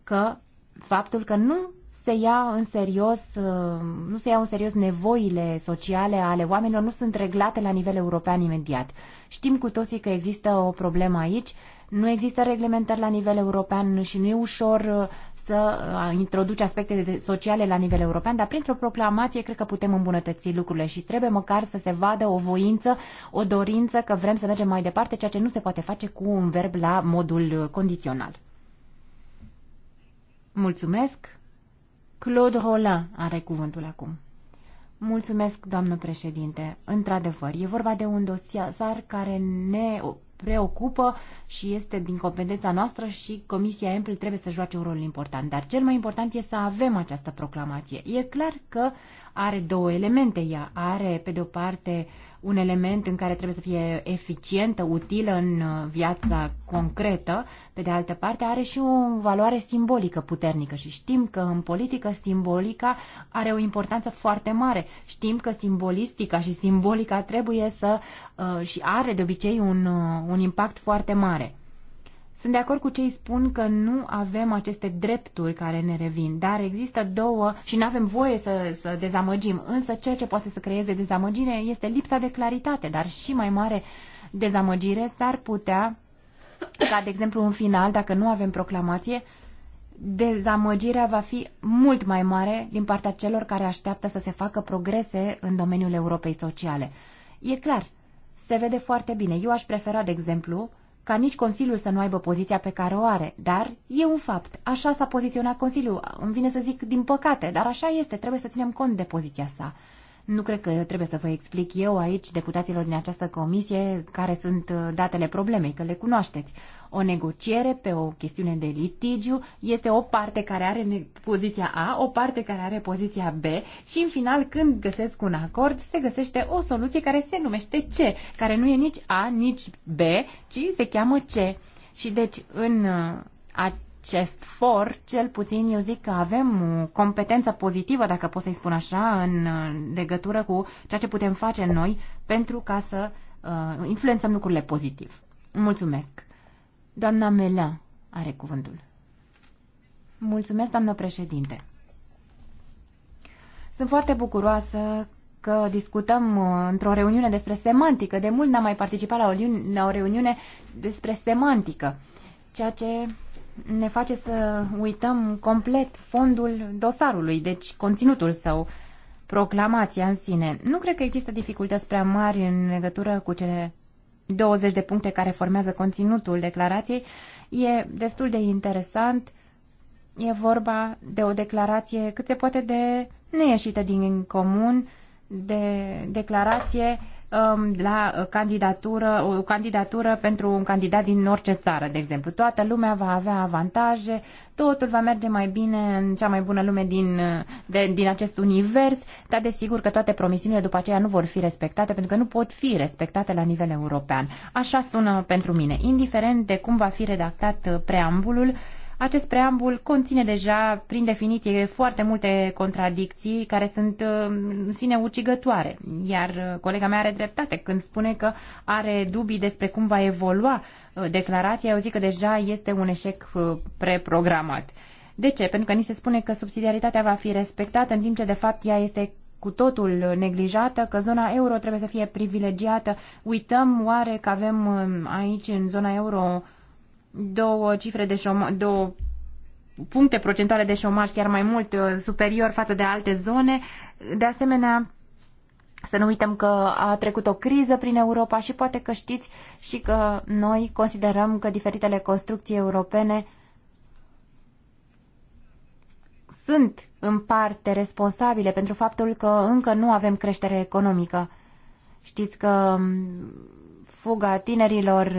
că faptul că nu se ia în serios, uh, nu se iau în serios nevoile sociale ale oamenilor, nu sunt reglate la nivel european imediat. Știm cu toții că există o problemă aici, nu există reglementări la nivel european și nu e ușor uh, să uh, introduci aspecte sociale la nivel european, dar printr-o proclamație cred că putem îmbunătăți lucrurile și trebuie măcar să se vadă o voință, o dorință că vrem să mergem mai departe, ceea ce nu se poate face cu un verb la modul condițional. Mulțumesc! Claude Roland are cuvântul acum. Mulțumesc, doamnă președinte. Într-adevăr, e vorba de un dosar care ne preocupă și este din competența noastră și Comisia Empl trebuie să joace un rol important. Dar cel mai important este să avem această proclamație. E clar că are două elemente ea. Are, pe de o parte, uh, un element în care trebuie să fie eficientă, utilă în uh, viața concretă, pe de altă parte are și o valoare simbolică puternică și știm că în politică simbolica are o importanță foarte mare. Știm că simbolistica și simbolica trebuie să uh, și are de obicei un, uh, un impact foarte mare. Sunt de acord cu cei spun că nu avem aceste drepturi care ne revin, dar există două și nu avem voie să, să dezamăgim. Însă ceea ce poate să creeze dezamăgire este lipsa de claritate, dar și mai mare dezamăgire s-ar putea ca, de exemplu, în final, dacă nu avem proclamație, dezamăgirea va fi mult mai mare din partea celor care așteaptă să se facă progrese în domeniul Europei sociale. E clar, se vede foarte bine. Eu aș prefera, de exemplu, ca nici Consiliul să nu aibă poziția pe care o are, dar e un fapt. Așa s-a poziționat Consiliul. Îmi vine să zic din păcate, dar așa este, trebuie să ținem cont de poziția sa. Nu cred că trebuie să vă explic eu aici, deputaților din această comisie, care sunt uh, datele problemei, că le cunoașteți. O negociere pe o chestiune de litigiu este o parte care are poziția A, o parte care are poziția B și, în final, când găsesc un acord, se găsește o soluție care se numește C, care nu e nici A, nici B, ci se cheamă C. Și deci, în uh, acest for, cel puțin eu zic că avem o competență pozitivă, dacă pot să-i spun așa, în legătură cu ceea ce putem face noi pentru ca să uh, influențăm lucrurile pozitiv. Mulțumesc. Doamna Mela are cuvântul. Mulțumesc, doamnă președinte. Sunt foarte bucuroasă că discutăm uh, într-o reuniune despre semantică. De mult n-am mai participat la o, la o reuniune despre semantică, ceea ce ne face să uităm complet fondul dosarului, deci conținutul său, proclamația în sine. Nu cred că există dificultăți prea mari în legătură cu cele 20 de puncte care formează conținutul declarației. E destul de interesant. E vorba de o declarație cât se poate de neieșită din comun, de declarație uh, Um, la uh, candidatură, o candidatură pentru un candidat din orice țară, de exemplu. Toată lumea va avea avantaje, totul va merge mai bine în cea mai bună lume din, uh, de, din acest univers, dar desigur că toate promisiunile după aceea nu vor fi respectate, pentru că nu pot fi respectate la nivel european. Așa sună pentru mine. Indiferent de cum va fi redactat uh, preambulul, uh, acest preambul conține deja, prin definiție, foarte multe contradicții care sunt uh, în sine ucigătoare. Iar uh, colega mea are dreptate când spune că are dubii despre cum va evolua uh, declarația. Eu zic că deja este un eșec preprogramat. De ce? Pentru că ni se spune că subsidiaritatea va fi respectată, în timp ce de fapt ea este cu totul neglijată, că zona euro trebuie să fie privilegiată. Uităm oare că avem aici în zona euro două cifre de șoma, două puncte procentuale de șomaj chiar mai mult uh, superior față de alte zone. De asemenea, să nu uităm că a trecut o criză prin Europa și poate că știți și că noi considerăm că diferitele construcții europene sunt în parte responsabile pentru faptul că încă nu avem creștere economică. Știți că fuga tinerilor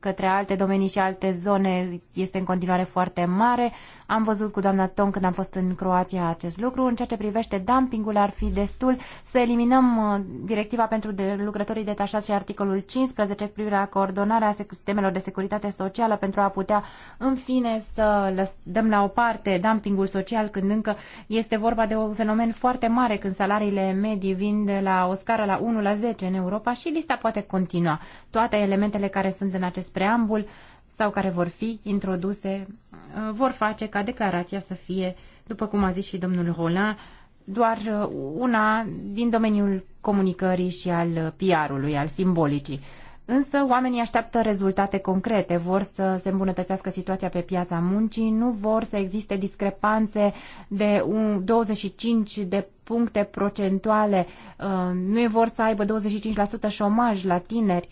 către alte domenii și alte zone este în continuare foarte mare. Am văzut cu doamna Ton când am fost în Croația acest lucru. În ceea ce privește dumpingul, ar fi destul să eliminăm uh, directiva pentru de lucrătorii detașați și articolul 15 cu privire la coordonarea sistemelor de securitate socială pentru a putea, în fine, să dăm la o parte dumpingul social când încă este vorba de un fenomen foarte mare când salariile medii vin de la o scară la 1 la 10 în Europa și lista poate continua. Toate elementele care sunt în acest preambul sau care vor fi introduse uh, vor face ca declarația să fie, după cum a zis și domnul Roland, doar uh, una din domeniul comunicării și al uh, PR-ului, al simbolicii. Însă oamenii așteaptă rezultate concrete, vor să se îmbunătățească situația pe piața muncii, nu vor să existe discrepanțe de 25 de puncte procentuale, nu vor să aibă 25% șomaj la tineri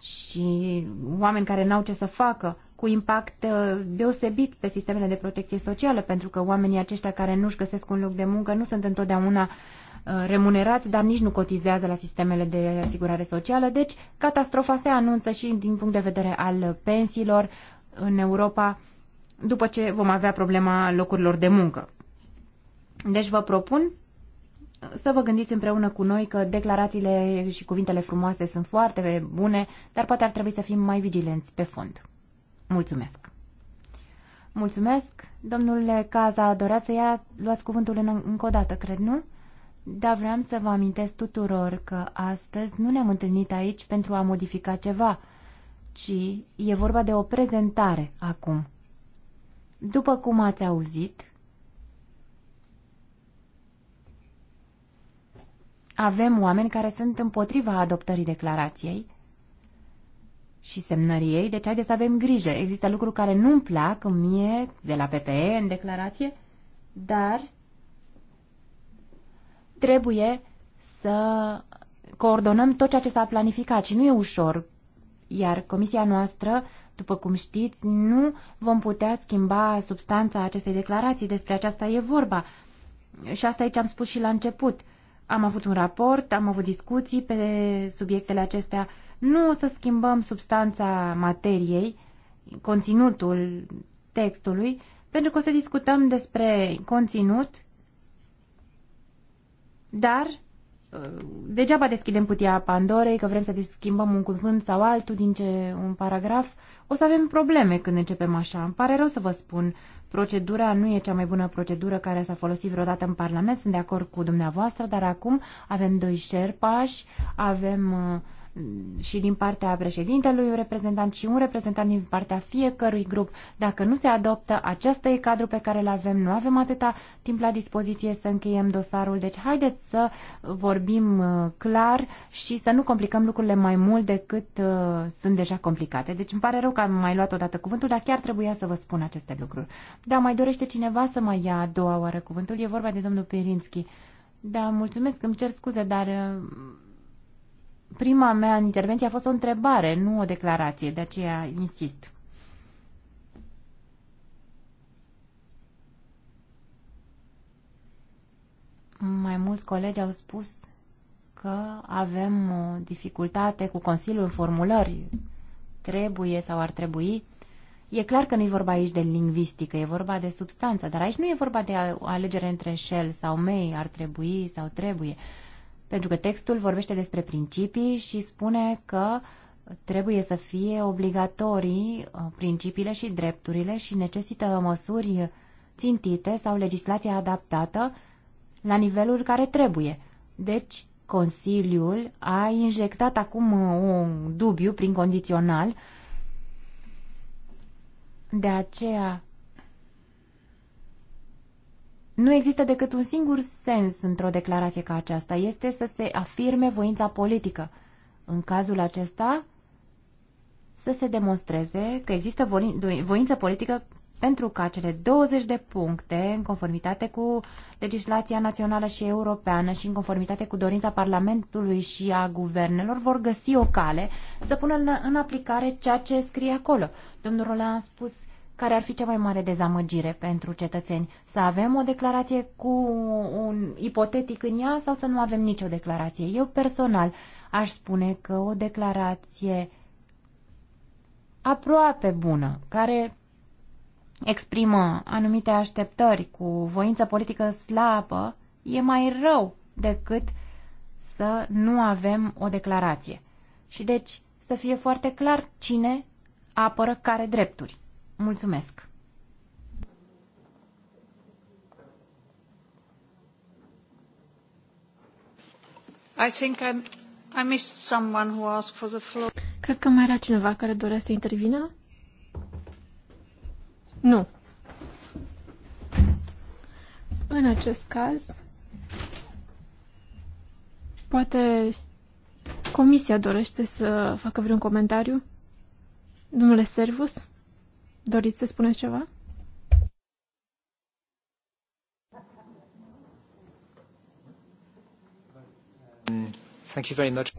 și oameni care n-au ce să facă, cu impact uh, deosebit pe sistemele de protecție socială, pentru că oamenii aceștia care nu-și găsesc un loc de muncă nu sunt întotdeauna uh, remunerați, dar nici nu cotizează la sistemele de asigurare socială. Deci, catastrofa se anunță și din punct de vedere al pensiilor în Europa, după ce vom avea problema locurilor de muncă. Deci vă propun să vă gândiți împreună cu noi că declarațiile și cuvintele frumoase sunt foarte bune, dar poate ar trebui să fim mai vigilenți pe fond. Mulțumesc! Mulțumesc! Domnule Caza, dorea să ia, luați cuvântul în, încă o dată, cred, nu? Da, vreau să vă amintesc tuturor că astăzi nu ne-am întâlnit aici pentru a modifica ceva, ci e vorba de o prezentare acum. După cum ați auzit, avem oameni care sunt împotriva adoptării declarației și semnării ei, deci haideți să avem grijă. Există lucruri care nu-mi plac mie de la PPE în declarație, dar trebuie să coordonăm tot ceea ce s-a planificat și nu e ușor. Iar comisia noastră, după cum știți, nu vom putea schimba substanța acestei declarații, despre aceasta e vorba. Și asta aici am spus și la început. Am avut un raport, am avut discuții pe subiectele acestea. Nu o să schimbăm substanța materiei, conținutul textului, pentru că o să discutăm despre conținut, dar degeaba deschidem putia Pandorei, că vrem să schimbăm un cuvânt sau altul din ce un paragraf, o să avem probleme când începem așa. Îmi pare rău să vă spun, procedura nu e cea mai bună procedură care s-a folosit vreodată în Parlament, sunt de acord cu dumneavoastră, dar acum avem doi șerpași, avem uh, și din partea președintelui un reprezentant și un reprezentant din partea fiecărui grup. Dacă nu se adoptă, acesta e cadrul pe care îl avem. Nu avem atâta timp la dispoziție să încheiem dosarul. Deci haideți să vorbim uh, clar și să nu complicăm lucrurile mai mult decât uh, sunt deja complicate. Deci îmi pare rău că am mai luat odată cuvântul, dar chiar trebuia să vă spun aceste lucruri. Da, mai dorește cineva să mai ia a doua oară cuvântul? E vorba de domnul Pirinski. Da, mulțumesc, îmi cer scuze, dar uh, prima mea intervenție a fost o întrebare, nu o declarație, de aceea insist. Mai mulți colegi au spus că avem o dificultate cu Consiliul în formulări. Trebuie sau ar trebui. E clar că nu e vorba aici de lingvistică, e vorba de substanță, dar aici nu e vorba de alegere între shell sau mei. ar trebui sau trebuie pentru că textul vorbește despre principii și spune că trebuie să fie obligatorii uh, principiile și drepturile și necesită măsuri țintite sau legislație adaptată la nivelul care trebuie. Deci, Consiliul a injectat acum uh, un dubiu prin condițional, de aceea nu există decât un singur sens într-o declarație ca aceasta, este să se afirme voința politică. În cazul acesta, să se demonstreze că există voință politică pentru ca cele 20 de puncte, în conformitate cu legislația națională și europeană și în conformitate cu dorința Parlamentului și a guvernelor, vor găsi o cale să pună în aplicare ceea ce scrie acolo. Domnul Roland a spus care ar fi cea mai mare dezamăgire pentru cetățeni? Să avem o declarație cu un ipotetic în ea sau să nu avem nicio declarație? Eu personal aș spune că o declarație aproape bună, care exprimă anumite așteptări cu voință politică slabă, e mai rău decât să nu avem o declarație. Și deci să fie foarte clar cine apără care drepturi. Mulțumesc! I think I, I missed someone who asked for the floor. Cred că mai era cineva care dorea să intervină. Nu. În acest caz, poate comisia dorește să facă vreun comentariu? Domnule Servus? Doriți să spuneți ceva? Thank you very much.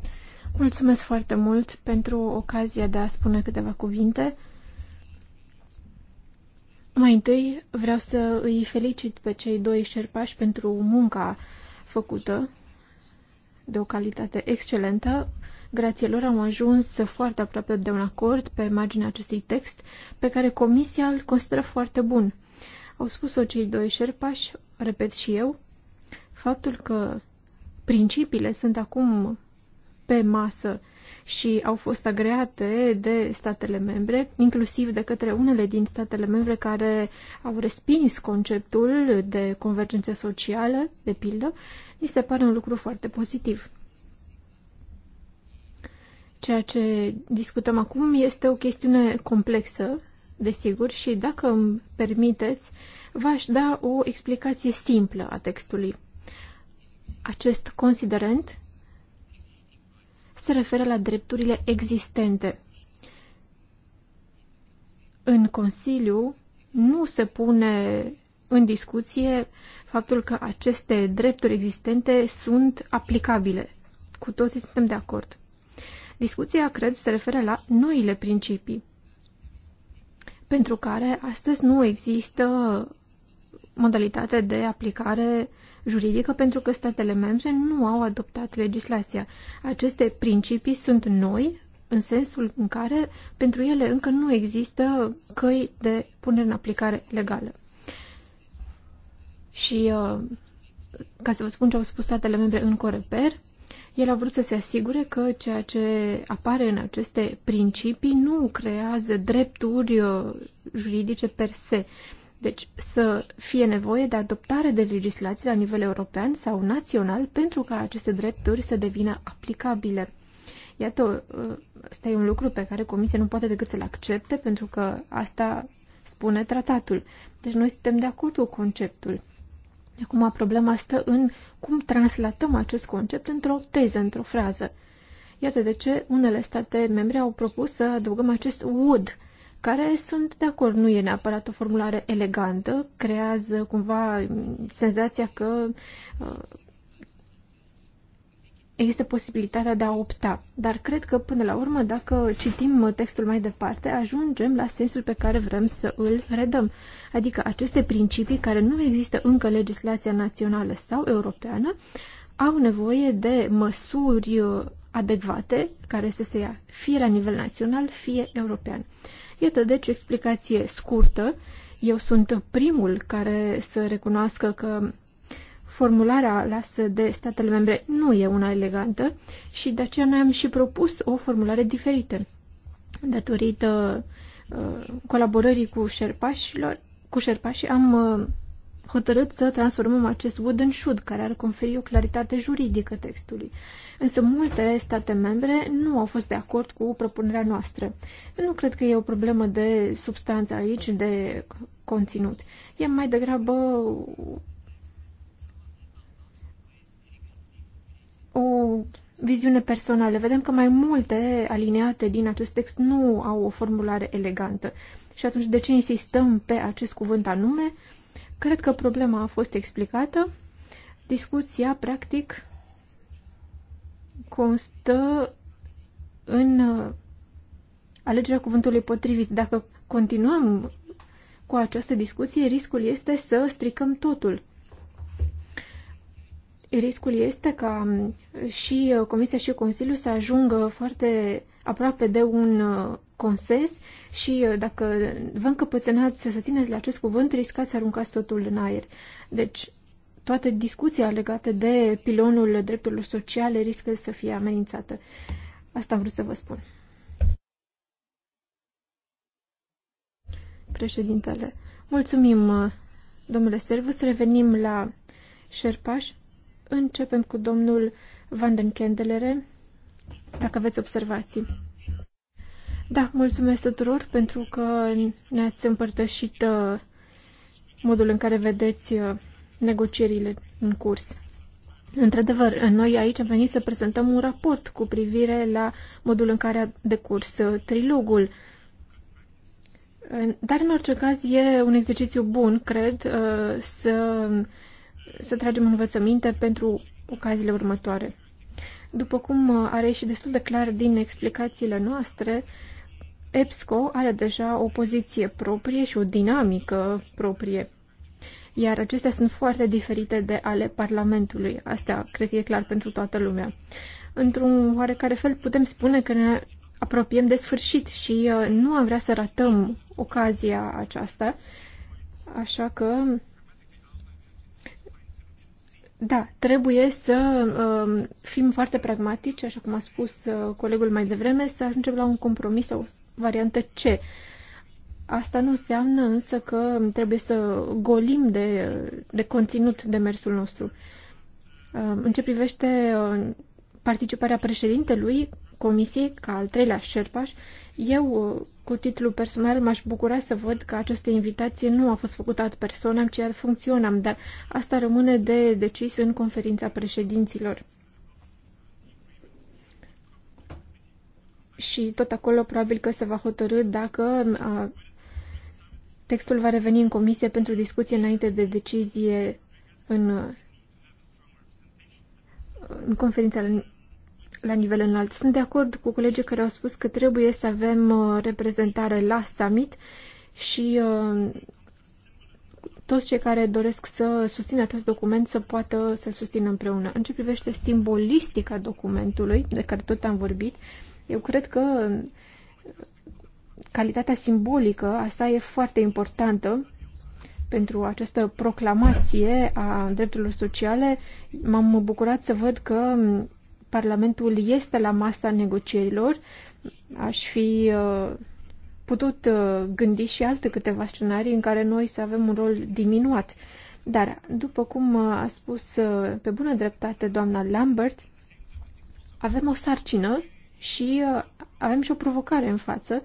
Mulțumesc foarte mult pentru ocazia de a spune câteva cuvinte. Mai întâi vreau să îi felicit pe cei doi șerpași pentru munca făcută de o calitate excelentă. Grație lor am ajuns foarte aproape de un acord pe marginea acestui text, pe care Comisia îl consideră foarte bun. Au spus-o cei doi șerpași, repet și eu, faptul că principiile sunt acum pe masă și au fost agreate de statele membre, inclusiv de către unele din statele membre care au respins conceptul de convergență socială, de pildă, mi se pare un lucru foarte pozitiv. Ceea ce discutăm acum este o chestiune complexă, desigur, și dacă îmi permiteți, v-aș da o explicație simplă a textului. Acest considerent se referă la drepturile existente. În Consiliu nu se pune în discuție faptul că aceste drepturi existente sunt aplicabile. Cu toții suntem de acord. Discuția, cred, se referă la noile principii, pentru care astăzi nu există modalitate de aplicare juridică pentru că statele membre nu au adoptat legislația. Aceste principii sunt noi, în sensul în care pentru ele încă nu există căi de punere în aplicare legală. Și uh, ca să vă spun ce au spus statele membre în Coreper, el a vrut să se asigure că ceea ce apare în aceste principii nu creează drepturi uh, juridice per se. Deci să fie nevoie de adoptare de legislație la nivel european sau național pentru ca aceste drepturi să devină aplicabile. Iată, uh, ăsta e un lucru pe care Comisia nu poate decât să-l accepte pentru că asta spune tratatul. Deci noi suntem de acord cu conceptul. Acum problema stă în cum translatăm acest concept într-o teză, într-o frază. Iată de ce unele state membre au propus să adăugăm acest would, care sunt de acord, nu e neapărat o formulare elegantă, creează cumva senzația că uh, există posibilitatea de a opta. Dar cred că, până la urmă, dacă citim textul mai departe, ajungem la sensul pe care vrem să îl redăm. Adică aceste principii care nu există încă legislația națională sau europeană au nevoie de măsuri uh, adecvate care să se ia fie la nivel național, fie european. Iată, deci, o explicație scurtă. Eu sunt primul care să recunoască că formularea lasă de statele membre nu e una elegantă și de aceea noi am și propus o formulare diferită. Datorită uh, colaborării cu șerpașilor, cu șerpașii am uh, hotărât să transformăm acest wood în should, care ar conferi o claritate juridică textului. Însă multe state membre nu au fost de acord cu propunerea noastră. Nu cred că e o problemă de substanță aici, de conținut. E mai degrabă o viziune personală. Vedem că mai multe alineate din acest text nu au o formulare elegantă. Și atunci, de ce insistăm pe acest cuvânt anume? Cred că problema a fost explicată. Discuția, practic, constă în uh, alegerea cuvântului potrivit. Dacă continuăm cu această discuție, riscul este să stricăm totul riscul este ca uh, și uh, Comisia și Consiliul să ajungă foarte aproape de un uh, consens și dacă vă încăpățânați să țineți la acest cuvânt, riscați să aruncați totul în aer. Deci, toată discuția legată de pilonul drepturilor sociale riscă să fie amenințată. Asta am vrut să vă spun. Președintele, mulțumim, domnule Servus, revenim la șerpași. Începem cu domnul Van den Kendelere, dacă aveți observații. Da, mulțumesc tuturor pentru că ne-ați împărtășit uh, modul în care vedeți uh, negocierile în curs. Într-adevăr, noi aici am venit să prezentăm un raport cu privire la modul în care a decurs uh, trilogul. Dar, în orice caz, e un exercițiu bun, cred, să să tragem învățăminte pentru ocaziile următoare. După cum uh, are și destul de clar din explicațiile noastre, EBSCO are deja o poziție proprie și o dinamică proprie, iar acestea sunt foarte diferite de ale Parlamentului. Asta cred că e clar pentru toată lumea. Într-un oarecare fel putem spune că ne apropiem de sfârșit și uh, nu am vrea să ratăm ocazia aceasta, așa că da, trebuie să uh, fim foarte pragmatici, așa cum a spus uh, colegul mai devreme, să ajungem la un compromis sau o variantă C. Asta nu înseamnă însă că trebuie să golim de, de conținut demersul nostru. Uh, în ce privește uh, participarea președintelui Comisiei, ca al treilea șerpaș, eu, cu titlu personal, m-aș bucura să văd că această invitație nu a fost făcută ad personam, ci ad funcționam, dar asta rămâne de decis în conferința președinților. Și tot acolo probabil că se va hotărâ dacă a, textul va reveni în comisie pentru discuție înainte de decizie în, în conferința la nivel înalt. Sunt de acord cu colegii care au spus că trebuie să avem uh, reprezentare la summit și uh, toți cei care doresc să susțină acest document să poată să-l susțină împreună. În ce privește simbolistica documentului, de care tot am vorbit, eu cred că calitatea simbolică a sa e foarte importantă pentru această proclamație a drepturilor sociale. M-am bucurat să văd că Parlamentul este la masa negocierilor. Aș fi uh, putut uh, gândi și alte câteva scenarii în care noi să avem un rol diminuat. Dar, după cum uh, a spus pe bună dreptate doamna Lambert, avem o sarcină și avem și o provocare în față.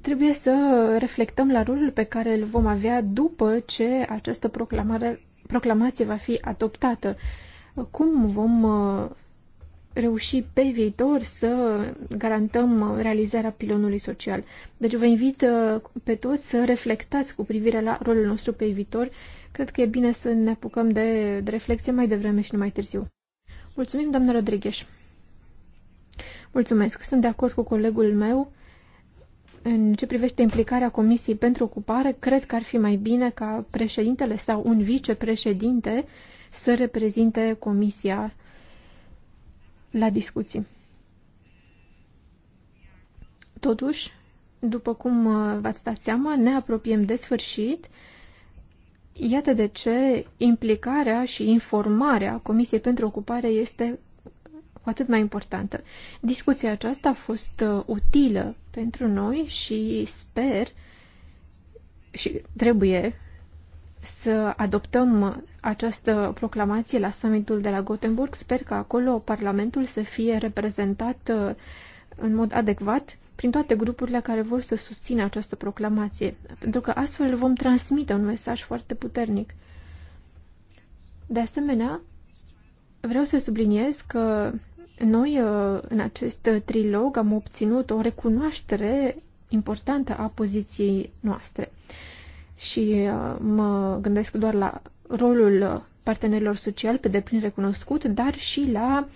Trebuie să reflectăm la rolul pe care îl vom avea după ce această proclamare, proclamație va fi adoptată. Cum vom reuși pe viitor să garantăm realizarea pilonului social. Deci vă invit uh, pe toți să reflectați cu privire la rolul nostru pe viitor. Cred că e bine să ne apucăm de, de reflexie mai devreme și nu mai târziu. Mulțumim, doamnă Rodrigheș. Mulțumesc. Sunt de acord cu colegul meu. În ce privește implicarea Comisiei pentru Ocupare, cred că ar fi mai bine ca președintele sau un vicepreședinte să reprezinte Comisia la discuții. Totuși, după cum uh, v-ați dat seama, ne apropiem de sfârșit. Iată de ce implicarea și informarea Comisiei pentru Ocupare este cu atât mai importantă. Discuția aceasta a fost uh, utilă pentru noi și sper și trebuie să adoptăm această proclamație la summitul de la Gothenburg. Sper că acolo Parlamentul să fie reprezentat uh, în mod adecvat prin toate grupurile care vor să susțină această proclamație, pentru că astfel vom transmite un mesaj foarte puternic. De asemenea, vreau să subliniez că noi uh, în acest trilog am obținut o recunoaștere importantă a poziției noastre și uh, mă gândesc doar la rolul partenerilor sociali pe deplin recunoscut, dar și la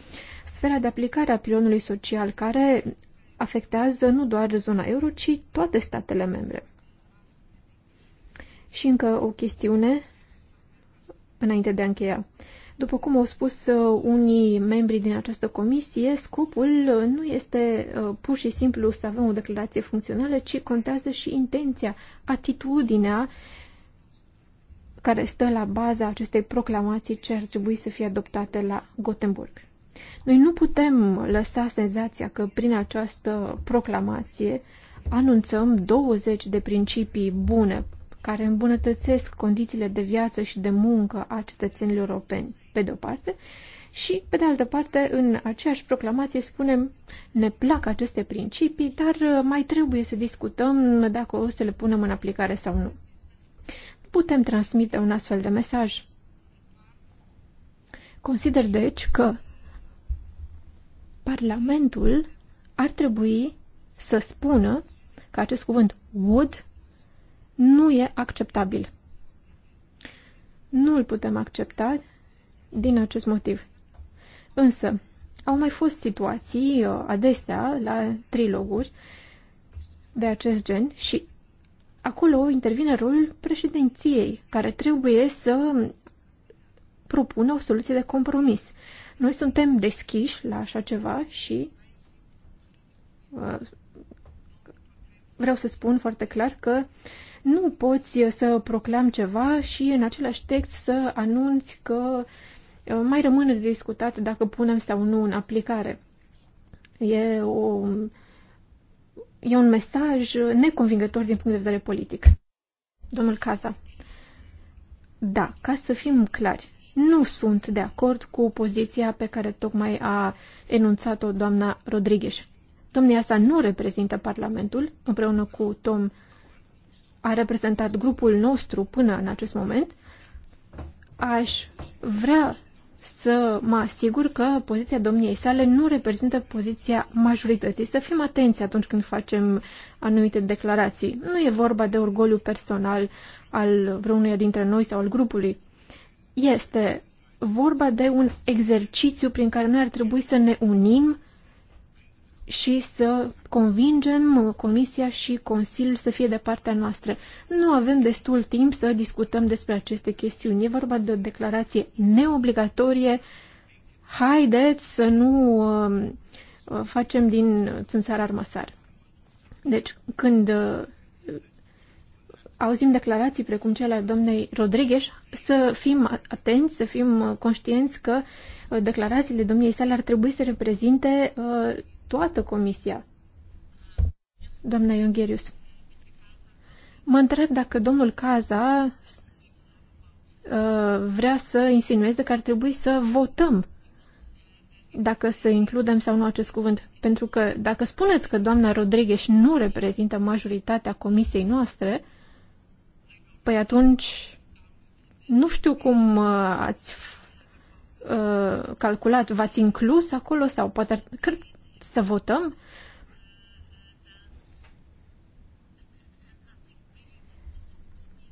sfera de aplicare a pilonului social, care afectează nu doar zona euro, ci toate statele membre. Și încă o chestiune înainte de a încheia. După cum au spus uh, unii membri din această comisie, scopul uh, nu este uh, pur și simplu să avem o declarație funcțională, ci contează și intenția, atitudinea care stă la baza acestei proclamații ce ar trebui să fie adoptate la Gothenburg. Noi nu putem lăsa senzația că prin această proclamație anunțăm 20 de principii bune care îmbunătățesc condițiile de viață și de muncă a cetățenilor europeni pe de-o parte, și, pe de altă parte, în aceeași proclamație spunem ne plac aceste principii, dar uh, mai trebuie să discutăm dacă o să le punem în aplicare sau nu. Putem transmite un astfel de mesaj. Consider, deci, că Parlamentul ar trebui să spună că acest cuvânt would nu e acceptabil. Nu îl putem accepta din acest motiv. Însă, au mai fost situații uh, adesea la triloguri de acest gen și acolo intervine rolul președinției, care trebuie să propună o soluție de compromis. Noi suntem deschiși la așa ceva și uh, vreau să spun foarte clar că nu poți să proclam ceva și în același text să anunți că uh, Eh, mai rămâne de discutat dacă punem sau nu în aplicare. E, o, e un mesaj neconvingător din punct de vedere politic. Domnul Casa. Da, ca să fim clari, nu sunt de acord cu poziția pe care tocmai a enunțat-o doamna Rodriguez. Domnia sa nu reprezintă Parlamentul, împreună cu Tom a reprezentat grupul nostru până în acest moment. Aș vrea să mă asigur că poziția domniei sale nu reprezintă poziția majorității. Să fim atenți atunci când facem anumite declarații. Nu e vorba de orgoliu personal al vreunuia dintre noi sau al grupului. Este vorba de un exercițiu prin care noi ar trebui să ne unim și să convingem uh, Comisia și Consiliul să fie de partea noastră. Nu avem destul timp să discutăm despre aceste chestiuni. E vorba de o declarație neobligatorie. Haideți să nu um, uh, facem din țânțar armăsar. Deci, când uh, auzim declarații precum cele ale domnei Rodriguez, să fim atenți, să fim conștienți că declarațiile domniei sale ar trebui să reprezinte toată comisia. Doamna Iungherius, mă întreb dacă domnul Caza uh, vrea să insinueze că ar trebui să votăm dacă să includem sau nu acest cuvânt. Pentru că dacă spuneți că doamna Rodriguez nu reprezintă majoritatea comisiei noastre, păi atunci nu știu cum uh, ați uh, calculat, v-ați inclus acolo sau poate ar, cred, să votăm?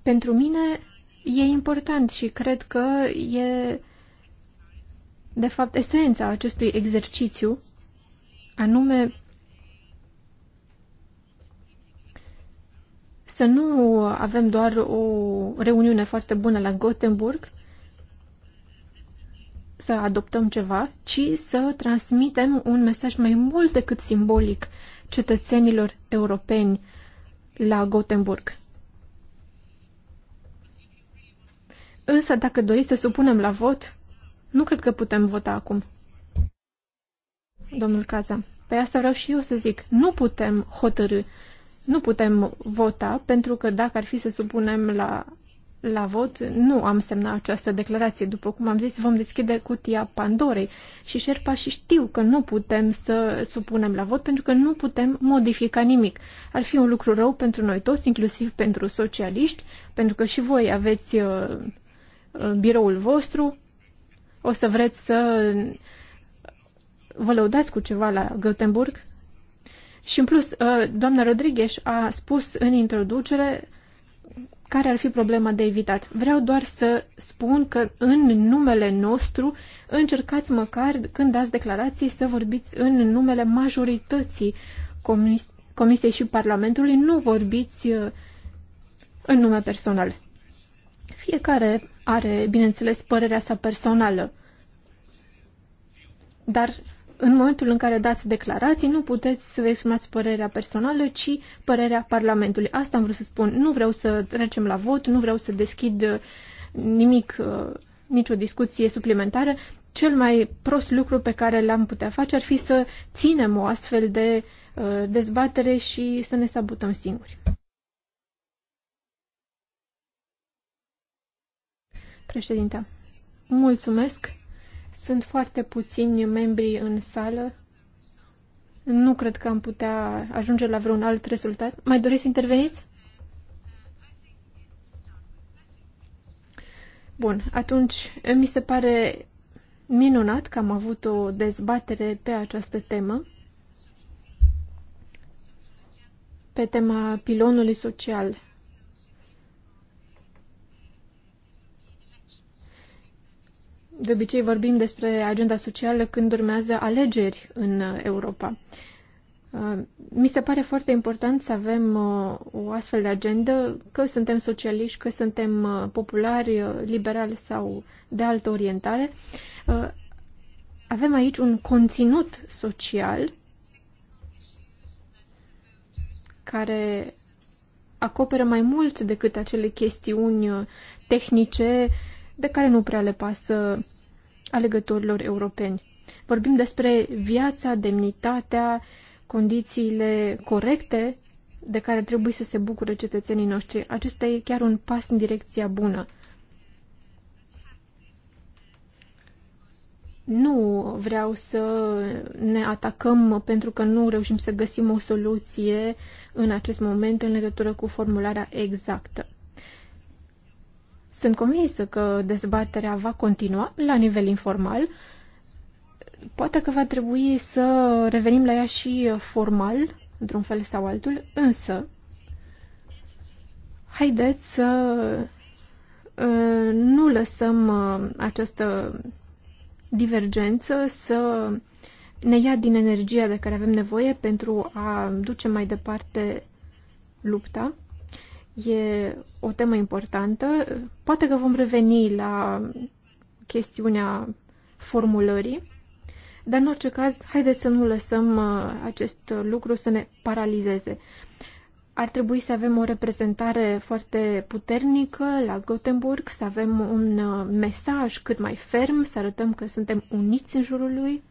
Pentru mine e important și cred că e de fapt esența acestui exercițiu, anume să nu avem doar o reuniune foarte bună la Gothenburg, să adoptăm ceva, ci să transmitem un mesaj mai mult decât simbolic cetățenilor europeni la Gothenburg. Însă, dacă doriți să supunem la vot, nu cred că putem vota acum. Domnul Caza, pe asta vreau și eu să zic. Nu putem hotărâ, nu putem vota, pentru că dacă ar fi să supunem la la vot nu am semnat această declarație. După cum am zis, vom deschide cutia Pandorei și șerpa și știu că nu putem să supunem la vot pentru că nu putem modifica nimic. Ar fi un lucru rău pentru noi toți, inclusiv pentru socialiști, pentru că și voi aveți uh, uh biroul vostru. O să vreți să vă lăudați cu ceva la Gothenburg. Și în plus, uh, doamna Rodriguez a spus în introducere care ar fi problema de evitat. Vreau doar să spun că în numele nostru încercați măcar când dați declarații să vorbiți în numele majorității comis Comisiei și Parlamentului, nu vorbiți uh, în nume personal. Fiecare are, bineînțeles, părerea sa personală. Dar în momentul în care dați declarații, nu puteți să vă exprimați părerea personală, ci părerea Parlamentului. Asta am vrut să spun. Nu vreau să trecem la vot, nu vreau să deschid uh, nimic, uh, nicio discuție suplimentară. Cel mai prost lucru pe care l-am putea face ar fi să ținem o astfel de uh, dezbatere și să ne sabutăm singuri. Președinte, mulțumesc. Sunt foarte puțini membri în sală. Nu cred că am putea ajunge la vreun alt rezultat. Mai doriți să interveniți? Bun, atunci mi se pare minunat că am avut o dezbatere pe această temă, pe tema pilonului social de obicei vorbim despre agenda socială când urmează alegeri în uh, Europa. Uh, mi se pare foarte important să avem uh, o astfel de agendă, că suntem socialiști, că suntem populari, liberali sau de altă orientare. Avem aici un conținut social care acoperă mai mult decât acele chestiuni tehnice uh, de care nu prea le pasă alegătorilor europeni. Vorbim despre viața, demnitatea, condițiile corecte de care trebuie să se bucure cetățenii noștri. Acesta e chiar un pas în direcția bună. Nu vreau să ne atacăm pentru că nu reușim să găsim o soluție în acest moment în legătură cu formularea exactă. Sunt convinsă că dezbaterea va continua la nivel informal. Poate că va trebui să revenim la ea și formal, într-un fel sau altul, însă haideți să ă, nu lăsăm ă, această divergență să ne ia din energia de care avem nevoie pentru a duce mai departe lupta. E o temă importantă. Poate că vom reveni la chestiunea formulării, dar în orice caz, haideți să nu lăsăm uh, acest lucru să ne paralizeze. Ar trebui să avem o reprezentare foarte puternică la Gothenburg, să avem un uh, mesaj cât mai ferm, să arătăm că suntem uniți în jurul lui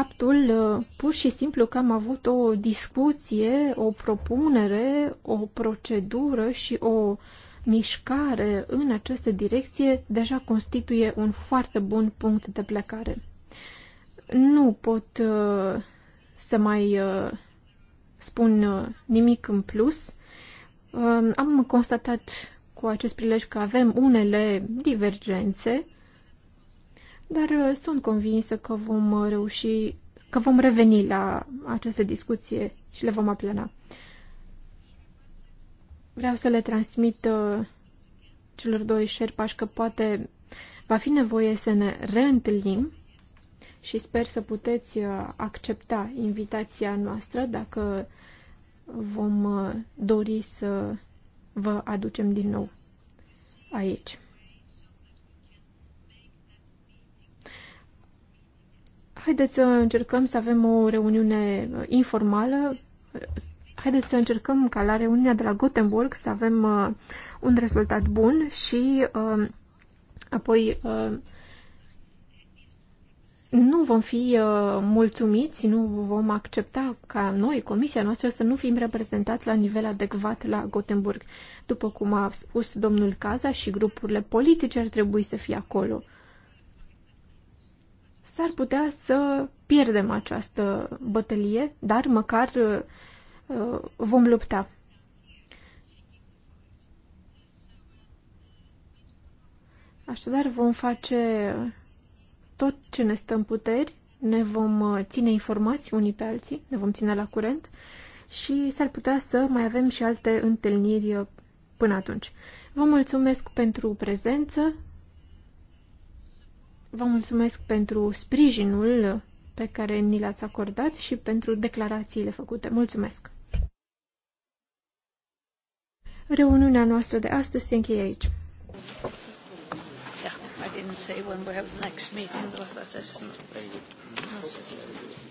faptul uh, pur și simplu că am avut o discuție, o propunere, o procedură și o mișcare în această direcție deja constituie un foarte bun punct de plecare. Nu pot uh, să mai uh, spun nimic în plus. Um, am constatat cu acest prilej că avem unele divergențe, dar uh, sunt convinsă că vom uh, reuși, că vom reveni la această discuție și le vom aplana. Vreau să le transmit uh, celor doi șerpași că poate va fi nevoie să ne reîntâlnim și sper să puteți accepta invitația noastră dacă vom dori să vă aducem din nou aici. haideți să încercăm să avem o reuniune uh, informală. Haideți să încercăm ca la reuniunea de la Gothenburg să avem uh, un rezultat bun și uh, apoi nu vom fi mulțumiți, nu vom accepta ca noi, comisia noastră, să nu fim reprezentați la nivel adecvat la Gothenburg. După cum a spus domnul Caza și grupurile politice ar trebui să fie acolo s-ar putea să pierdem această bătălie, dar măcar uh, vom lupta. Așadar, vom face tot ce ne stă în puteri, ne vom uh, ține informații unii pe alții, ne vom ține la curent și s-ar putea să mai avem și alte întâlniri uh, până atunci. Vă mulțumesc pentru prezență, Vă mulțumesc pentru sprijinul pe care ni l-ați acordat și pentru declarațiile făcute. Mulțumesc! Reuniunea noastră de astăzi se încheie aici. Yeah, I didn't say when we have the next meeting, but that's not very good.